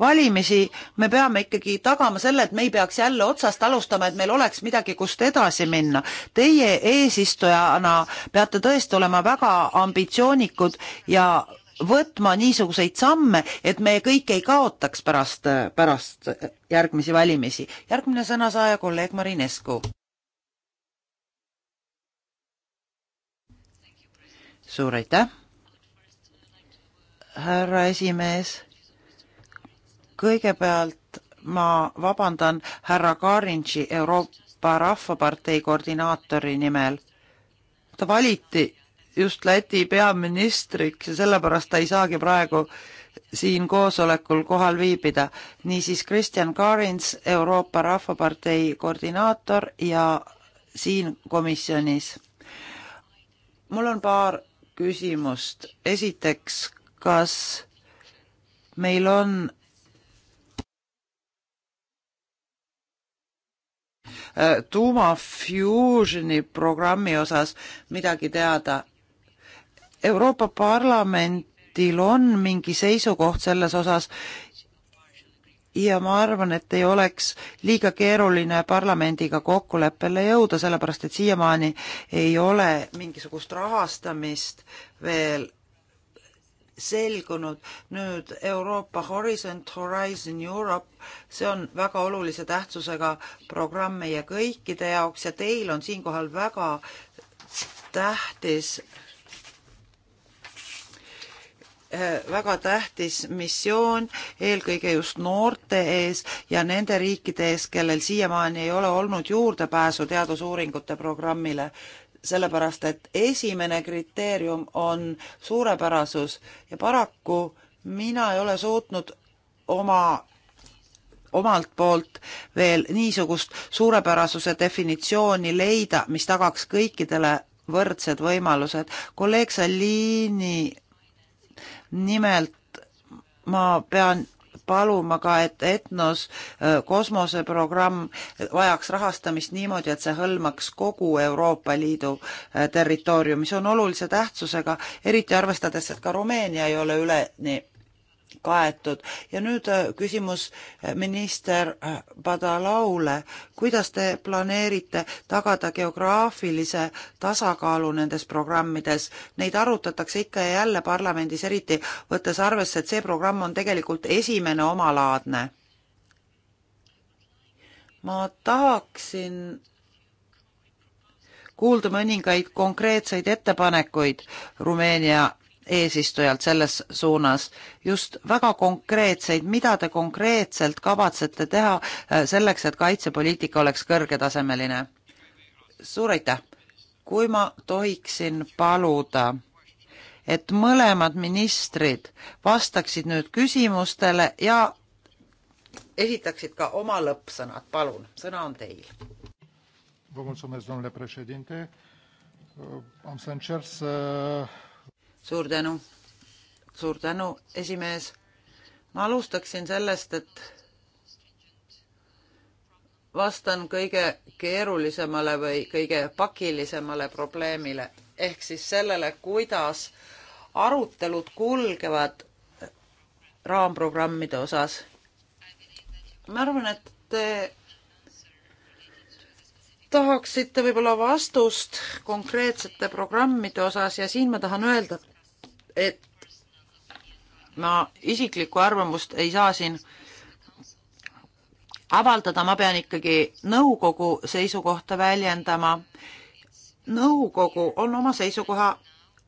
valimisi me peame ikkagi tagama selle, et me ei peaks jälle otsast alustama, et meil oleks midagi, kust edasi minna. Teie eesistujana peate tõesti olema väga ambitsioonikud ja võtma niisuguseid samme, et me kõik ei kaotaks pärast, pärast järgmisi valimisi. järgmine sõnasaaja, kolleeg Marinescu. suur aitäh, härra esimees. kõigepealt ma vabandan härra Karinši Euroopa Rahvapartei koordinaatori nimel. ta valiti just Läti peaministriks ja sellepärast ta ei saagi praegu siin koosolekul kohal viibida. niisiis Kristjan Karins, Euroopa Rahvapartei koordinaator ja siin komisjonis. mul on paar küsimust. esiteks, kas meil on tuumafusioni programmi osas midagi teada, Euroopa Parlamentil on mingi seisukoht selles osas ja ma arvan, et ei oleks liiga keeruline parlamendiga kokkuleppele jõuda, sellepärast et siiamaani ei ole mingisugust rahastamist veel selgunud. nüüd Euroopa Horisont, Horizon Europe, see on väga olulise tähtsusega programm meie kõikide jaoks ja teil on siinkohal väga tähtis Eh, väga tähtis missioon eelkõige just noorte ees ja nende riikide ees, kellel siiamaani ei ole olnud juurdepääsu teadusuuringute programmile, sellepärast et esimene kriteerium on suurepärasus ja paraku mina ei ole suutnud oma omalt poolt veel niisugust suurepärasuse definitsiooni leida, mis tagaks kõikidele võrdsed võimalused. kolleeg Salini nimelt ma pean paluma ka, et Etnos äh, kosmoseprogramm vajaks rahastamist niimoodi, et see hõlmaks kogu Euroopa Liidu äh, territooriumi, see on olulise tähtsusega, eriti arvestades, et ka Rumeenia ei ole üleni kaetud. ja nüüd äh, küsimus äh, minister Badalaule. Äh, kuidas te planeerite tagada geograafilise tasakaalu nendes programmides? Neid arutatakse ikka ja jälle parlamendis, eriti võttes arvesse, et see programm on tegelikult esimene omalaadne. ma tahaksin kuulda mõningaid konkreetseid ettepanekuid Rumeenia eesistujalt selles suunas just väga konkreetseid, mida te konkreetselt kavatsete teha äh, selleks, et kaitsepoliitika oleks kõrgetasemeline? suur aitäh! kui ma tohiksin paluda, et mõlemad ministrid vastaksid nüüd küsimustele ja esitaksid ka oma lõppsõnad, palun, sõna on teil. Vă mulțumesc, domnule președinte. Am să încerc să suur tänu, suur tänu, esimees. ma alustaksin sellest, et vastan kõige keerulisemale või kõige pakilisemale probleemile ehk siis sellele, kuidas arutelud kulgevad raamprogrammide osas. ma arvan, et te tahaksite võib-olla vastust konkreetsete programmide osas ja siin ma tahan öelda, et ma isiklikku arvamust ei saa siin avaldada, ma pean ikkagi nõukogu seisukohta väljendama. nõukogu on oma seisukoha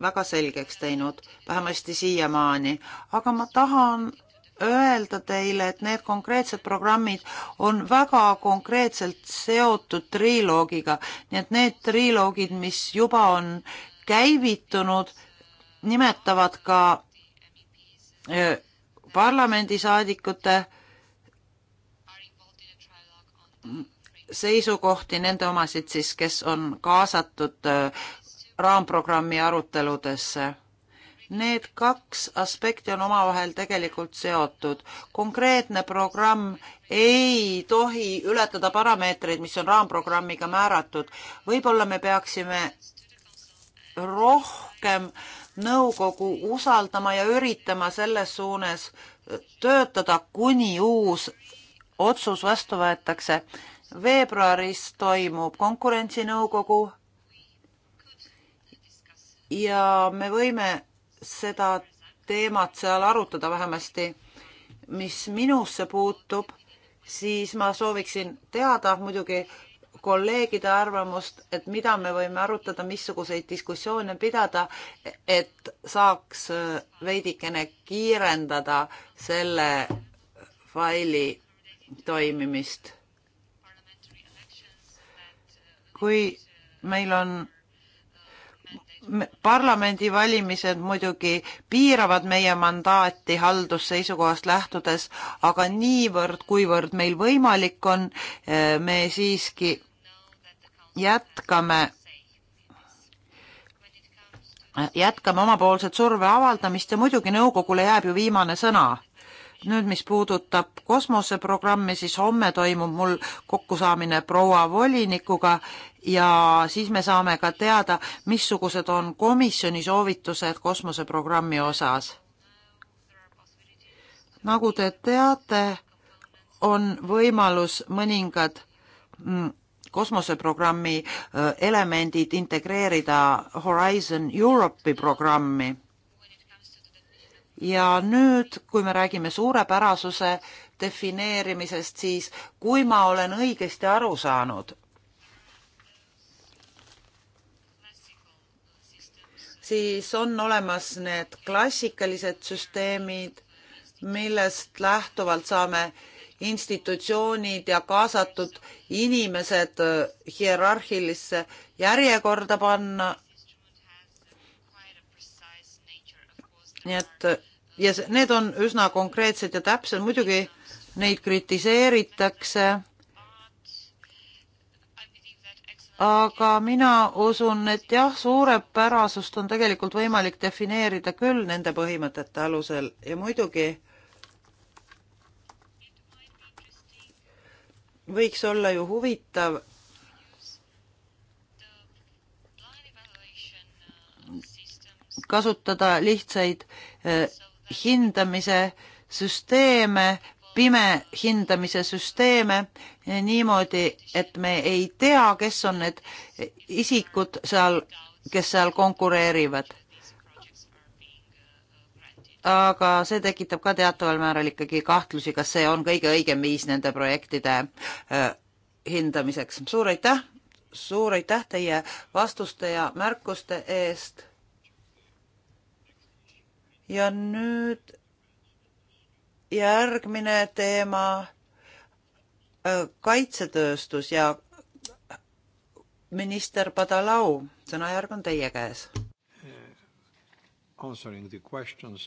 väga selgeks teinud, vähemasti siiamaani, aga ma tahan öelda teile, et need konkreetsed programmid on väga konkreetselt seotud triloogiga, nii et need triloogid, mis juba on käivitunud, nimetavad ka e, parlamendisaadikute seisukohti, nende omasid siis, kes on kaasatud e, raamprogrammi aruteludesse. Need kaks aspekti on omavahel tegelikult seotud. konkreetne programm ei tohi ületada parameetreid, mis on raamprogrammiga määratud. võib-olla me peaksime rohkem äh, nõukogu usaldama ja üritama selles suunas töötada, kuni uus otsus vastu võetakse. veebruaris toimub konkurentsinõukogu ja me võime seda teemat seal arutada vähemasti. mis minusse puutub, siis ma sooviksin teada muidugi, kolleegide arvamust, et mida me võime arutada, missuguseid diskussioone pidada, et saaks äh, veidikene kiirendada selle faili toimimist. kui meil on parlamendivalimised muidugi piiravad meie mandaati haldusseisukohast lähtudes, aga niivõrd, kuivõrd meil võimalik on, äh, me siiski jätkame jätkame omapoolset surve avaldamist ja muidugi nõukogule jääb ju viimane sõna. nüüd, mis puudutab kosmoseprogrammi, siis homme toimub mul kokkusaamine proua volinikuga ja siis me saame ka teada, missugused on komisjoni soovitused kosmoseprogrammi osas. nagu te teate, on võimalus mõningad mm, kosmoseprogrammi äh, elemendid integreerida Horizon Europe'i programmi. ja nüüd, kui me räägime suurepärasuse defineerimisest, siis kui ma olen õigesti aru saanud, siis on olemas need klassikalised süsteemid, millest lähtuvalt saame äh, institutsioonid ja kaasatud inimesed äh, hierarhilisse järjekorda panna. nii et äh, ja need on üsna konkreetsed ja täpsed, muidugi neid kritiseeritakse. aga mina usun, et jah, suurepärasust on tegelikult võimalik defineerida küll nende põhimõtete alusel ja muidugi võiks olla ju huvitav kasutada lihtsaid eh, hindamise süsteeme, pime hindamise süsteeme eh, niimoodi, et me ei tea, kes on need isikud seal, kes seal konkureerivad aga see tekitab ka teataval määral ikkagi kahtlusi, kas see on kõige õigem viis nende projektide äh, hindamiseks. suur aitäh, suur aitäh teie vastuste ja märkuste eest. ja nüüd järgmine teema, äh, kaitsetööstus ja minister Padalau, sõnajärg on teie käes. Answering the questions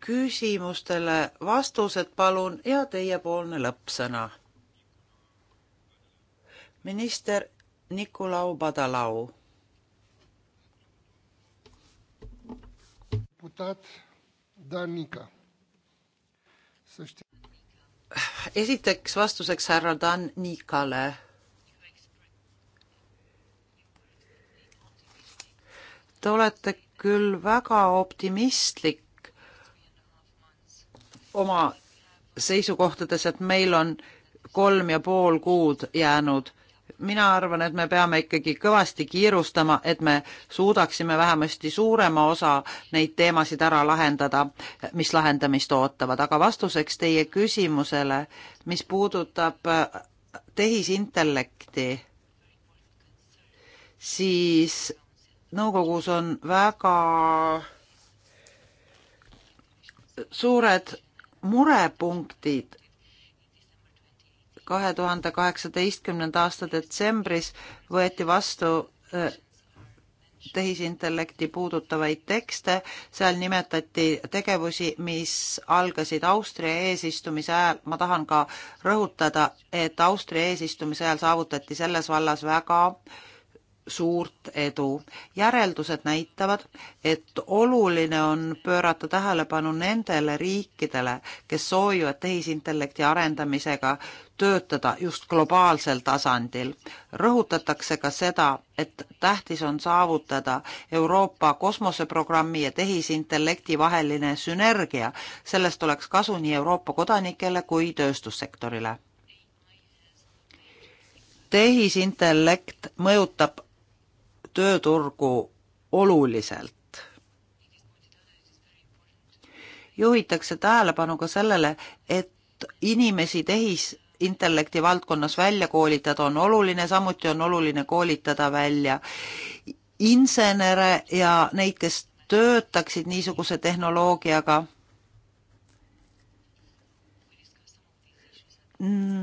küsimustele vastused palun ja teiepoolne lõppsõna. minister Nikolau Padalau. esiteks vastuseks härra Dan Nikale. Te olete küll väga optimistlik oma seisukohtades, et meil on kolm ja pool kuud jäänud. mina arvan, et me peame ikkagi kõvasti kiirustama, et me suudaksime vähemasti suurema osa neid teemasid ära lahendada, mis lahendamist ootavad, aga vastuseks teie küsimusele, mis puudutab äh, tehisintellekti, siis nõukogus on väga suured murepunktid kahe tuhande kaheksateistkümnenda aasta detsembris võeti vastu tehisintellekti puudutavaid tekste, seal nimetati tegevusi, mis algasid Austria eesistumise ajal, ma tahan ka rõhutada, et Austria eesistumise ajal saavutati selles vallas väga äh, suurt edu. järeldused näitavad, et oluline on pöörata tähelepanu nendele riikidele, kes soovivad tehisintellekti arendamisega töötada just globaalsel tasandil. rõhutatakse ka seda, et tähtis on saavutada Euroopa kosmoseprogrammi ja tehisintellekti vaheline sünergia. sellest oleks kasu nii Euroopa kodanikele kui tööstussektorile tehisintellekt mõjutab tööturgu oluliselt. juhitakse tähelepanu ka sellele, et inimesi tehisintellekti valdkonnas välja koolitada on oluline, samuti on oluline koolitada välja insenere ja neid, kes töötaksid niisuguse tehnoloogiaga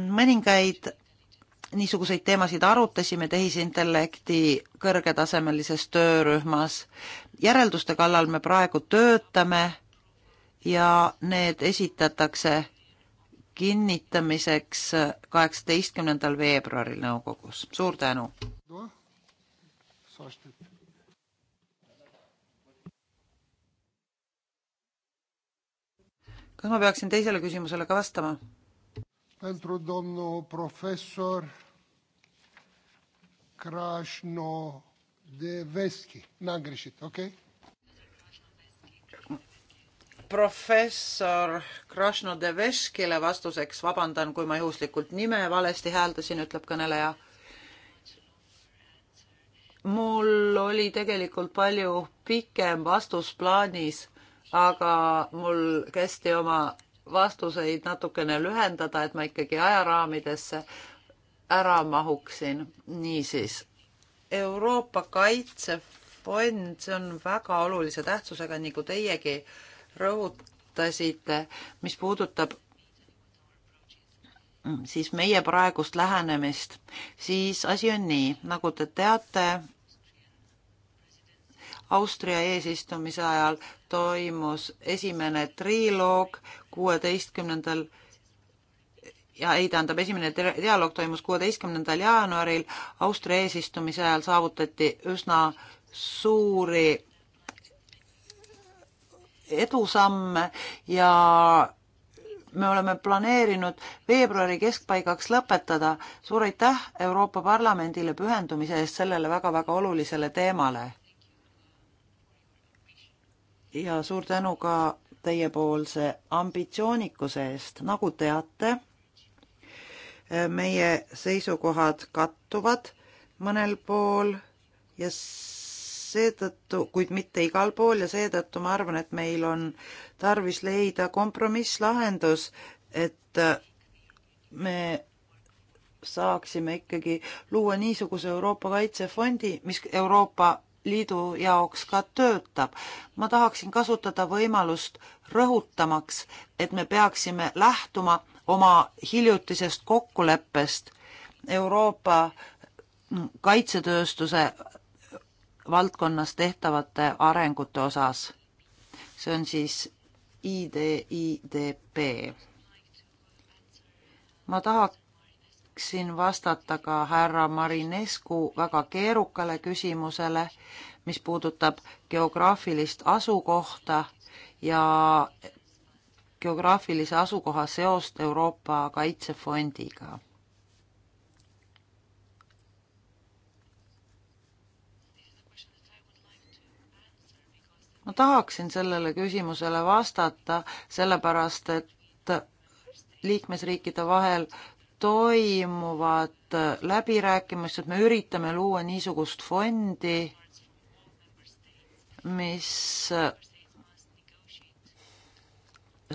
mõningaid niisuguseid teemasid arutasime tehisintellekti kõrgetasemelises töörühmas. järelduste kallal me praegu töötame ja need esitatakse kinnitamiseks kaheksateistkümnendal veebruaril nõukogus. suur tänu! kas ma peaksin teisele küsimusele ka vastama? pentru domnul profesor Krasnodevski. N-am greșit, ok? professor Krasnodeveskile vastuseks vabandan, kui ma juhuslikult nime valesti hääldasin, ütleb kõneleja. mul oli tegelikult palju pikem vastus plaanis, aga mul kästi oma vastuseid natukene lühendada, et ma ikkagi ajaraamidesse ära mahuksin. niisiis, Euroopa Kaitsefond, see on väga olulise tähtsusega, nagu teiegi rõhutasite, mis puudutab siis meie praegust lähenemist, siis asi on nii, nagu te teate, Austria eesistumise ajal toimus esimene triloog kuueteistkümnendal ja ei, tähendab, esimene dialoog toimus kuueteistkümnendal jaanuaril, Austria eesistumise ajal saavutati üsna suuri edusamme ja me oleme planeerinud veebruari keskpaigaks lõpetada. suur aitäh Euroopa Parlamendile pühendumise eest sellele väga-väga olulisele teemale ja suur tänu ka teiepoolse ambitsioonikuse eest. nagu teate, meie seisukohad kattuvad mõnel pool ja seetõttu, kuid mitte igal pool ja seetõttu ma arvan, et meil on tarvis leida kompromisslahendus, et me saaksime ikkagi luua niisuguse Euroopa Kaitsefondi, mis Euroopa Liidu jaoks ka töötab. ma tahaksin kasutada võimalust rõhutamaks, et me peaksime lähtuma oma hiljutisest kokkuleppest Euroopa kaitsetööstuse valdkonnas tehtavate arengute osas. see on siis IDIDP. ma tahaks tahaksin vastata ka härra Marinescu väga keerukale küsimusele, mis puudutab geograafilist asukohta ja geograafilise asukoha seost Euroopa Kaitsefondiga. ma tahaksin sellele küsimusele vastata, sellepärast et liikmesriikide vahel toimuvad läbirääkimised, me üritame luua niisugust fondi, mis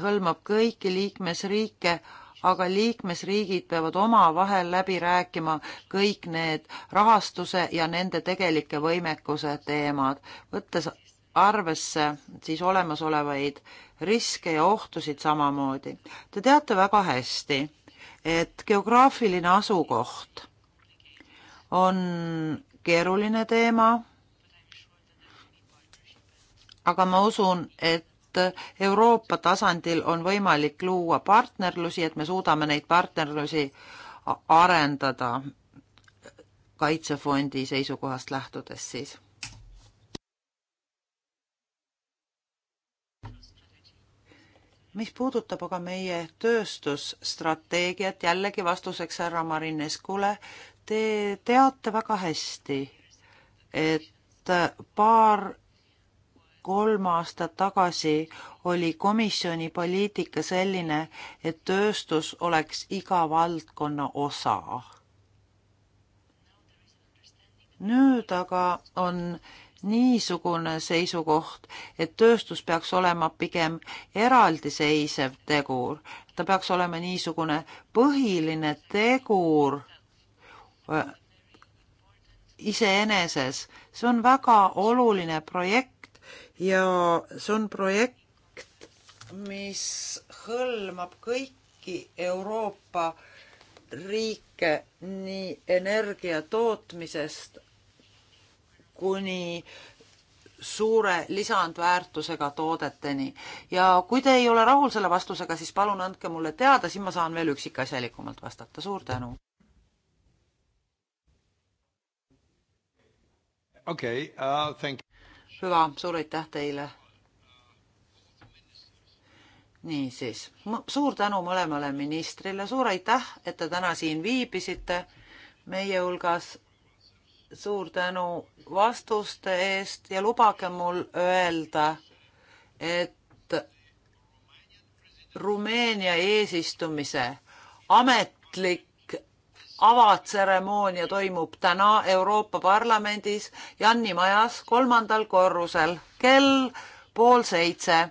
hõlmab kõiki liikmesriike, aga liikmesriigid peavad omavahel läbi rääkima kõik need rahastuse ja nende tegelike võimekuse teemad, võttes arvesse siis olemasolevaid riske ja ohtusid samamoodi. Te teate väga hästi et geograafiline asukoht on keeruline teema, aga ma usun, et Euroopa tasandil on võimalik luua partnerlusi, et me suudame neid partnerlusi arendada kaitsefondi seisukohast lähtudes siis mis puudutab aga meie tööstusstrateegiat, jällegi vastuseks härra Marineskule, te teate väga hästi, et paar kolm aastat tagasi oli komisjoni poliitika selline, et tööstus oleks iga valdkonna osa. nüüd aga on niisugune seisukoht, et tööstus peaks olema pigem eraldiseisev tegur, ta peaks olema niisugune põhiline tegur äh, iseeneses. see on väga oluline projekt ja see on projekt, mis hõlmab kõiki Euroopa riike nii energia tootmisest kuni suure lisandväärtusega toodeteni. ja kui te ei ole rahul selle vastusega, siis palun andke mulle teada, siis ma saan veel üksikasjalikumalt vastata. suur tänu. okei okay, uh,, thank you. hüva, suur aitäh teile. niisiis, suur tänu mõlemale ministrile, suur aitäh, et te täna siin viibisite meie hulgas suur tänu vastuste eest ja lubage mul öelda, et Rumeenia eesistumise ametlik avatseremoonia toimub täna Euroopa Parlamendis Janni majas kolmandal korrusel kell pool seitse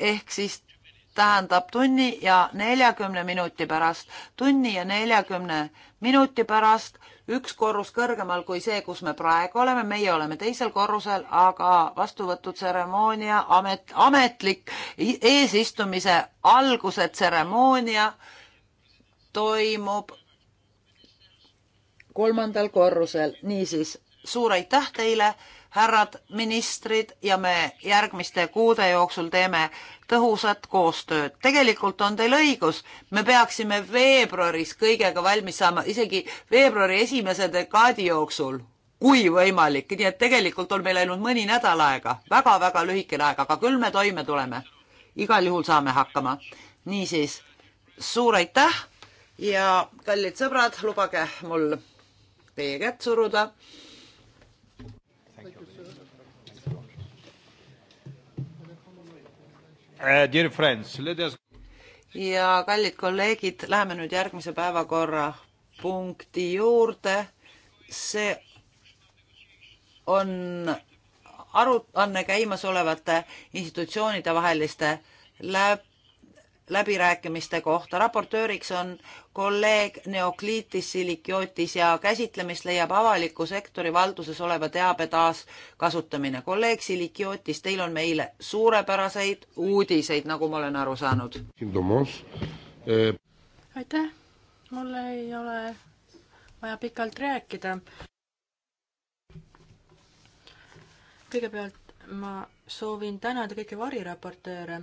ehk siis tähendab tunni ja neljakümne minuti pärast. tunni ja neljakümne minuti pärast üks korrus kõrgemal kui see, kus me praegu oleme, meie oleme teisel korrusel, aga vastuvõtutseremoonia amet, ametlik eesistumise alguse tseremoonia toimub kolmandal korrusel. niisiis, suur aitäh teile härrad ministrid ja me järgmiste kuude jooksul teeme tõhusat koostööd. tegelikult on teil õigus, me peaksime veebruaris kõigega valmis saama, isegi veebruari esimese dekaadi jooksul, kui võimalik, nii et tegelikult on meil ainult mõni nädal aega väga,, väga-väga lühikene aeg, aga küll me toime tuleme. igal juhul saame hakkama. niisiis, suur aitäh ja kallid sõbrad, lubage mul teie kätt suruda Eh, ja kallid kolleegid, läheme nüüd järgmise päevakorrapunkti juurde. see on aruanne käimasolevate institutsioonide vaheliste läb, läbirääkimiste kohta. raportööriks on kolleeg Neokliitis Silikiotis ja käsitlemist leiab avaliku sektori valduses oleva teabe taaskasutamine. kolleeg Silikiotis, teil on meile suurepäraseid uudiseid, nagu ma olen aru saanud. aitäh, mul ei ole vaja pikalt rääkida. kõigepealt ma soovin tänada kõiki variraportööre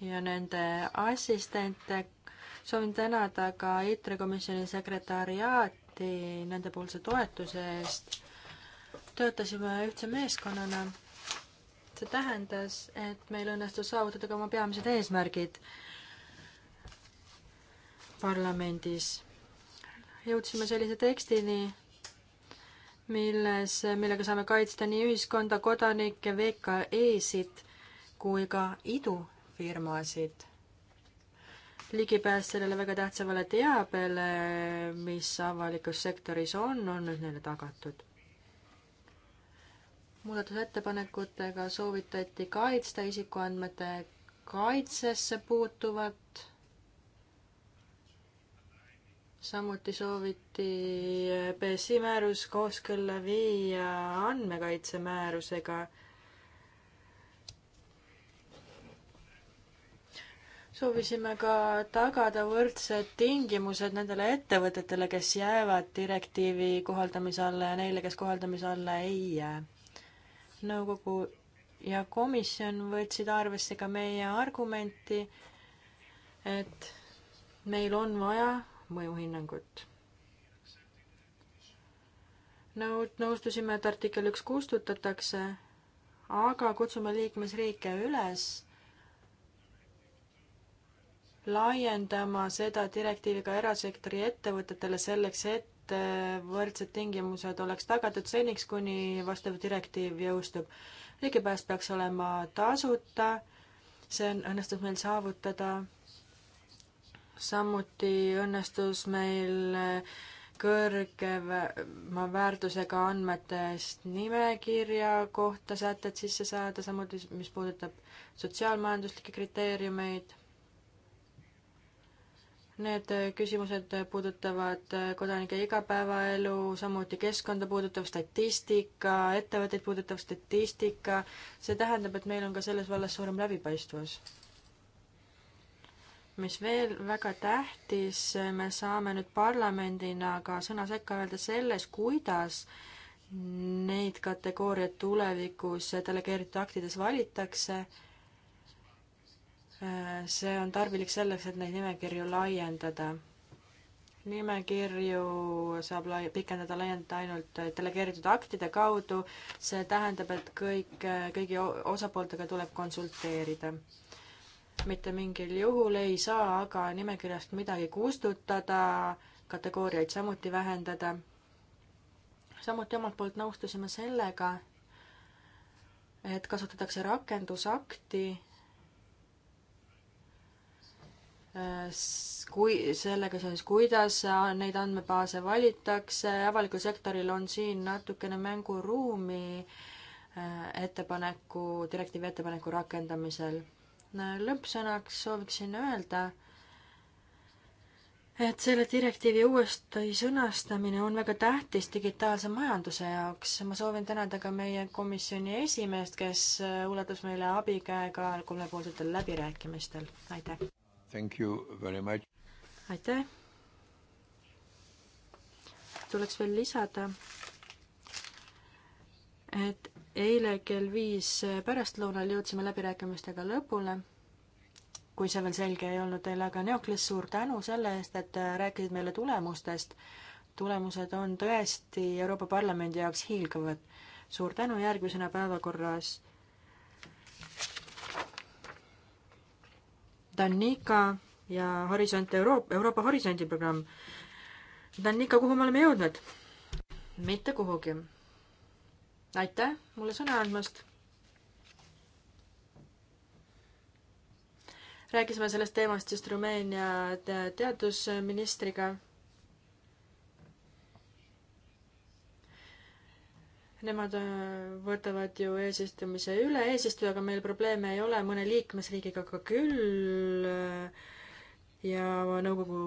ja nende assistente soovin tänada ka EITRE komisjoni sekretariaati nendepoolse toetuse eest. töötasime ühtse meeskonnana. see tähendas, et meil õnnestus saavutada ka oma peamised eesmärgid parlamendis. jõudsime sellise tekstini, milles, millega saame kaitsta nii ühiskonda, kodanikke, VKE-sid kui ka idufirmasid ligipääs sellele väga tähtsavale teabele, mis avalikus sektoris on, on nüüd neile tagatud. muudatusettepanekutega soovitati kaitsta isikuandmete kaitsesse puutuvat. samuti sooviti BSI määrus kooskõlla viia andmekaitsemäärusega soovisime ka tagada võrdsed tingimused nendele ettevõtetele, kes jäävad direktiivi kohaldamise alla ja neile, kes kohaldamise alla ei jää. nõukogu ja komisjon võtsid arvesse ka meie argumenti, et meil on vaja mõjuhinnangut. nõud, nõustusime, et artikkel üks kustutatakse, aga kutsume liikmesriike üles laiendama seda direktiivi ka erasektori ettevõtetele selleks, et äh, võrdsed tingimused oleks tagatud seniks, kuni vastav direktiiv jõustub. ligipääs peaks olema tasuta, see on, õnnestus meil saavutada. samuti õnnestus meil äh, kõrgema väärtusega andmetest nimekirja kohta sätted sisse saada, samuti mis puudutab sotsiaalmajanduslikke kriteeriumeid Need küsimused puudutavad kodanike igapäevaelu, samuti keskkonda puudutav statistika, ettevõtteid puudutav statistika. see tähendab, et meil on ka selles vallas suurem läbipaistvus. mis veel väga tähtis, me saame nüüd parlamendina ka sõna sekka öelda selles, kuidas neid kategooriaid tulevikus delegeeritud aktides valitakse see on tarvilik selleks, et neid nimekirju laiendada. nimekirju saab lai-, pikendada, laiendada ainult delegeeritud aktide kaudu, see tähendab, et kõik, kõigi osapooltega tuleb konsulteerida. mitte mingil juhul ei saa aga nimekirjast midagi kustutada, kategooriaid samuti vähendada. samuti omalt poolt nõustusime sellega, et kasutatakse rakendusakti kui, sellega seoses, kuidas neid andmebaase valitakse, avalikul sektoril on siin natukene mänguruumi äh, ettepaneku, direktiivi ettepaneku rakendamisel. lõppsõnaks sooviksin öelda, et selle direktiivi uuesti sõnastamine on väga tähtis digitaalse majanduse jaoks. ma soovin tänada ka meie komisjoni esimeest, kes ulatas meile abikäega kolmepoolsetel läbirääkimistel. aitäh! Thank you very much. aitäh. tuleks veel lisada, et eile kell viis pärastlõunal jõudsime läbirääkimistega lõpule. kui see veel selge ei olnud teile, aga Neoklis, suur tänu selle eest, et rääkisid meile tulemustest. tulemused on tõesti Euroopa Parlamendi jaoks hiilgavad. suur tänu, järgmisena päevakorras Danica ja Horisont Euroopa, Euroopa Horisondi programm. Danica, kuhu me oleme jõudnud? mitte kuhugi. aitäh mulle sõna andmast. rääkisime sellest teemast just Rumeenia teadusministriga Nemad äh, võtavad ju eesistumise üle, eesistujaga meil probleeme ei ole, mõne liikmesriigiga ka küll ja nõukogu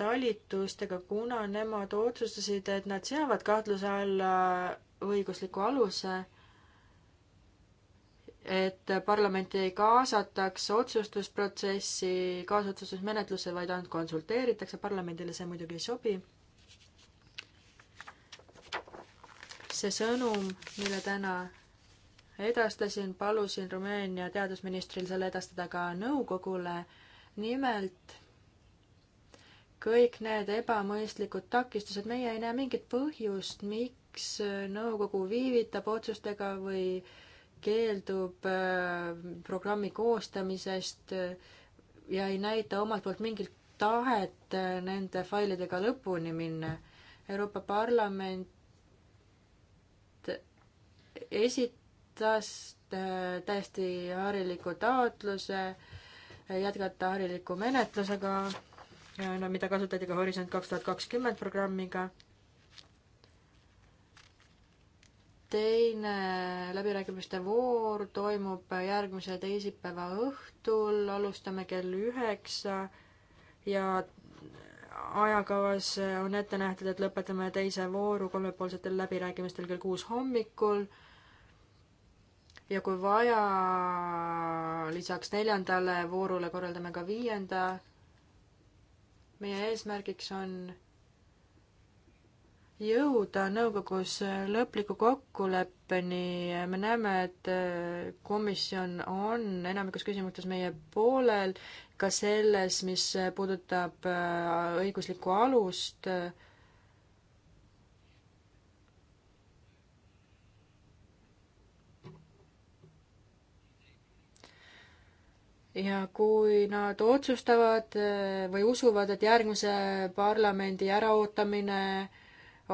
talitustega, kuna nemad otsustasid, et nad seavad kahtluse alla õigusliku aluse, et parlamenti ei kaasataks otsustusprotsessi, kaasotsustusmenetlusse, vaid ainult konsulteeritakse, parlamendile see muidugi ei sobi see sõnum, mille täna edastasin, palusin Rumeenia teadusministril selle edastada ka nõukogule. nimelt kõik need ebamõistlikud takistused, meie ei näe mingit põhjust, miks nõukogu viivitab otsustega või keeldub äh, programmi koostamisest äh, ja ei näita omalt poolt mingit tahet äh, nende failidega lõpuni minna. Euroopa Parlament esitas äh, täiesti hariliku taotluse äh, jätkata hariliku menetlusega, äh, no mida kasutati ka Horisont kaks tuhat kakskümmend programmiga. teine läbirääkimiste voor toimub järgmise teisipäeva õhtul, alustame kell üheksa ja ajakavas on ette nähtud, et lõpetame teise vooru kolmepoolsetel läbirääkimistel kell kuus hommikul ja kui vaja, lisaks neljandale voorule korraldame ka viienda. meie eesmärgiks on jõuda nõukogus lõpliku kokkuleppeni, me näeme, et komisjon on enamikus küsimustes meie poolel, ka selles, mis puudutab õiguslikku alust äh, ja kui nad otsustavad eh, või usuvad, et järgmise parlamendi äraootamine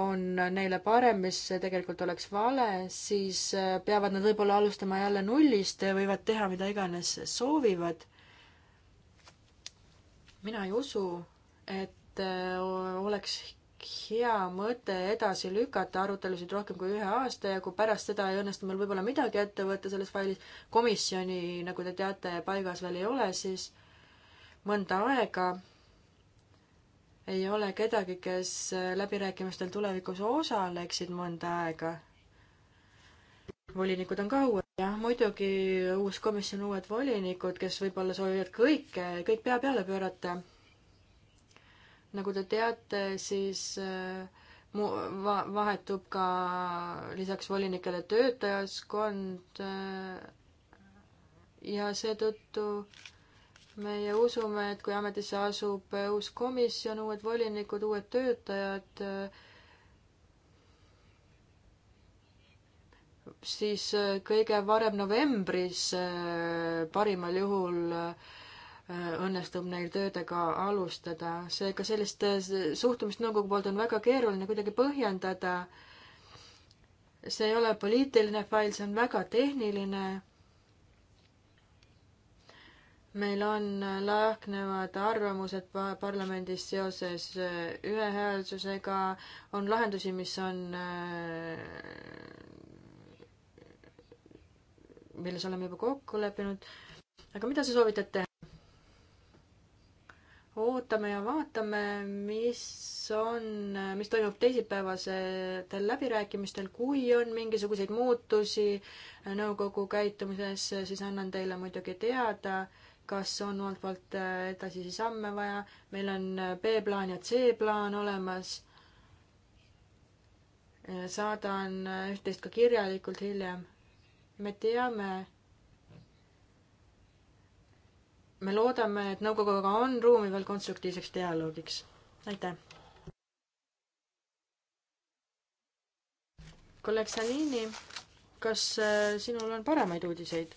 on neile parem, mis tegelikult oleks vale, siis eh, peavad nad võib-olla alustama jälle nullist, võivad teha mida iganes soovivad. mina ei usu, et eh, oleks hea mõte edasi lükata arutelusid rohkem kui ühe aasta ja kui pärast seda ei õnnestu meil võib-olla midagi ette võtta selles failis, komisjoni, nagu te teate, paigas veel ei ole, siis mõnda aega ei ole kedagi, kes läbirääkimistel tulevikus osaleksid mõnda aega. volinikud on ka uued, jah, muidugi uus komisjon, uued volinikud, kes võib-olla soovivad kõike, kõik pea peale pöörata nagu te teate, siis äh, mu-, va-, vahetub ka lisaks volinikele töötajaskond äh, ja seetõttu meie usume, et kui ametisse asub äh, uus komisjon, uued volinikud, uued töötajad, siis kõige varem novembris parimal juhul äh, Äh, õnnestub neil töödega alustada. seega sellist äh, suhtumist nõukogu poolt on väga keeruline kuidagi põhjendada. see ei ole poliitiline fail, see on väga tehniline. meil on äh, lahknevad arvamused parlamendis seoses ühehäälsusega, on lahendusi, mis on milles oleme juba kokku leppinud. aga mida sa soovitad teha? ootame ja vaatame, mis on, mis toimub teisipäevasetel läbirääkimistel, kui on mingisuguseid muutusi nõukogu käitumises, siis annan teile muidugi teada, kas on omalt poolt edasisi samme vaja. meil on B-plaan ja C-plaan olemas. saadan üht-teist ka kirjalikult hiljem. me teame me loodame, et nõukoguga on ruumi veel konstruktiivseks dialoogiks. aitäh! kolleeg Salini, kas äh, sinul on paremaid uudiseid?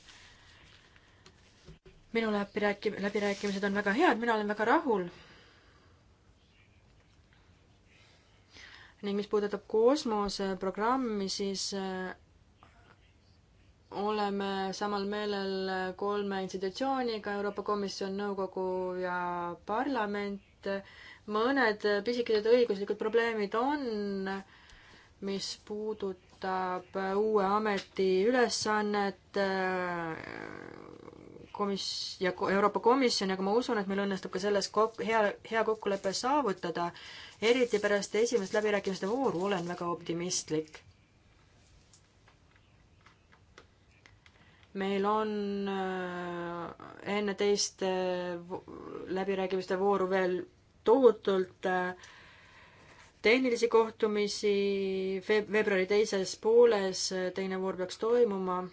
minu läbirääkim-, läbirääkimised on väga head, mina olen väga rahul. ning mis puudutab kosmoseprogrammi, siis äh, oleme samal meelel kolme institutsiooniga, Euroopa Komisjon, Nõukogu ja parlament. mõned pisikesed õiguslikud probleemid on, mis puudutab uue ameti ülesannet äh, komis- ja Euroopa Komisjon, aga ma usun, et meil õnnestub ka selles kok-, hea, hea kokkulepe saavutada. eriti pärast esimest läbirääkimiste vooru olen väga optimistlik meil on äh, enne teist äh, läbirääkimiste vooru veel tohutult äh, tehnilisi kohtumisi veeb-, veebruari teises pooles teine voor peaks toimuma.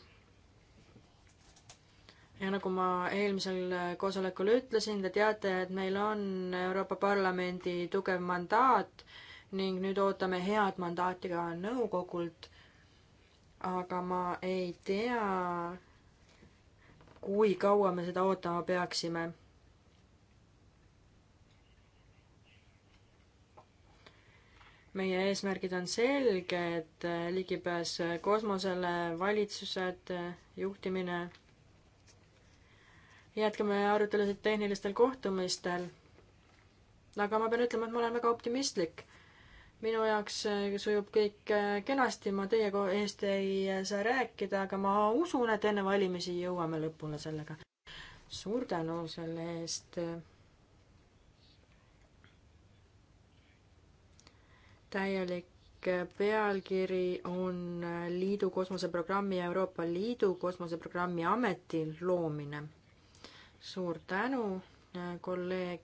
ja nagu ma eelmisel koosolekul ütlesin, te teate, et meil on Euroopa Parlamendi tugev mandaat ning nüüd ootame head mandaati ka nõukogult. aga ma ei tea, kui kaua me seda ootama peaksime. meie eesmärgid on selged, ligipääs kosmosele, valitsused, juhtimine. jätkame arutelusid tehnilistel kohtumistel. aga ma pean ütlema, et ma olen väga optimistlik minu jaoks äh, sujub kõik äh, kenasti, ma teie eest ei äh, saa rääkida, aga ma usun, et enne valimisi jõuame lõpule sellega. suur tänu selle eest. täielik pealkiri on Liidu kosmoseprogrammi ja Euroopa Liidu kosmoseprogrammi ameti loomine. suur tänu, kolleeg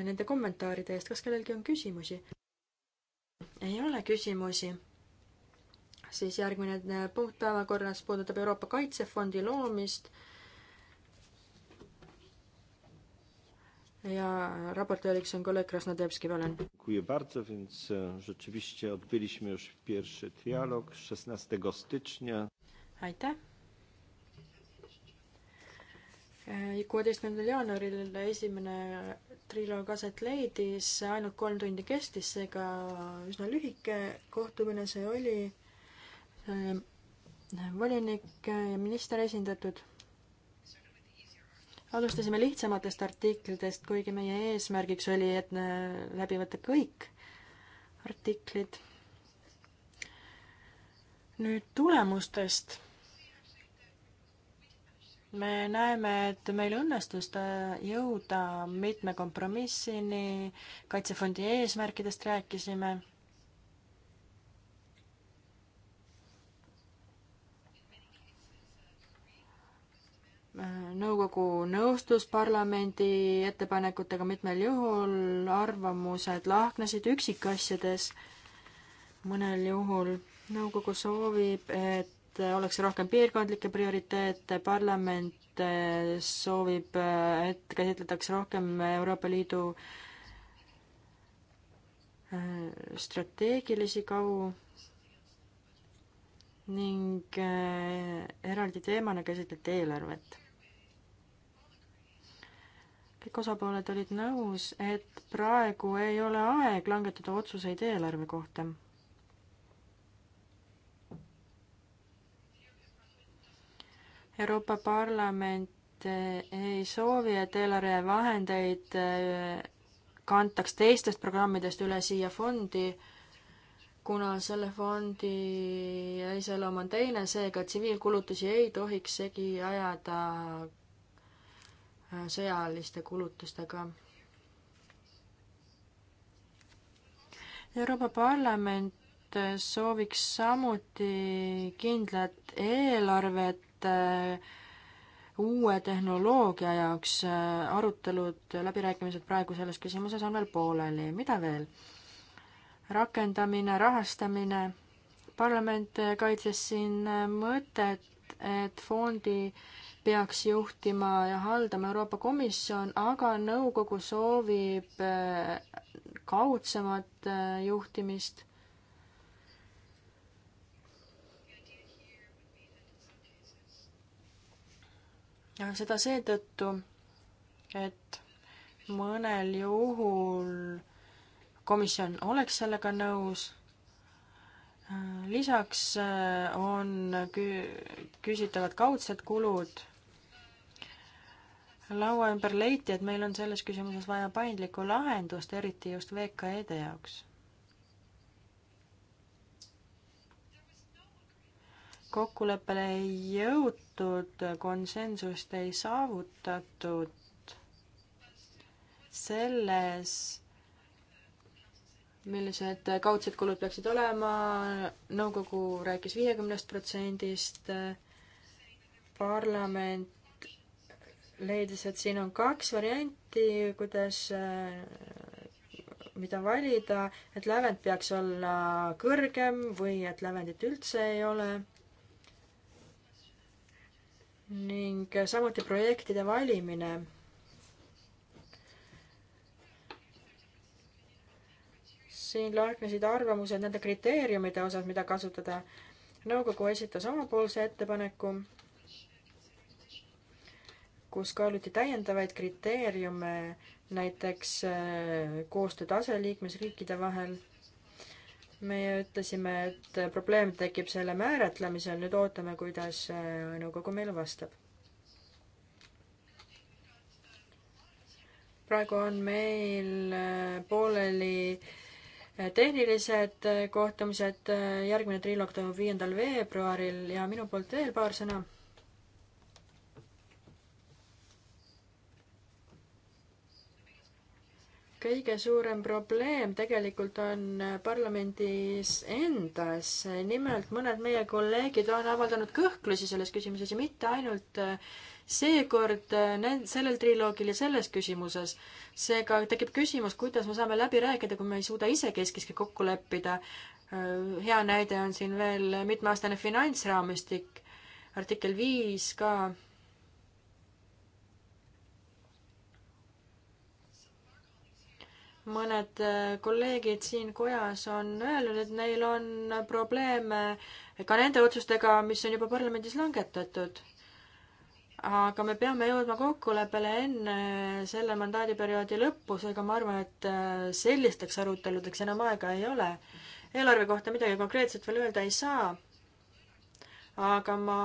nende kommentaaride eest. kas kellelgi on küsimusi? ei ole küsimusi. siis järgmine äh, punkt päevakorras puudutab Euroopa Kaitsefondi loomist. ja raportööriks on kolleeg Krasnodebski, palun. Dziękuję bardzo, więc e, rzeczywiście odbyliśmy już pierwszy dialoog 16 stycznia. aitäh kuueteistkümnendal jaanuaril esimene triloog aset leidis, ainult kolm tundi kestis, seega üsna lühike kohtumine see oli. volinik ja minister esindatud. alustasime lihtsamatest artiklitest, kuigi meie eesmärgiks oli, et läbi võtta kõik artiklid. nüüd tulemustest me näeme, et meil õnnestus jõuda mitme kompromissini, kaitsefondi eesmärkidest rääkisime. nõukogu nõustus parlamendi ettepanekutega mitmel juhul, arvamused lahknesid üksikasjades mõnel juhul. nõukogu soovib, et et oleks rohkem piirkondlikke prioriteete, parlament eh, soovib, eh, et käsitletaks rohkem Euroopa Liidu eh, strateegilisi kavu ning eraldi teemana käsitleti eelarvet. kõik osapooled olid nõus, et praegu ei ole aeg langetada otsuseid eelarve kohta Euroopa Parlament eh, ei soovi, et eelarve vahendeid eh, kantaks teistest programmidest üle siia fondi, kuna selle fondi iseloom on teine, seega tsiviilkulutusi ei tohiks segi ajada eh, sõjaliste kulutustega. Euroopa Parlament sooviks samuti kindlat eelarvet et äh, uue tehnoloogia jaoks äh, arutelud, läbirääkimised praegu selles küsimuses on veel pooleli, mida veel? rakendamine, rahastamine, parlament äh, kaitses siin mõtet, et fondi peaks juhtima ja haldama Euroopa Komisjon, aga nõukogu soovib kaudsemat juhtimist seda seetõttu, et mõnel juhul komisjon oleks sellega nõus, lisaks äh, on kü-, küsitavad kaudsed kulud, laua ümber leiti, et meil on selles küsimuses vaja paindlikku lahendust, eriti just VKE-de jaoks kokkuleppele ei jõutud, konsensust ei saavutatud selles, millised kaudsed kulud peaksid olema, nõukogu rääkis viiekümnest protsendist, parlament leidis, et siin on kaks varianti, kuidas mida valida, et lävend peaks olla kõrgem või et lävendit üldse ei ole ning samuti projektide valimine. siin lahknesid arvamused nende kriteeriumide osas, mida kasutada. nõukogu esitas omapoolse ettepaneku, kus kaaluti täiendavaid kriteeriume, näiteks äh, koostöötase liikmesriikide vahel meie ütlesime, et probleem tekib selle määratlemisel, nüüd ootame, kuidas äh, nõukogu meile vastab. praegu on meil äh, pooleli äh, tehnilised kohtumised, järgmine triloog toimub viiendal veebruaril ja minu poolt veel paar sõna kõige suurem probleem tegelikult on parlamendis endas. nimelt mõned meie kolleegid on avaldanud kõhklusi selles küsimuses ja mitte ainult eh, seekord eh, sellel triloogil ja selles küsimuses. seega tekib küsimus, kuidas me saame läbi rääkida, kui me ei suuda ise keskiski kokku leppida. Eh, hea näide on siin veel mitmeaastane finantsraamistik, artikkel viis ka mõned äh, kolleegid siin kojas on öelnud, et neil on probleeme ka nende otsustega, mis on juba parlamendis langetatud. aga me peame jõudma kokkuleppele enne selle mandaadiperioodi lõppu, seega ma arvan, et äh, sellisteks aruteludeks enam aega ei ole. eelarve kohta midagi konkreetset veel öelda ei saa. aga ma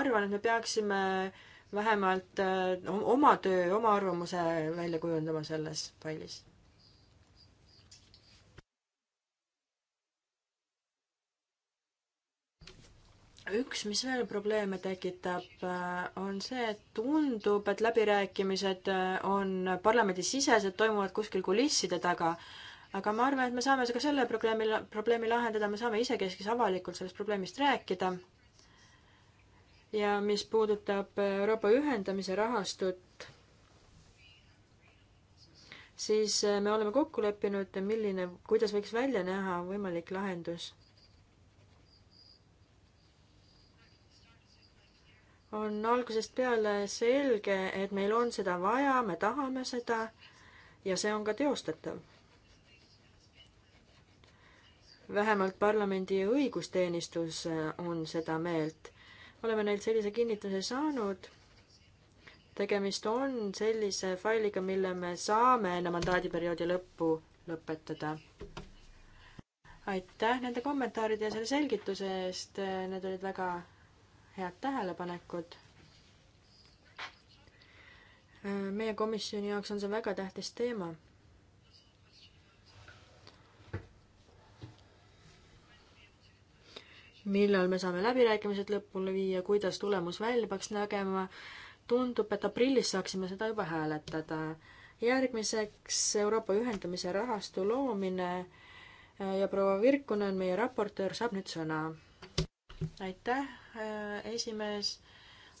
arvan, et me peaksime vähemalt äh, oma töö, oma arvamuse välja kujundama selles failis üks, mis veel probleeme tekitab, äh, on see, et tundub, et läbirääkimised äh, on parlamendisisesed, toimuvad kuskil kulisside taga. aga ma arvan, et me saame ka selle probleemi, probleemi lahendada, me saame isekeskis avalikult sellest probleemist rääkida. ja mis puudutab Euroopa ühendamise rahastut, siis äh, me oleme kokku leppinud, milline, kuidas võiks välja näha võimalik lahendus on algusest peale selge, et meil on seda vaja, me tahame seda ja see on ka teostatav. vähemalt parlamendi õigusteenistus äh, on seda meelt. oleme neilt sellise kinnituse saanud. tegemist on sellise failiga, mille me saame enne mandaadiperioodi lõppu lõpetada. aitäh nende kommentaaride ja selle selgituse eest, äh, need olid väga head tähelepanekud. meie komisjoni jaoks on see väga tähtis teema. millal me saame läbirääkimised lõpule viia, kuidas tulemus välja peaks nägema. tundub, et aprillis saaksime seda juba hääletada. järgmiseks Euroopa ühendamise rahastu loomine ja proua Virkunen, meie raportöör, saab nüüd sõna. aitäh Äh, esimees.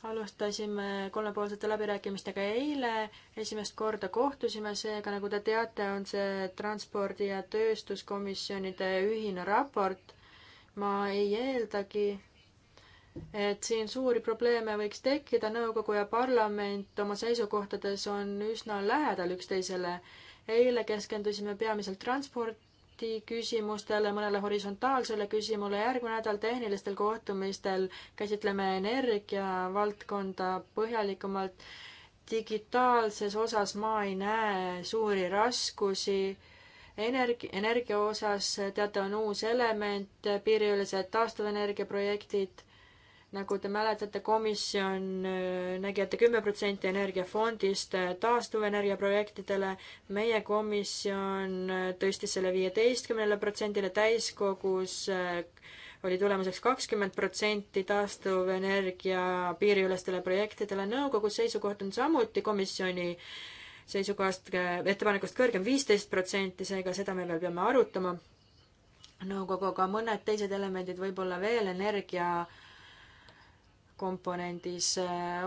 alustasime kolmepoolsete läbirääkimistega eile, esimest korda kohtusime, seega nagu te teate, on see transpordi- ja tööstuskomisjonide ühine raport. ma ei eeldagi, et siin suuri probleeme võiks tekkida, nõukogu ja parlament oma seisukohtades on üsna lähedal üksteisele. eile keskendusime peamiselt transport, debati küsimustele, mõnele horisontaalsele küsimusele. järgmine nädal tehnilistel kohtumistel käsitleme energiavaldkonda põhjalikumalt. digitaalses osas ma ei näe suuri raskusi. Energi-, energia osas teatav on uus element, piiriülesed taastuvenergia projektid nagu te mäletate, komisjon äh, nägi ette kümme protsenti energiafondist äh, taastuvenergia projektidele. meie komisjon äh, tõstis selle viieteistkümnele protsendile, täiskogus oli tulemuseks kakskümmend protsenti taastuvenergia piiriülestele projektidele. nõukogu seisukoht on samuti komisjoni seisukohast, ettepanekust kõrgem, viisteist protsenti, seega seda me veel peame arutama nõukoguga, mõned teised elemendid võib-olla veel, energia äh, komponendis.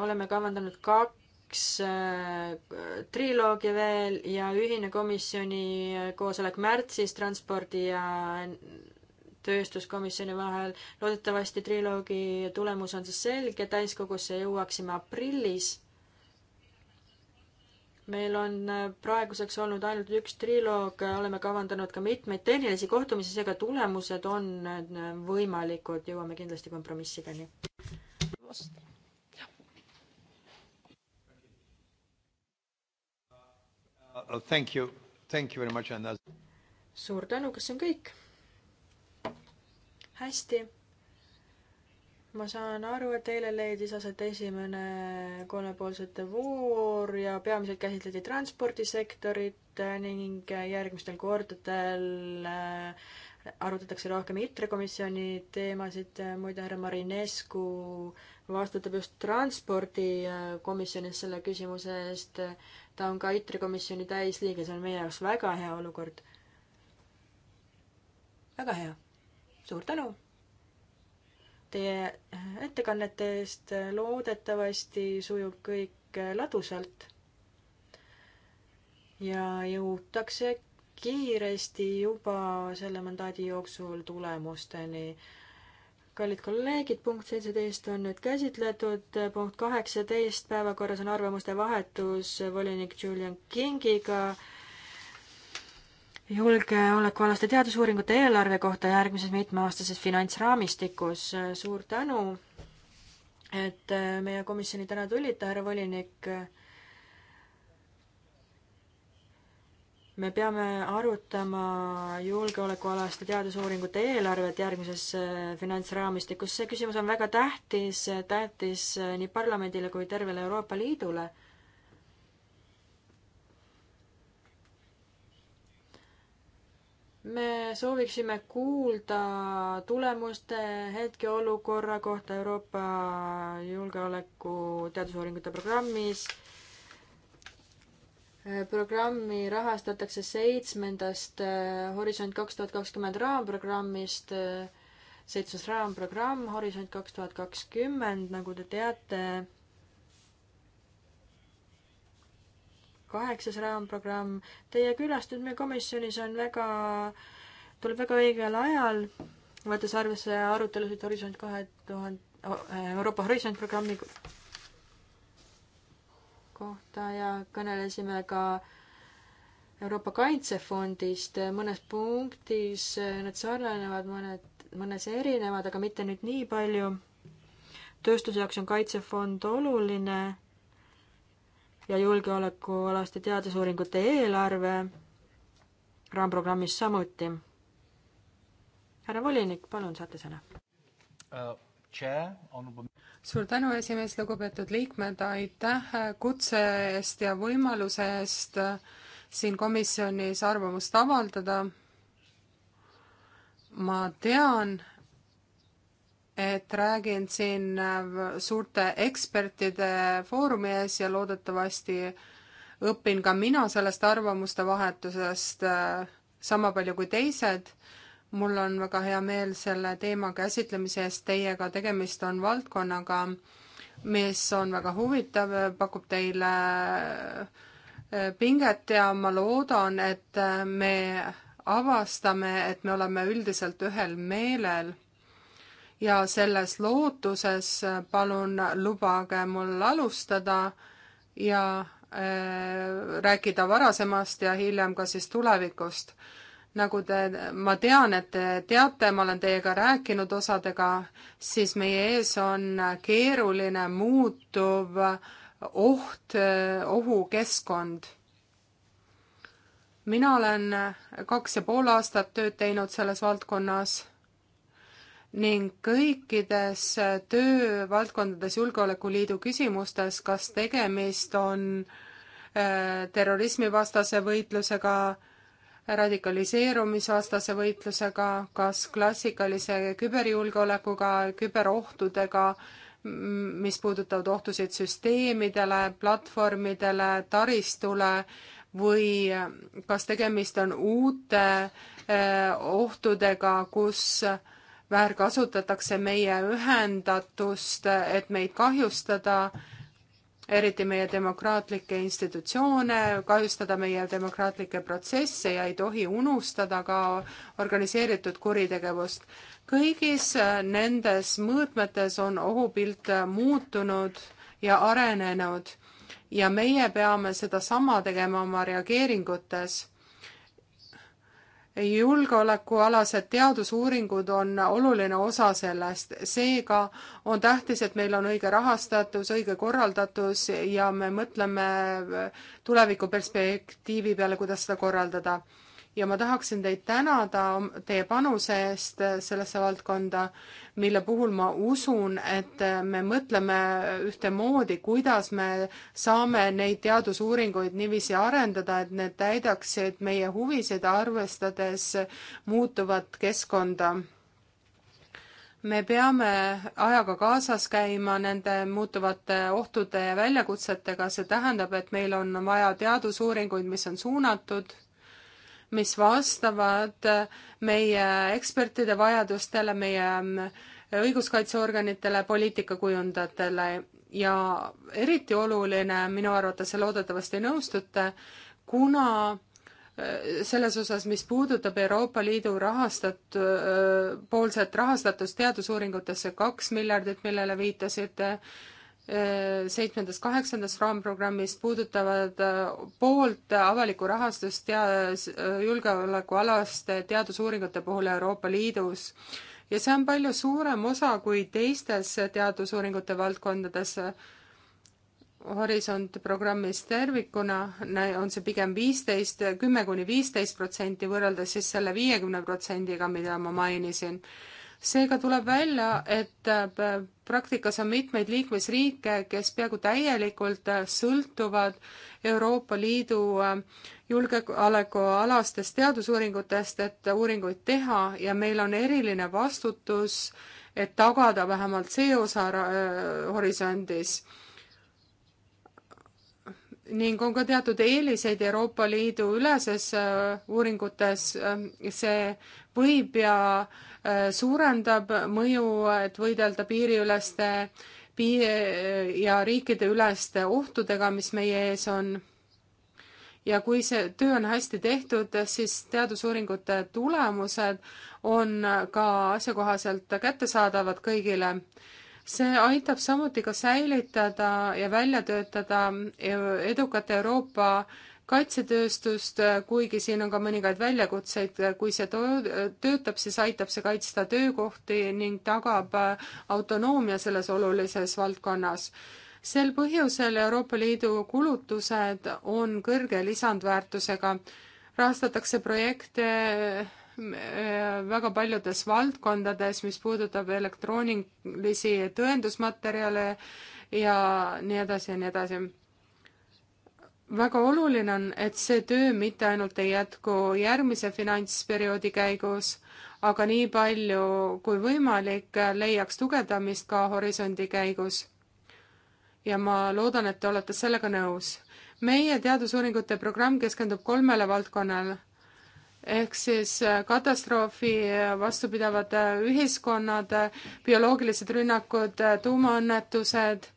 oleme kavandanud kaks äh, triloogi veel ja ühine komisjoni koosolek märtsis transpordi ja tööstuskomisjoni vahel. loodetavasti triloogi tulemus on siis selge, täiskogusse jõuaksime aprillis. meil on äh, praeguseks olnud ainult üks triloog, oleme kavandanud ka mitmeid tehnilisi kohtumisi, seega tulemused on äh, võimalikud, jõuame kindlasti kompromissideni was. Yeah. Uh, uh, thank you, thank you very much and as.... suur tänu, kas see on kõik? hästi. ma saan aru, et eile leidis aset esimene kolmepoolsete voor ja peamiselt käsitleti transpordisektorit ning järgmistel kordadel äh, arutatakse rohkem ITRE komisjoni teemasid, muide härra Marinescu vastutab just transpordikomisjonis äh, selle küsimuse eest. ta on ka ITRE komisjoni täisliige, see on meie jaoks väga hea olukord. väga hea. suur tänu teie äh, ettekannete eest. loodetavasti sujub kõik äh, ladusalt ja jõutakse kiiresti juba selle mandaadi jooksul tulemusteni. kallid kolleegid, punkt seitseteist on nüüd käsitletud, punkt kaheksateist päevakorras on arvamuste vahetus volinik Julian Kingiga julgeolekualaste teadusuuringute eelarve kohta järgmises mitmeaastases finantsraamistikus. suur tänu, et meie komisjoni täna tulite, härra volinik me peame arutama julgeolekualaste teadusuuringute eelarvet järgmises äh, finantsraamistikus. see küsimus on väga tähtis, äh, tähtis äh, nii parlamendile kui tervele Euroopa Liidule. me sooviksime kuulda tulemuste hetkeolukorra kohta Euroopa julgeoleku teadusuuringute programmis Äh, programmi rahastatakse seitsmendast äh, Horisont kaks tuhat kakskümmend raamprogrammist, äh, seitsmes raamprogramm Horisont kaks tuhat kakskümmend, nagu te teate, kaheksas raamprogramm. Teie külastamine komisjonis on väga, tuleb väga õigel ajal, võttes arvesse arutelusid Horisont kahe tuhande, Euroopa Horisont programmi kohta ja kõnelesime ka Euroopa Kaitsefondist, mõnes punktis need sarnanevad, mõned, mõnes erinevad, aga mitte nüüd nii palju. tööstuse jaoks on Kaitsefond oluline ja julgeolekualaste teadusuuringute eelarve raamprogrammis samuti. härra volinik, palun, saate sõna uh, suur tänu, esimees, lugupeetud liikmed, aitäh kutse eest ja võimaluse eest siin komisjonis arvamust avaldada. ma tean, et räägin siin suurte ekspertide foorumi ees ja loodetavasti õpin ka mina sellest arvamuste vahetusest sama palju kui teised mul on väga hea meel selle teema käsitlemise eest teiega, tegemist on valdkonnaga, mis on väga huvitav, pakub teile äh, pinget ja ma loodan, et äh, me avastame, et me oleme üldiselt ühel meelel. ja selles lootuses äh, palun lubage mul alustada ja äh, rääkida varasemast ja hiljem ka siis tulevikust nagu te, ma tean, et te teate, ma olen teiega rääkinud osadega, siis meie ees on keeruline muutuv oht, ohukeskkond. mina olen kaks ja pool aastat tööd teinud selles valdkonnas ning kõikides töövaldkondades Julgeolekuliidu küsimustes, kas tegemist on äh, terrorismivastase võitlusega, radikaliseerumisvastase võitlusega, kas klassikalise küberjulgeolekuga, küberohtudega, mis puudutavad ohtusid süsteemidele, platvormidele, taristule või kas tegemist on uute eh, ohtudega, kus väärkasutatakse meie ühendatust, et meid kahjustada eriti meie demokraatlikke institutsioone, kahjustada meie demokraatlikke protsesse ja ei tohi unustada ka organiseeritud kuritegevust. kõigis äh, nendes mõõtmetes on ohupilt äh, muutunud ja arenenud ja meie peame sedasama tegema oma reageeringutes julgeolekualased teadusuuringud on oluline osa sellest, seega on tähtis, et meil on õige rahastatus, õige korraldatus ja me mõtleme tulevikuperspektiivi peale, kuidas seda korraldada ja ma tahaksin teid tänada teie panuse eest äh, sellesse valdkonda, mille puhul ma usun, et äh, me mõtleme äh, ühtemoodi, kuidas me saame neid teadusuuringuid niiviisi arendada, et need täidaksid meie huvisid, arvestades muutuvat keskkonda me peame ajaga kaasas käima nende muutuvate ohtude ja väljakutsetega, see tähendab, et meil on vaja teadusuuringuid, mis on suunatud mis vastavad äh, meie ekspertide vajadustele, meie äh, õiguskaitseorganitele, poliitikakujundajatele ja eriti oluline minu arvates, loodetavasti nõustute, kuna äh, selles osas, mis puudutab Euroopa Liidu rahastat-, poolset rahastatust teadusuuringutesse, kaks miljardit, millele viitasite, seitsmendast, kaheksandast raamprogrammist puudutavad äh, poolt avalikku rahastust tea-, äh, julgeolekualaste teadusuuringute puhul Euroopa Liidus. ja see on palju suurem osa kui teistes teadusuuringute valdkondades. Horisont programmis tervikuna on see pigem viisteist, kümme kuni viisteist protsenti võrreldes siis selle viiekümne protsendiga, mida ma mainisin seega tuleb välja, et äh, praktikas on mitmeid liikmesriike, kes peaaegu täielikult äh, sõltuvad Euroopa Liidu äh, julgeolekualastest teadusuuringutest, et uuringuid teha ja meil on eriline vastutus, et tagada vähemalt see osa horisondis ning on ka teatud eeliseid Euroopa Liidu üleses äh, uuringutes, äh, see võib ja äh, suurendab mõju, et võidelda piiriüleste pii- ja riikideüleste ohtudega, mis meie ees on. ja kui see töö on hästi tehtud, siis teadusuuringute tulemused on ka asjakohaselt kättesaadavad kõigile see aitab samuti ka säilitada ja välja töötada e-, edukat Euroopa kaitsetööstust, kuigi siin on ka mõningaid väljakutseid, kui see töötab, siis aitab see kaitsta töökohti ning tagab autonoomia selles olulises valdkonnas. sel põhjusel Euroopa Liidu kulutused on kõrge lisandväärtusega, rahastatakse projekte väga paljudes valdkondades, mis puudutab elektroonilisi tõendusmaterjale ja nii edasi ja nii edasi. väga oluline on, et see töö mitte ainult ei jätku järgmise finantsperioodi käigus, aga nii palju kui võimalik leiaks tugevdamist ka horisondi käigus. ja ma loodan, et te olete sellega nõus. meie teadusuuringute programm keskendub kolmele valdkonnale ehk siis äh, katastroofi äh, vastupidavad äh, ühiskonnad, bioloogilised rünnakud, tuumaõnnetused,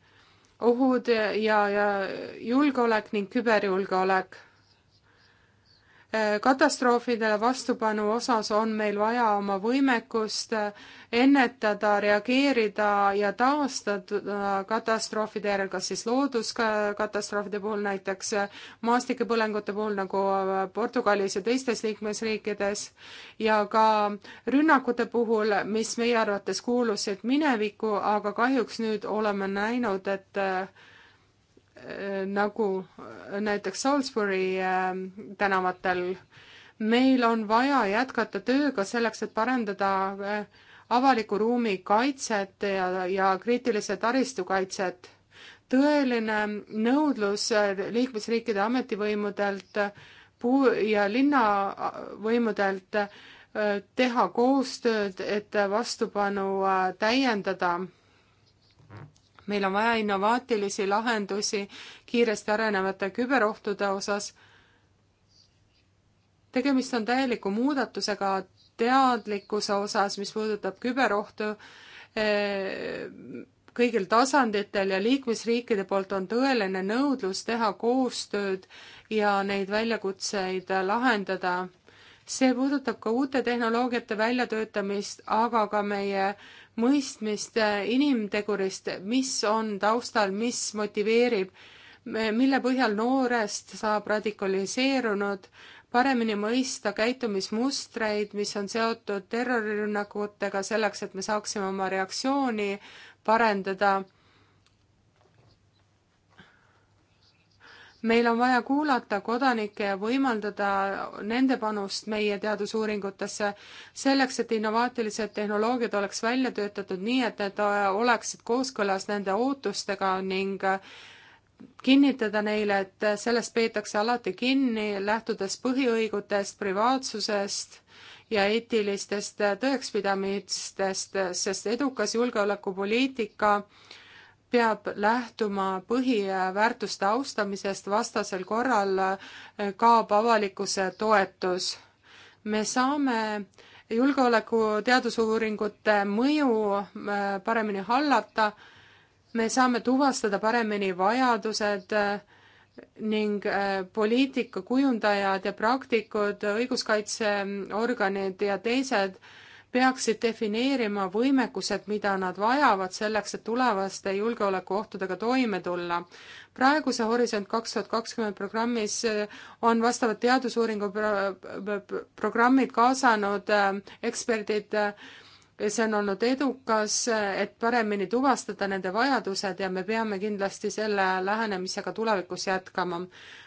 ohud ja, ja julgeolek ning küberjulgeolek katastroofidele vastupanu osas on meil vaja oma võimekust ennetada, reageerida ja taastada katastroofide järel, kas siis looduskatastroofide puhul näiteks, maastikepõlengute puhul nagu Portugalis ja teistes liikmesriikides ja ka rünnakute puhul, mis meie arvates kuulusid minevikku, aga kahjuks nüüd oleme näinud, et Äh, nagu äh, näiteks Salisbury ähm, tänavatel. meil on vaja jätkata tööga selleks, et parandada äh, avaliku ruumi kaitset ja, ja kriitilise taristu kaitset. tõeline nõudlus liikmesriikide ametivõimudelt puu- ja linnavõimudelt teha koostööd, et vastupanu täiendada meil on vaja innovaatilisi lahendusi kiiresti arenevate küberohtude osas. tegemist on täieliku muudatusega teadlikkuse osas, mis puudutab küberohtu eh, kõigil tasanditel ja liikmesriikide poolt on tõeline nõudlus teha koostööd ja neid väljakutseid lahendada. see puudutab ka uute tehnoloogiate väljatöötamist, aga ka meie äh, mõistmist äh, inimtegurist, mis on taustal, mis motiveerib, mille põhjal noorest saab radikaliseerunud, paremini mõista käitumismustreid, mis on seotud terrorirünnakutega, selleks et me saaksime oma reaktsiooni parendada meil on vaja kuulata kodanikke ja võimaldada nende panust meie teadusuuringutesse selleks, et innovaatilised tehnoloogiad oleks välja töötatud nii, et need äh, oleksid kooskõlas nende ootustega ning äh, kinnitada neile, et sellest peetakse alati kinni, lähtudes põhiõigutest, privaatsusest ja eetilistest äh, tõekspidamistest, sest edukas julgeolekupoliitika äh, peab lähtuma põhiväärtuste austamisest, vastasel korral kaob avalikkuse toetus. me saame julgeoleku teadusuuringute mõju äh, paremini hallata, me saame tuvastada paremini vajadused äh, ning äh, poliitikakujundajad ja praktikud, õiguskaitseorganid ja teised peaksid defineerima võimekused, mida nad vajavad selleks, et tulevaste julgeolekuohtudega toime tulla. praeguse Horisont kaks tuhat kakskümmend programmis eh, on vastavad teadusuuringu pro programmid kaasanud eh, eksperdid eh, see on olnud edukas, et paremini tuvastada nende vajadused ja me peame kindlasti selle lähenemisega tulevikus jätkama.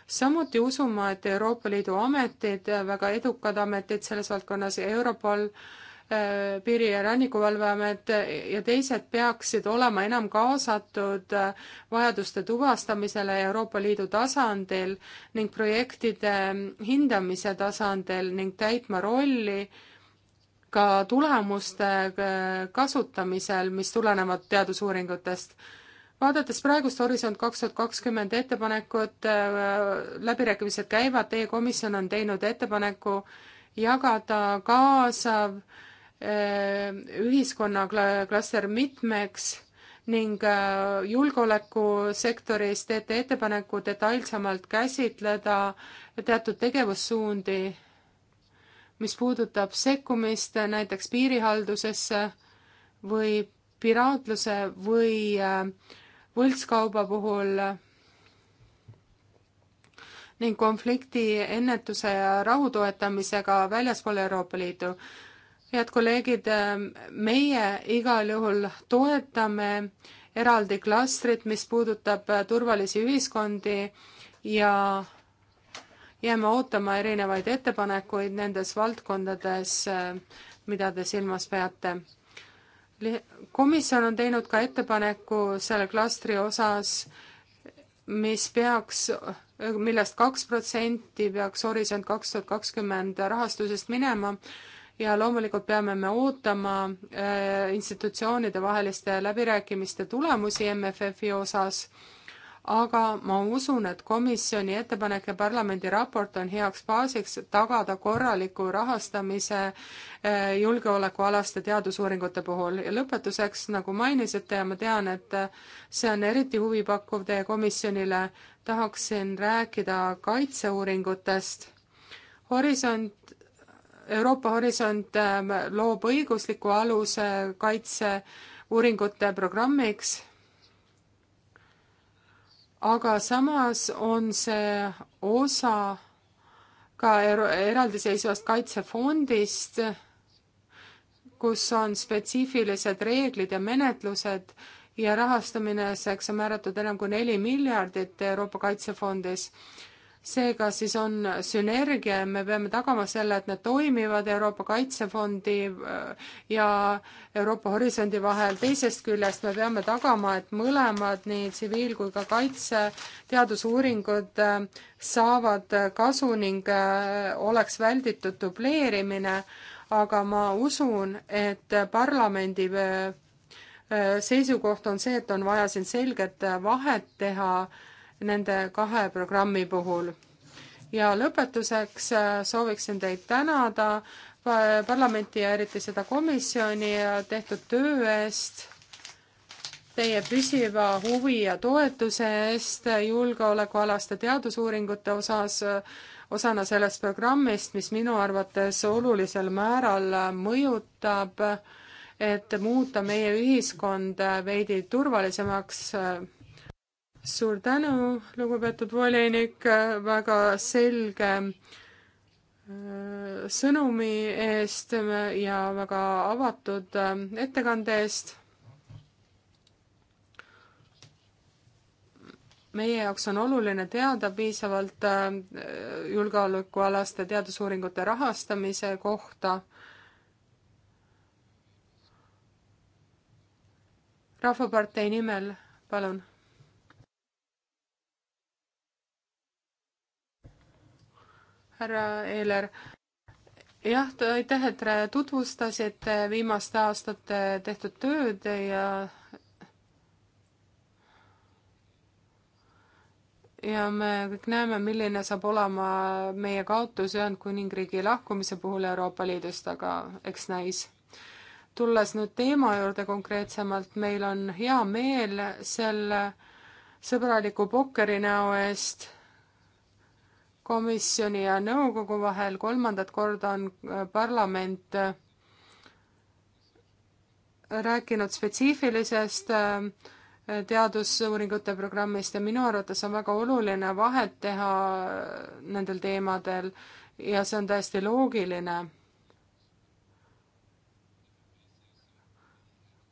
samuti usuma, et Euroopa Liidu ametid, väga edukad ametid selles valdkonnas, Europol äh,, Äh, Piiri- ja Rannikuvalveamet ja teised peaksid olema enam kaasatud äh, vajaduste tuvastamisele Euroopa Liidu tasandil ning projektide mm, hindamise tasandil ning täitma rolli ka tulemuste äh, kasutamisel, mis tulenevad teadusuuringutest vaadates praegust Horisont kaks tuhat kakskümmend ettepanekut, läbirääkimised käivad, teie komisjon on teinud ettepaneku jagada kaasav Äh, ühiskonna klaster mitmeks ning äh, julgeolekusektoris teete ettepaneku detailsemalt käsitleda teatud tegevussuundi, mis puudutab sekkumist näiteks piirihaldusesse või piraatluse või äh, võltskauba puhul ning konflikti ennetuse ja rahu toetamisega väljaspool Euroopa Liitu head kolleegid, ähm, meie igal juhul toetame eraldi klastrit, mis puudutab äh, turvalisi ühiskondi ja jääme ootama erinevaid ettepanekuid nendes valdkondades, äh, mida te silmas peate. komisjon on teinud ka ettepaneku selle klastri osas, mis peaks, millest kaks protsenti peaks Horisont kaks tuhat kakskümmend rahastusest minema ja loomulikult peame me ootama äh, institutsioonide vaheliste läbirääkimiste tulemusi MFF-i osas, aga ma usun, et komisjoni ettepanek ja parlamendi raport on heaks baasiks tagada korraliku rahastamise äh, julgeolekualaste teadusuuringute puhul. ja lõpetuseks, nagu mainisite ja ma tean, et see on eriti huvipakkuv teie komisjonile, tahaksin rääkida kaitseuuringutest. Horisont Euroopa Horisont ähm, loob õigusliku aluse kaitseuuringute programmiks, aga samas on see osa ka eraldiseisvast kaitsefondist, kus on spetsiifilised reeglid ja menetlused ja rahastamiseks on määratud enam kui neli miljardit Euroopa Kaitsefondis seega siis on sünergia ja me peame tagama selle, et need toimivad Euroopa Kaitsefondi äh, ja Euroopa Horisondi vahel, teisest küljest me peame tagama, et mõlemad, nii tsiviil- kui ka kaitse teadusuuringud äh, saavad kasu ning äh, oleks välditud dubleerimine, aga ma usun, et parlamendi seisukoht on see, et on vaja siin selget vahet teha nende kahe programmi puhul. ja lõpetuseks äh, sooviksin teid tänada parlamenti ja eriti seda komisjoni tehtud töö eest, teie püsiva huvi ja toetuse eest julgeolekualaste teadusuuringute osas äh, osana sellest programmist, mis minu arvates olulisel määral äh, mõjutab, et muuta meie ühiskond veidi turvalisemaks suur tänu, lugupeetud volinik, väga selge äh, sõnumi eest ja väga avatud äh, ettekande eest. meie jaoks on oluline teada piisavalt äh, julgeolekualaste teadusuuringute rahastamise kohta. rahvapartei nimel, palun härra Eeler. jah, aitäh, et tutvustasite viimaste aastate tehtud tööd ja ja me kõik näeme, milline saab olema meie kaotus Ühendkuningriigi lahkumise puhul Euroopa Liidust, aga eks näis. tulles nüüd teema juurde konkreetsemalt, meil on hea meel selle sõbraliku pokkeri näo eest, komisjoni ja nõukogu vahel, kolmandat korda on äh, parlament äh, rääkinud spetsiifilisest äh, teadusuuringute programmist ja minu arvates on väga oluline vahet teha nendel teemadel ja see on täiesti loogiline.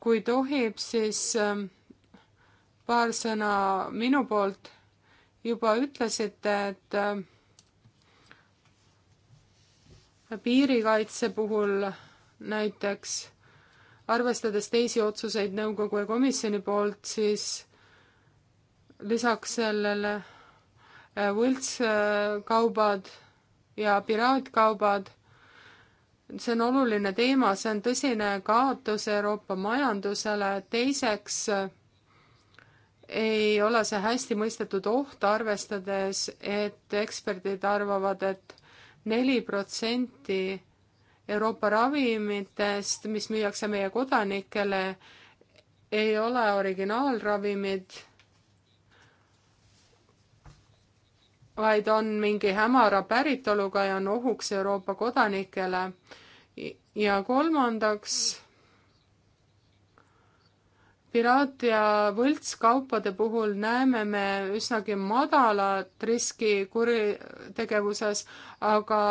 kui tohib, siis paar sõna minu poolt juba ütlesite, et piirikaitse puhul näiteks, arvestades teisi otsuseid nõukogu ja komisjoni poolt, siis lisaks sellele äh, võltskaubad ja piraatkaubad, see on oluline teema, see on tõsine kaotus Euroopa majandusele, teiseks äh, ei ole see hästi mõistetud oht, arvestades, et eksperdid arvavad, et neli protsenti Euroopa ravimitest, mis müüakse meie kodanikele, ei ole originaalravimid, vaid on mingi hämara päritoluga ja on ohuks Euroopa kodanikele. ja kolmandaks piraat- ja võltskaupade puhul näeme me üsnagi madalat riski kuritegevuses, aga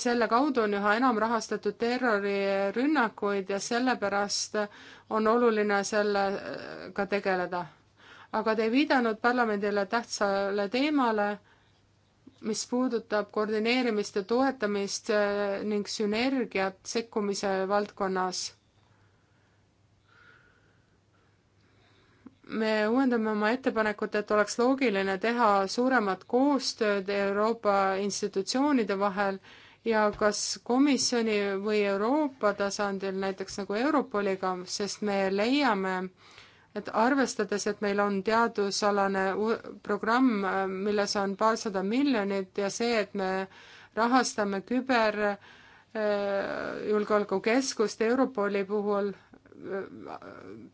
selle kaudu on üha enam rahastatud terrorirünnakuid ja sellepärast on oluline sellega tegeleda. aga te ei viidanud parlamendile tähtsale teemale, mis puudutab koordineerimist ja toetamist eh, ning sünergiat sekkumise valdkonnas me uuendame oma ettepanekut, et oleks loogiline teha suuremat koostööd Euroopa institutsioonide vahel ja kas komisjoni või Euroopa tasandil, näiteks nagu Europoliga, sest me leiame, et arvestades, et meil on teadusalane programm, milles on paarsada miljonit ja see, et me rahastame küber äh, julgeolekukeskust Europoli puhul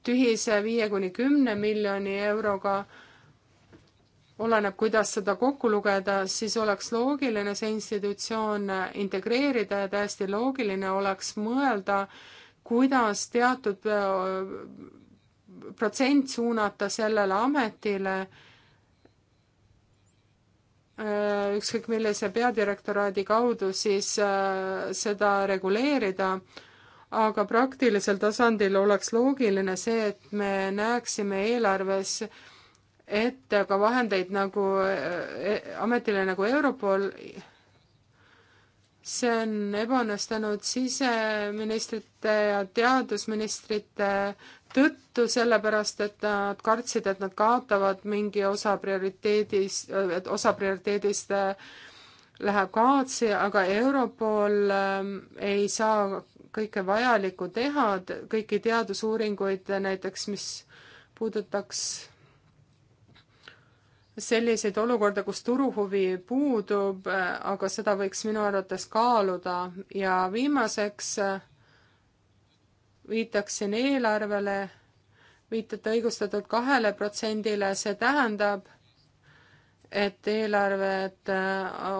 tühise viie kuni kümne miljoni euroga, oleneb, kuidas seda kokku lugeda, siis oleks loogiline see institutsioon integreerida ja täiesti loogiline oleks mõelda, kuidas teatud äh, protsent suunata sellele ametile, äh, ükskõik millise peadirektoraadi kaudu siis äh, seda reguleerida aga praktilisel tasandil oleks loogiline see, et me näeksime eelarves ette ka vahendeid nagu e, ametile nagu Europol. see on ebaõnnestunud siseministrite ja teadusministrite tõttu, sellepärast et nad kartsid, et nad kaotavad mingi osa prioriteedist, et osa prioriteedist äh, läheb kaotsi, aga Europol ähm, ei saa kõike vajalikku teha, kõiki teadusuuringuid näiteks, mis puudutaks selliseid olukorda, kus turuhuvi puudub, aga seda võiks minu arvates kaaluda ja viimaseks viitaksin eelarvele, viitate õigustatud kahele protsendile, see tähendab, et eelarved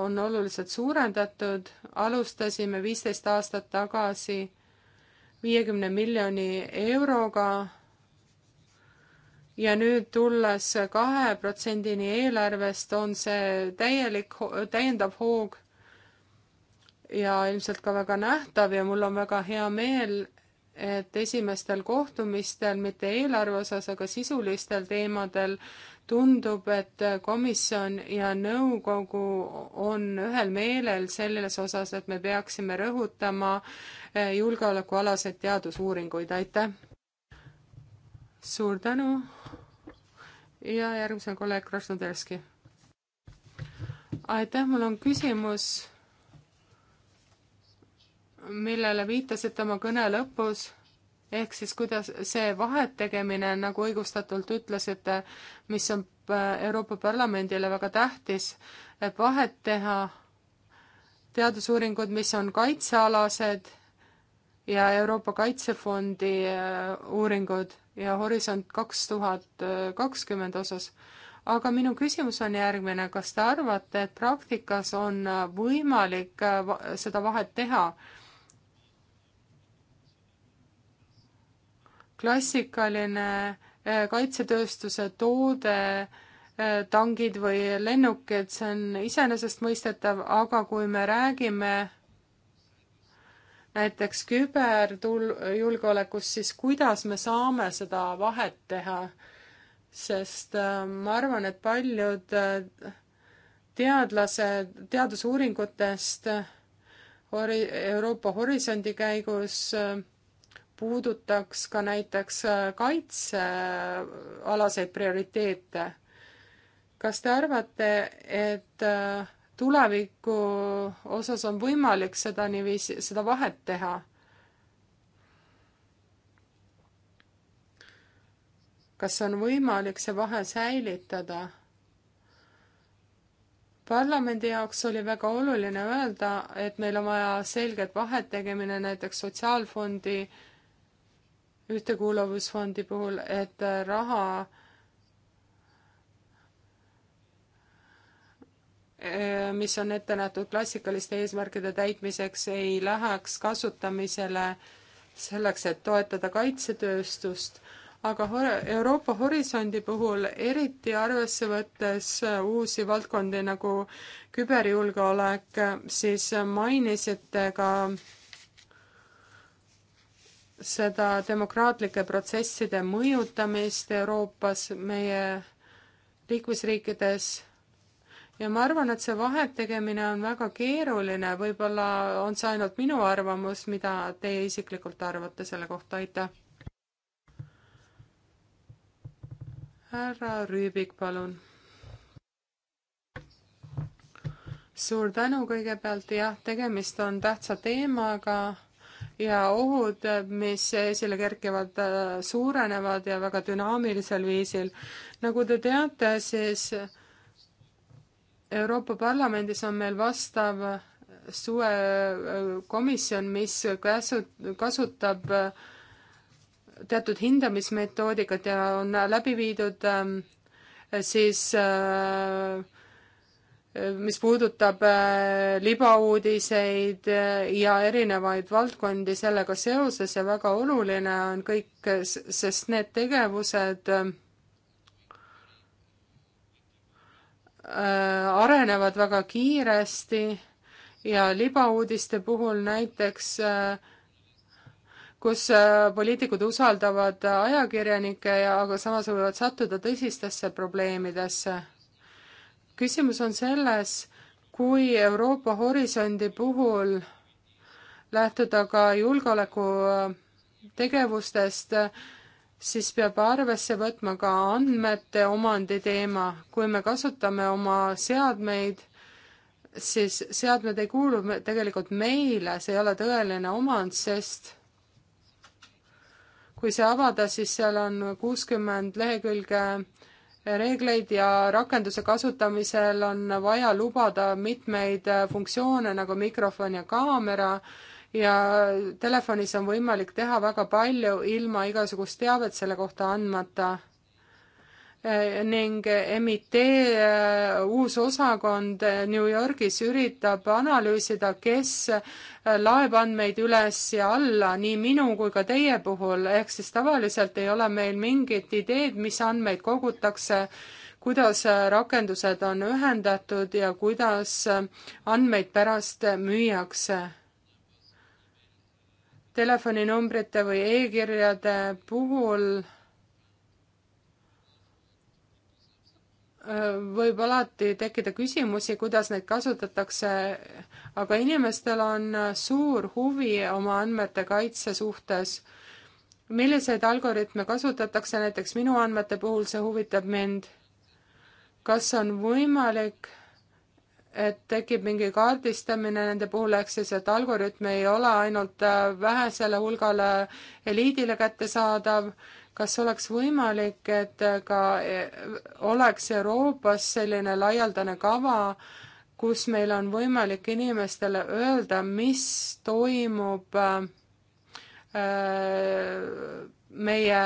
on oluliselt suurendatud alustasime viisteist aastat tagasi viiekümne miljoni euroga ja nüüd tulles kahe protsendini eelarvest, on see täielik, täiendav hoog ja ilmselt ka väga nähtav ja mul on väga hea meel, et esimestel kohtumistel, mitte eelarve osas, aga sisulistel teemadel tundub, et komisjon ja nõukogu on ühel meelel selles osas, et me peaksime rõhutama eh, julgeolekualaseid teadusuuringuid, aitäh! suur tänu ja järgmisena kolleeg Krasnodelski. aitäh, mul on küsimus, millele viitasite oma kõne lõpus ehk siis kuidas see vahet tegemine, nagu õigustatult ütlesite, mis on äh, Euroopa Parlamendile väga tähtis, et vahet teha teadusuuringud, mis on kaitsealased ja Euroopa Kaitsefondi äh, uuringud ja Horisont kaks tuhat äh, kakskümmend osas. aga minu küsimus on järgmine, kas te arvate, et praktikas on võimalik seda vahet teha? klassikaline äh, kaitsetööstuse toode, äh, tangid või lennukid, see on iseenesestmõistetav, aga kui me räägime näiteks küberjulgeolekust, siis kuidas me saame seda vahet teha? sest äh, ma arvan, et paljud teadlased teadusuuringutest Euroopa Horisondi käigus puudutaks ka näiteks äh, kaitsealaseid prioriteete. kas te arvate, et äh, tuleviku osas on võimalik seda niiviisi, seda vahet teha? kas on võimalik see vahe säilitada? parlamendi jaoks oli väga oluline öelda, et meil on vaja selget vahet tegemine näiteks sotsiaalfondi äh, ühtekuuluvusfondi puhul, et äh, raha äh, mis on ette nähtud klassikaliste eesmärkide täitmiseks, ei läheks kasutamisele selleks, et toetada kaitsetööstust, aga Euroopa Horisondi puhul eriti arvesse võttes uusi valdkondi nagu küberjulgeolek, siis mainisite ka seda demokraatlike protsesside mõjutamist Euroopas, meie liikmesriikides ja ma arvan, et see vahetegemine on väga keeruline, võib-olla on see ainult minu arvamus, mida teie isiklikult arvate selle kohta, aitäh. härra Rüübik, palun. suur tänu kõigepealt, jah, tegemist on tähtsa teemaga ja ohud, mis esile kerkivad, suurenevad ja väga dünaamilisel viisil. nagu te teate, siis Euroopa Parlamendis on meil vastav suve komisjon, mis käsu-, kasutab teatud hindamismetoodikat ja on läbi viidud ähm, siis äh, mis puudutab äh, libauudiseid äh, ja erinevaid valdkondi sellega seoses ja väga oluline on kõik, äh, sest need tegevused arenevad väga kiiresti ja libauudiste puhul näiteks kus poliitikud usaldavad ajakirjanikke ja aga samas võivad sattuda tõsistesse probleemidesse küsimus on selles, kui Euroopa Horisondi puhul lähtuda ka julgeoleku äh, tegevustest, siis peab arvesse võtma ka andmete omandi teema. kui me kasutame oma seadmeid, siis seadmed ei kuulu tegelikult meile, see ei ole tõeline omand, sest kui see avada, siis seal on kuuskümmend lehekülge reegleid ja rakenduse kasutamisel on vaja lubada mitmeid funktsioone nagu mikrofon ja kaamera ja telefonis on võimalik teha väga palju ilma igasugust teavet selle kohta andmata ning MIT äh, uus osakond äh, New Yorgis üritab analüüsida, kes äh, laeb andmeid üles ja alla nii minu kui ka teie puhul, ehk siis tavaliselt ei ole meil mingit ideed, mis andmeid kogutakse, kuidas rakendused on ühendatud ja kuidas andmeid pärast müüakse telefoninumbrite või e-kirjade puhul Äh, võib alati tekkida küsimusi, kuidas neid kasutatakse, aga inimestel on äh, suur huvi oma andmete kaitse suhtes. milliseid algoritme kasutatakse, näiteks minu andmete puhul see huvitab mind. kas on võimalik, et tekib mingi kaardistamine nende puhul, ehk siis, et algoritm ei ole ainult äh, vähesele hulgale eliidile kättesaadav kas oleks võimalik, et ka eh, oleks Euroopas selline laialdane kava, kus meil on võimalik inimestele öelda, mis toimub äh, meie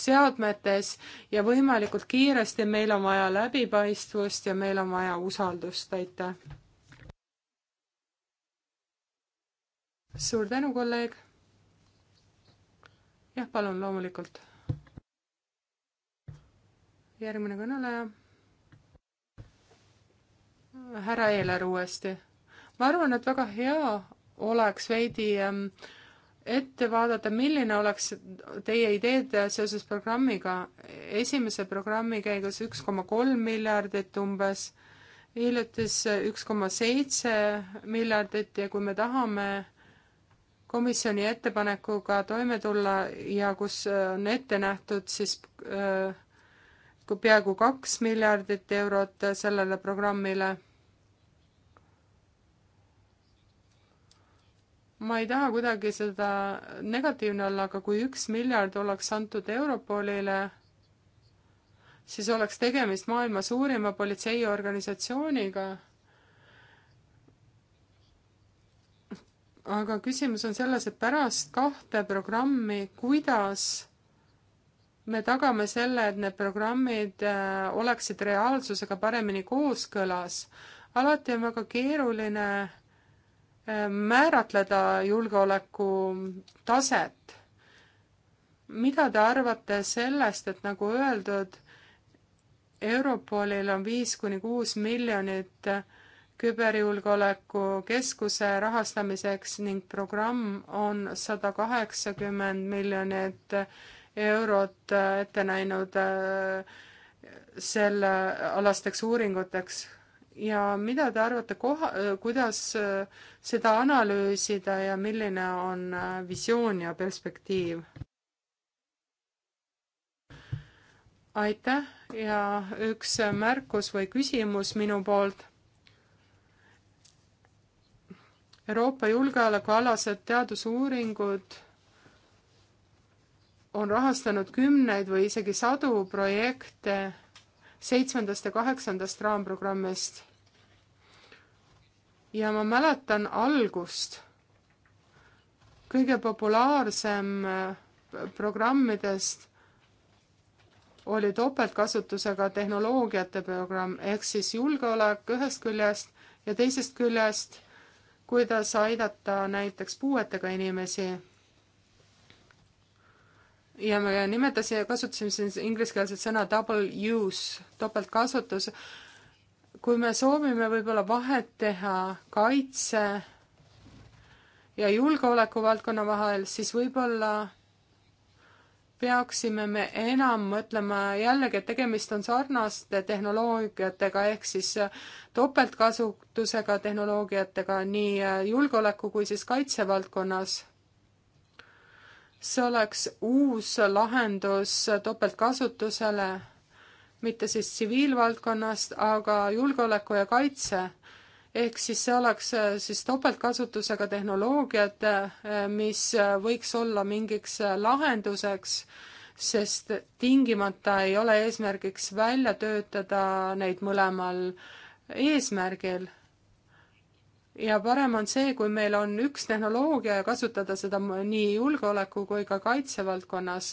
seadmetes ja võimalikult kiiresti meil on vaja läbipaistvust ja meil on vaja usaldust, aitäh. suur tänu, kolleeg. jah, palun loomulikult järgmine kõneleja. härra Eeler uuesti. ma arvan, et väga hea oleks veidi ähm, ette vaadata, milline oleks teie ideed seoses programmiga. esimese programmi käigus üks koma kolm miljardit umbes, hiljutis üks koma seitse miljardit ja kui me tahame komisjoni ettepanekuga toime tulla ja kus on ette nähtud siis äh, kui peaaegu kaks miljardit eurot sellele programmile. ma ei taha kuidagi seda negatiivne olla, aga kui üks miljard oleks antud Europolile, siis oleks tegemist maailma suurima politseiorganisatsiooniga aga küsimus on selles, et pärast kahte programmi, kuidas me tagame selle, et need programmid äh, oleksid reaalsusega paremini kooskõlas. alati on väga keeruline äh, määratleda julgeoleku taset. mida te arvate sellest, et nagu öeldud, Europolil on viis kuni kuus miljonit äh, küberjulgeoleku keskuse rahastamiseks ning programm on sada kaheksakümmend miljonit eurot äh, ette näinud äh, selle alasteks uuringuteks ja mida te arvate koha, äh, kuidas seda analüüsida ja milline on visioon ja perspektiiv? aitäh ja üks märkus või küsimus minu poolt. Euroopa julgeolekualased teadusuuringud on rahastanud kümneid või isegi sadu projekte seitsmendast ja kaheksandast raamprogrammist. ja ma mäletan algust. kõige populaarsem äh, programmidest oli topeltkasutusega tehnoloogiate programm ehk siis julgeolek ühest küljest ja teisest küljest, kuidas aidata näiteks puuetega inimesi ja me nimetasime, kasutasime siin ingliskeelset sõna double use, topeltkasutus. kui me soovime võib-olla vahet teha kaitse ja julgeoleku valdkonna vahel, siis võib-olla peaksime me enam mõtlema jällegi, et tegemist on sarnaste tehnoloogiatega ehk siis topeltkasutusega tehnoloogiatega nii julgeoleku kui siis kaitsevaldkonnas see oleks uus lahendus topeltkasutusele, mitte siis tsiviilvaldkonnast, aga julgeoleku ja kaitse. ehk siis see oleks eh, siis topeltkasutusega tehnoloogiad, eh, mis eh, võiks olla mingiks lahenduseks, sest tingimata ei ole eesmärgiks välja töötada neid mõlemal eesmärgil ja parem on see, kui meil on üks tehnoloogia ja kasutada seda nii julgeoleku kui ka kaitsevaldkonnas.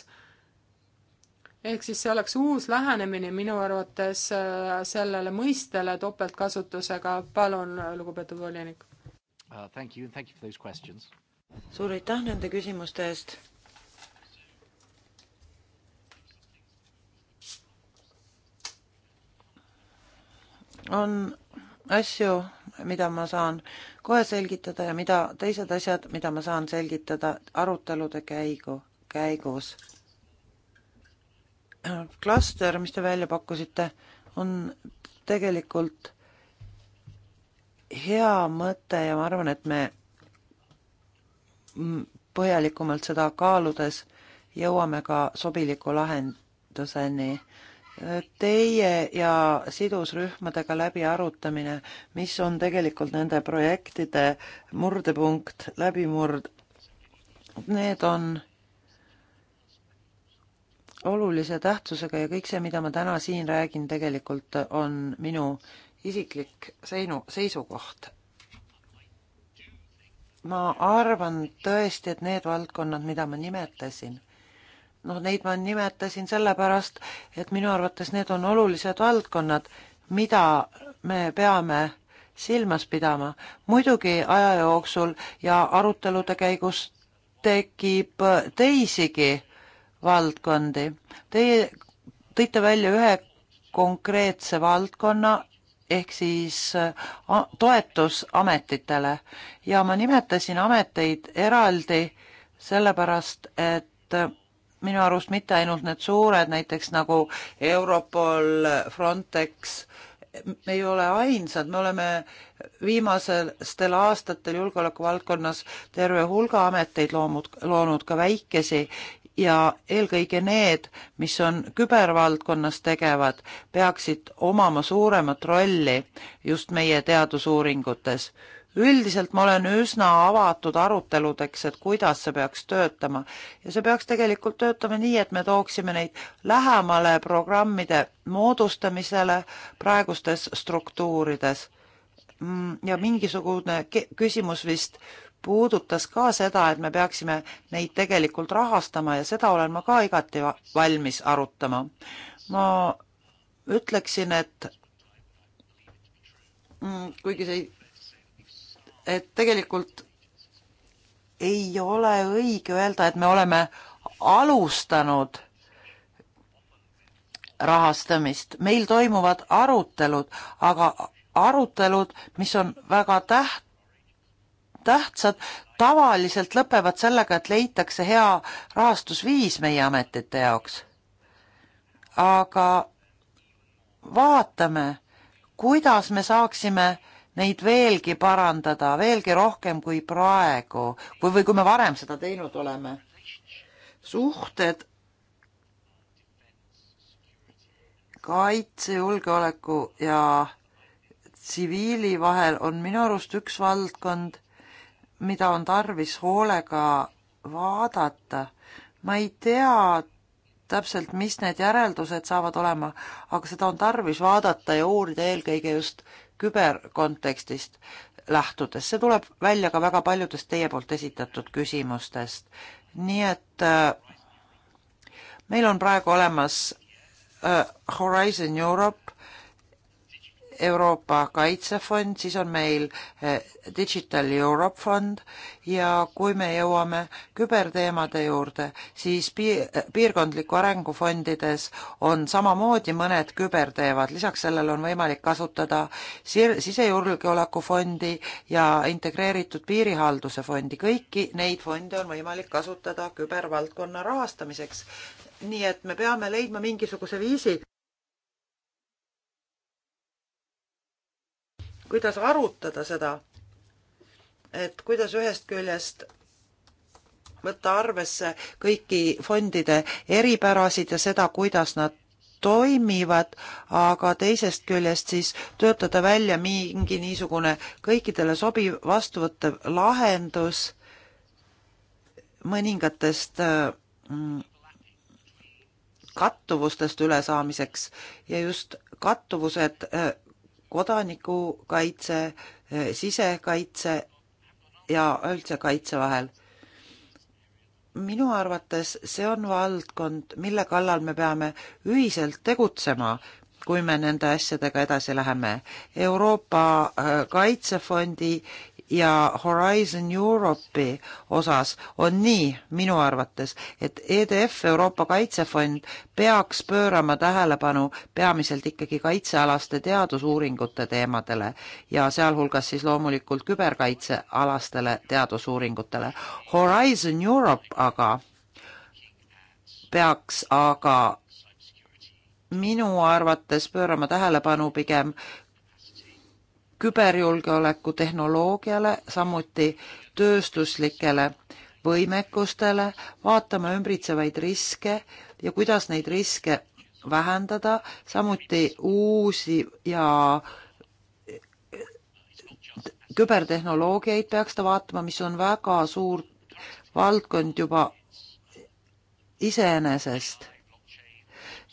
ehk siis see oleks uus lähenemine minu arvates äh, sellele mõistele topeltkasutusega. palun, lugupeetud volinik uh,. Thank you and thank you for those questions. suur aitäh nende küsimuste eest. on asju, mida ma saan kohe selgitada ja mida, teised asjad, mida ma saan selgitada arutelude käigu, käigus. klaster, mis te välja pakkusite, on tegelikult hea mõte ja ma arvan, et me põhjalikumalt seda kaaludes jõuame ka sobiliku lahenduseni teie ja sidusrühmadega läbiarutamine, mis on tegelikult nende projektide murdepunkt, läbimurd, need on olulise tähtsusega ja kõik see, mida ma täna siin räägin, tegelikult on minu isiklik seinu, seisukoht. ma arvan tõesti, et need valdkonnad, mida ma nimetasin noh, neid ma nimetasin sellepärast, et minu arvates need on olulised valdkonnad, mida me peame silmas pidama. muidugi aja jooksul ja arutelude käigus tekib teisigi valdkondi. Teie tõite välja ühe konkreetse valdkonna ehk siis toetus ametitele ja ma nimetasin ameteid eraldi sellepärast, et minu arust mitte ainult need suured, näiteks nagu Europol, Frontex, me ei ole ainsad, me oleme viimastel aastatel julgeolekuvaldkonnas terve hulga ameteid loomud, loonud ka väikesi ja eelkõige need, mis on kübervaldkonnas tegevad, peaksid omama suuremat rolli just meie teadusuuringutes üldiselt ma olen üsna avatud aruteludeks, et kuidas see peaks töötama ja see peaks tegelikult töötama nii, et me tooksime neid lähemale programmide moodustamisele praegustes struktuurides. Mm, ja mingisugune küsimus vist puudutas ka seda, et me peaksime neid tegelikult rahastama ja seda olen ma ka igati valmis arutama. ma ütleksin, et mm, kuigi see ei et tegelikult ei ole õige öelda, et me oleme alustanud rahastamist, meil toimuvad arutelud, aga arutelud, mis on väga täht-, tähtsad, tavaliselt lõpevad sellega, et leitakse hea rahastusviis meie ametite jaoks. aga vaatame, kuidas me saaksime äh, neid veelgi parandada, veelgi rohkem kui praegu või, või kui me varem seda teinud oleme. suhted kaitse, julgeoleku ja tsiviili vahel on minu arust üks valdkond, mida on tarvis hoolega vaadata. ma ei tea täpselt, mis need järeldused saavad olema, aga seda on tarvis vaadata ja uurida eelkõige just küberkontekstist lähtudes, see tuleb välja ka väga paljudest teie poolt esitatud küsimustest. nii et äh, meil on praegu olemas äh, Horizon Europe, Euroopa Kaitsefond, siis on meil eh, Digital Europe fond ja kui me jõuame küberteemade juurde, siis piir, eh, piirkondliku arengufondides on samamoodi mõned küberteemad, lisaks sellele on võimalik kasutada sir-, sisejulgeolekufondi ja integreeritud piirihalduse fondi, kõiki neid fonde on võimalik kasutada kübervaldkonna rahastamiseks. nii et me peame leidma mingisuguse viisi, kuidas arutada seda, et kuidas ühest küljest võtta arvesse kõiki fondide eripärasid ja seda, kuidas nad toimivad, aga teisest küljest siis töötada välja mingi niisugune kõikidele sobiv vastuvõttev lahendus mõningatest mm, kattuvustest ülesaamiseks ja just kattuvused äh, kodanikukaitse, sisekaitse ja üldse kaitse vahel. minu arvates see on valdkond, mille kallal me peame ühiselt tegutsema, kui me nende asjadega edasi läheme. Euroopa äh, Kaitsefondi ja Horizon Europe'i osas on nii minu arvates, et EDF, Euroopa Kaitsefond, peaks pöörama tähelepanu peamiselt ikkagi kaitsealaste teadusuuringute teemadele ja sealhulgas siis loomulikult küberkaitsealastele teadusuuringutele. Horizon Europe aga peaks aga minu arvates pöörama tähelepanu pigem küberjulgeoleku tehnoloogiale, samuti tööstuslikele võimekustele, vaatame ümbritsevaid riske ja kuidas neid riske vähendada, samuti uusi ja kübertehnoloogiaid peaks ta vaatama, mis on väga suur valdkond juba iseenesest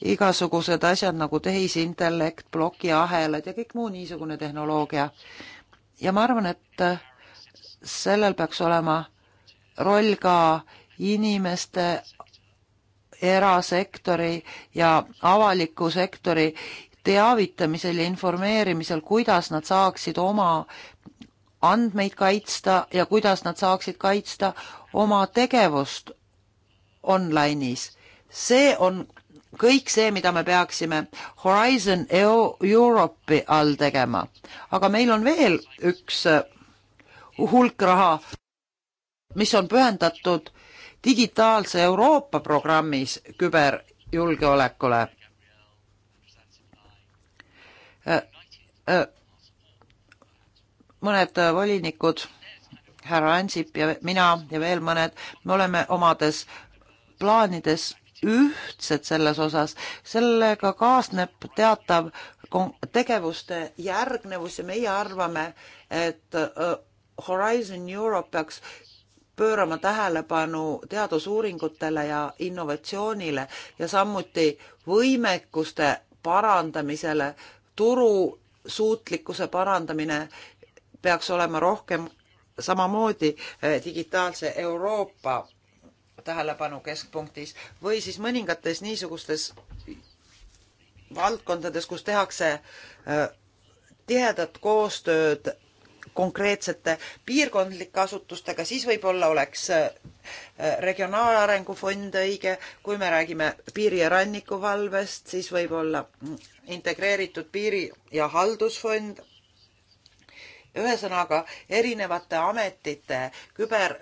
igasugused asjad nagu tehisintellekt, plokiahelad ja kõik muu niisugune tehnoloogia. ja ma arvan, et sellel peaks olema roll ka inimeste, erasektori ja avaliku sektori teavitamisel ja informeerimisel, kuidas nad saaksid oma andmeid kaitsta ja kuidas nad saaksid kaitsta oma tegevust online'is. see on kõik see, mida me peaksime Horizon Europe'i all tegema. aga meil on veel üks äh, hulk raha, mis on pühendatud digitaalse Euroopa programmis küberjulgeolekule. Äh, äh, mõned volinikud, härra Ansip ja mina ja veel mõned, me oleme omades plaanides ühtsed selles osas, sellega kaasneb teatav tegevuste järgnevus ja meie arvame, et äh, Horizon Europe peaks pöörama tähelepanu teadusuuringutele ja innovatsioonile ja samuti võimekuste parandamisele, turusuutlikkuse parandamine peaks olema rohkem samamoodi äh, digitaalse Euroopa tähelepanu keskpunktis või siis mõningates niisugustes valdkondades, kus tehakse tihedat koostööd konkreetsete piirkondlike asutustega, siis võib-olla oleks regionaalarengu fond õige, kui me räägime piiri- ja rannikuvalvest, siis võib-olla integreeritud piiri- ja haldusfond. ühesõnaga, erinevate ametite küber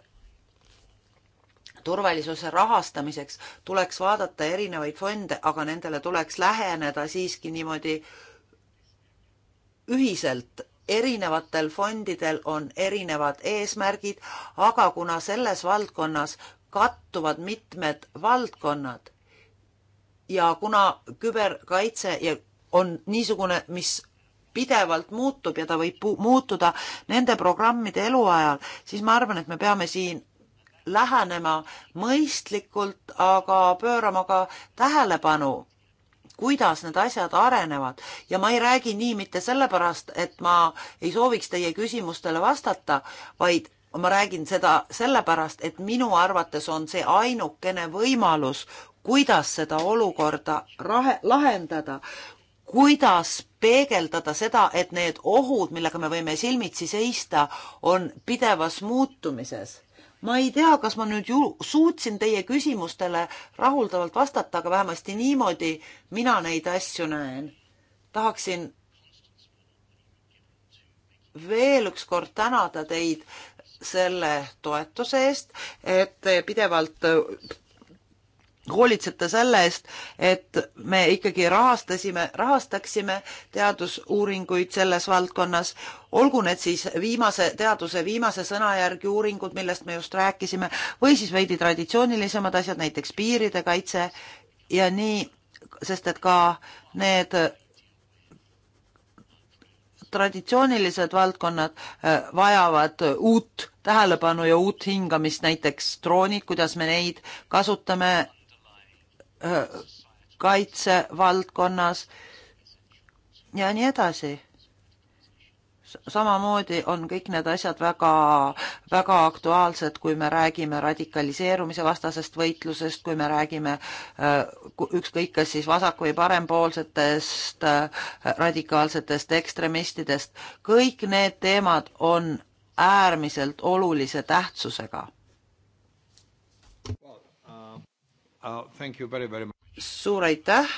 turvalisuse rahastamiseks tuleks vaadata erinevaid fonde, aga nendele tuleks läheneda siiski niimoodi ühiselt. erinevatel fondidel on erinevad eesmärgid, aga kuna selles valdkonnas kattuvad mitmed valdkonnad ja kuna küberkaitse ja on niisugune, mis pidevalt muutub ja ta võib muutuda nende programmide eluajal, siis ma arvan, et me peame siin lähenema mõistlikult, aga pöörama ka tähelepanu, kuidas need asjad arenevad. ja ma ei räägi nii mitte sellepärast, et ma ei sooviks teie küsimustele vastata, vaid ma räägin seda sellepärast, et minu arvates on see ainukene võimalus, kuidas seda olukorda rahe, lahendada, kuidas peegeldada seda, et need ohud, millega me võime silmitsi seista, on pidevas muutumises ma ei tea, kas ma nüüd ju suutsin teie küsimustele rahuldavalt vastata, aga vähemasti niimoodi mina neid asju näen. tahaksin veel ükskord tänada teid selle toetuse eest, et te pidevalt hoolitsete selle eest, et me ikkagi rahastasime, rahastaksime teadusuuringuid selles valdkonnas, olgu need siis viimase, teaduse viimase sõna järgi uuringud, millest me just rääkisime, või siis veidi traditsioonilisemad asjad, näiteks piiride kaitse ja nii, sest et ka need traditsioonilised valdkonnad äh, vajavad äh, uut tähelepanu ja uut hingamist, näiteks droonid, kuidas me neid kasutame kaitsevaldkonnas ja nii edasi. samamoodi on kõik need asjad väga, väga aktuaalsed, kui me räägime radikaliseerumise vastasest võitlusest, kui me räägime ükskõik kas siis vasak- või parempoolsetest radikaalsetest ekstremistidest. kõik need teemad on äärmiselt olulise tähtsusega Uh, suur aitäh,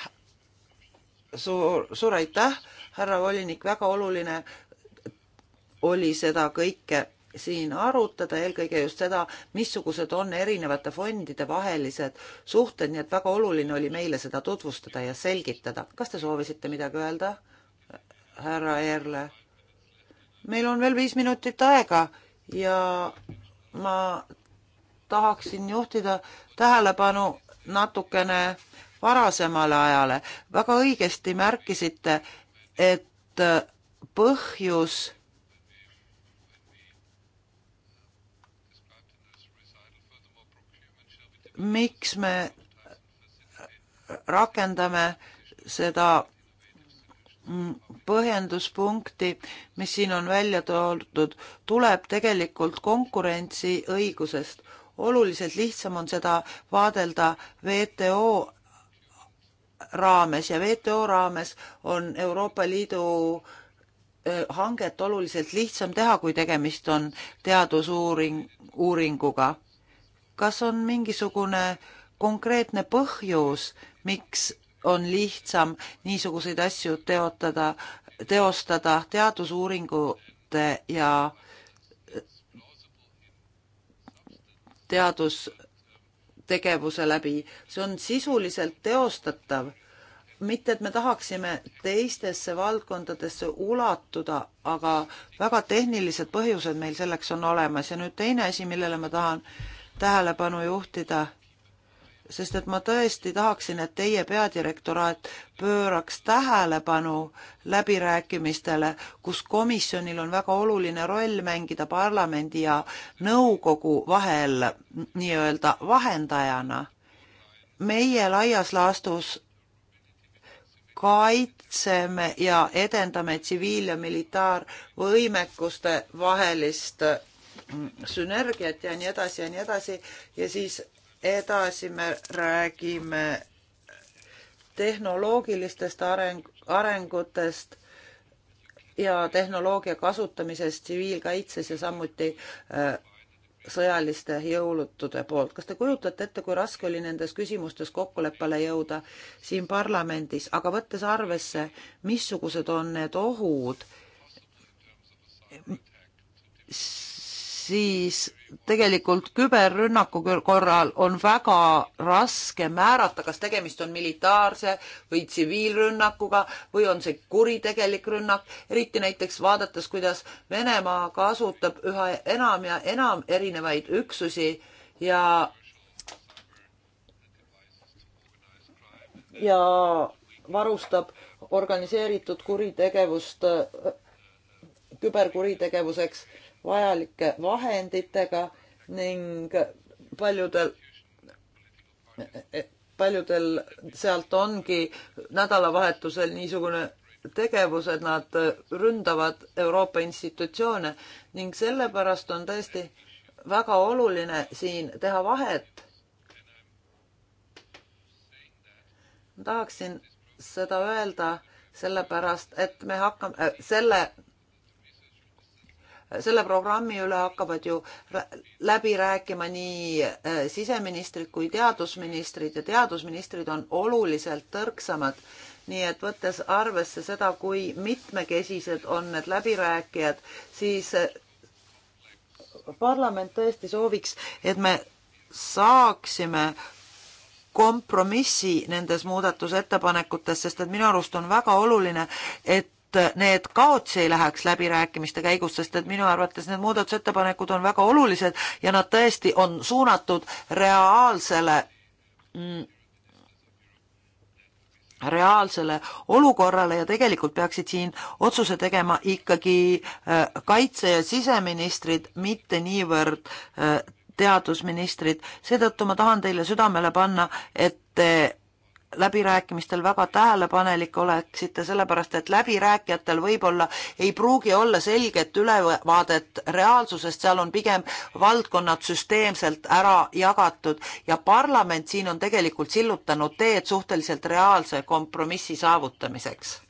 suur, suur aitäh, härra volinik, väga oluline oli seda kõike siin arutada, eelkõige just seda, missugused on erinevate fondide vahelised suhted, nii et väga oluline oli meile seda tutvustada ja selgitada. kas te soovisite midagi öelda, härra Eerle? meil on veel viis minutit aega ja ma tahaksin juhtida tähelepanu natukene varasemale ajale. väga õigesti märkisite, et põhjus miks me rakendame seda põhjenduspunkti, mis siin on välja toodud, tuleb tegelikult konkurentsiõigusest oluliselt lihtsam on seda vaadelda WTO raames ja WTO raames on Euroopa Liidu hanget oluliselt lihtsam teha, kui tegemist on teadusuuring, uuringuga. kas on mingisugune konkreetne põhjus, miks on lihtsam niisuguseid asju teotada, teostada teadusuuringute ja teadustegevuse läbi, see on sisuliselt teostatav. mitte, et me tahaksime teistesse valdkondadesse ulatuda, aga väga tehnilised põhjused meil selleks on olemas ja nüüd teine asi, millele ma tahan tähelepanu juhtida sest et ma tõesti tahaksin, et teie peadirektoraat pööraks tähelepanu läbirääkimistele, kus komisjonil on väga oluline roll mängida parlamendi ja nõukogu vahel nii-öelda vahendajana. meie laias laastus kaitseme ja edendame tsiviil- ja militaarvõimekuste vahelist sünergiat ja nii edasi ja nii edasi ja siis edasi me räägime tehnoloogilistest areng, arengutest ja tehnoloogia kasutamisest tsiviilkaitses ja samuti äh, sõjaliste jõulutude poolt. kas te kujutate ette, kui raske oli nendes küsimustes kokkuleppele jõuda siin parlamendis, aga võttes arvesse, missugused on need ohud, siis tegelikult küberrünnaku korral on väga raske määrata, kas tegemist on militaarse või tsiviilrünnakuga või on see kuritegelik rünnak, eriti näiteks vaadates, kuidas Venemaa kasutab üha enam ja enam erinevaid üksusi ja ja varustab organiseeritud kuritegevust küberkuritegevuseks vajalike vahenditega ning paljudel paljudel sealt ongi nädalavahetusel niisugune tegevus, et nad ründavad Euroopa institutsioone ning sellepärast on tõesti väga oluline siin teha vahet. tahaksin seda öelda sellepärast, et me hakkame äh,, selle selle programmi üle hakkavad ju läbi rääkima nii äh, siseministrid kui teadusministrid ja teadusministrid on oluliselt tõrksamad. nii et võttes arvesse seda, kui mitmekesised on need läbirääkijad, siis äh, parlament tõesti sooviks, et me saaksime kompromissi nendes muudatusettepanekutes, sest et minu arust on väga oluline, et need kaotsi ei läheks läbirääkimiste käigus, sest et minu arvates need muudatusettepanekud on väga olulised ja nad tõesti on suunatud reaalsele mm, reaalsele olukorrale ja tegelikult peaksid siin otsuse tegema ikkagi äh, kaitse- ja siseministrid, mitte niivõrd äh, teadusministrid. seetõttu ma tahan teile südamele panna, et te läbirääkimistel väga tähelepanelik oleksite, sellepärast et läbirääkijatel võib-olla ei pruugi olla selget ülevaadet reaalsusest, seal on pigem valdkonnad süsteemselt ära jagatud ja parlament siin on tegelikult sillutanud teed suhteliselt reaalse kompromissi saavutamiseks.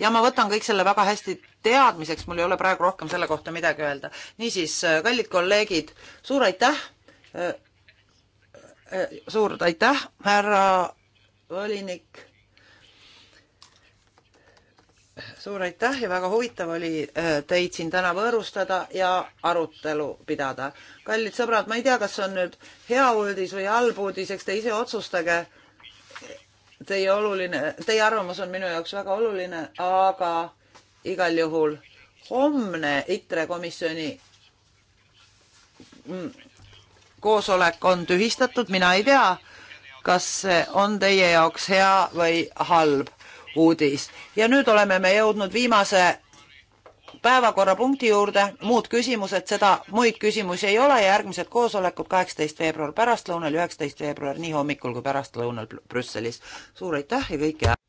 ja ma võtan kõik selle väga hästi teadmiseks, mul ei ole praegu rohkem selle kohta midagi öelda. niisiis, kallid kolleegid, suur aitäh Eh, suur aitäh, härra volinik. suur aitäh ja väga huvitav oli eh, teid siin täna võõrustada ja arutelu pidada. kallid sõbrad, ma ei tea, kas see on nüüd hea uudis või halb uudis, eks te ise otsustage. Teie oluline, teie arvamus on minu jaoks väga oluline, aga igal juhul homne ITRE komisjoni mm, koosolek on tühistatud, mina ei tea, kas see on teie jaoks hea või halb uudis. ja nüüd oleme me jõudnud viimase päevakorrapunkti juurde, muud küsimused, seda, muid küsimusi ei ole ja järgmised koosolekud kaheksateist veebruar pärastlõunal, üheksateist veebruar nii hommikul kui pärastlõunal Brüsselis. suur aitäh ja kõike head!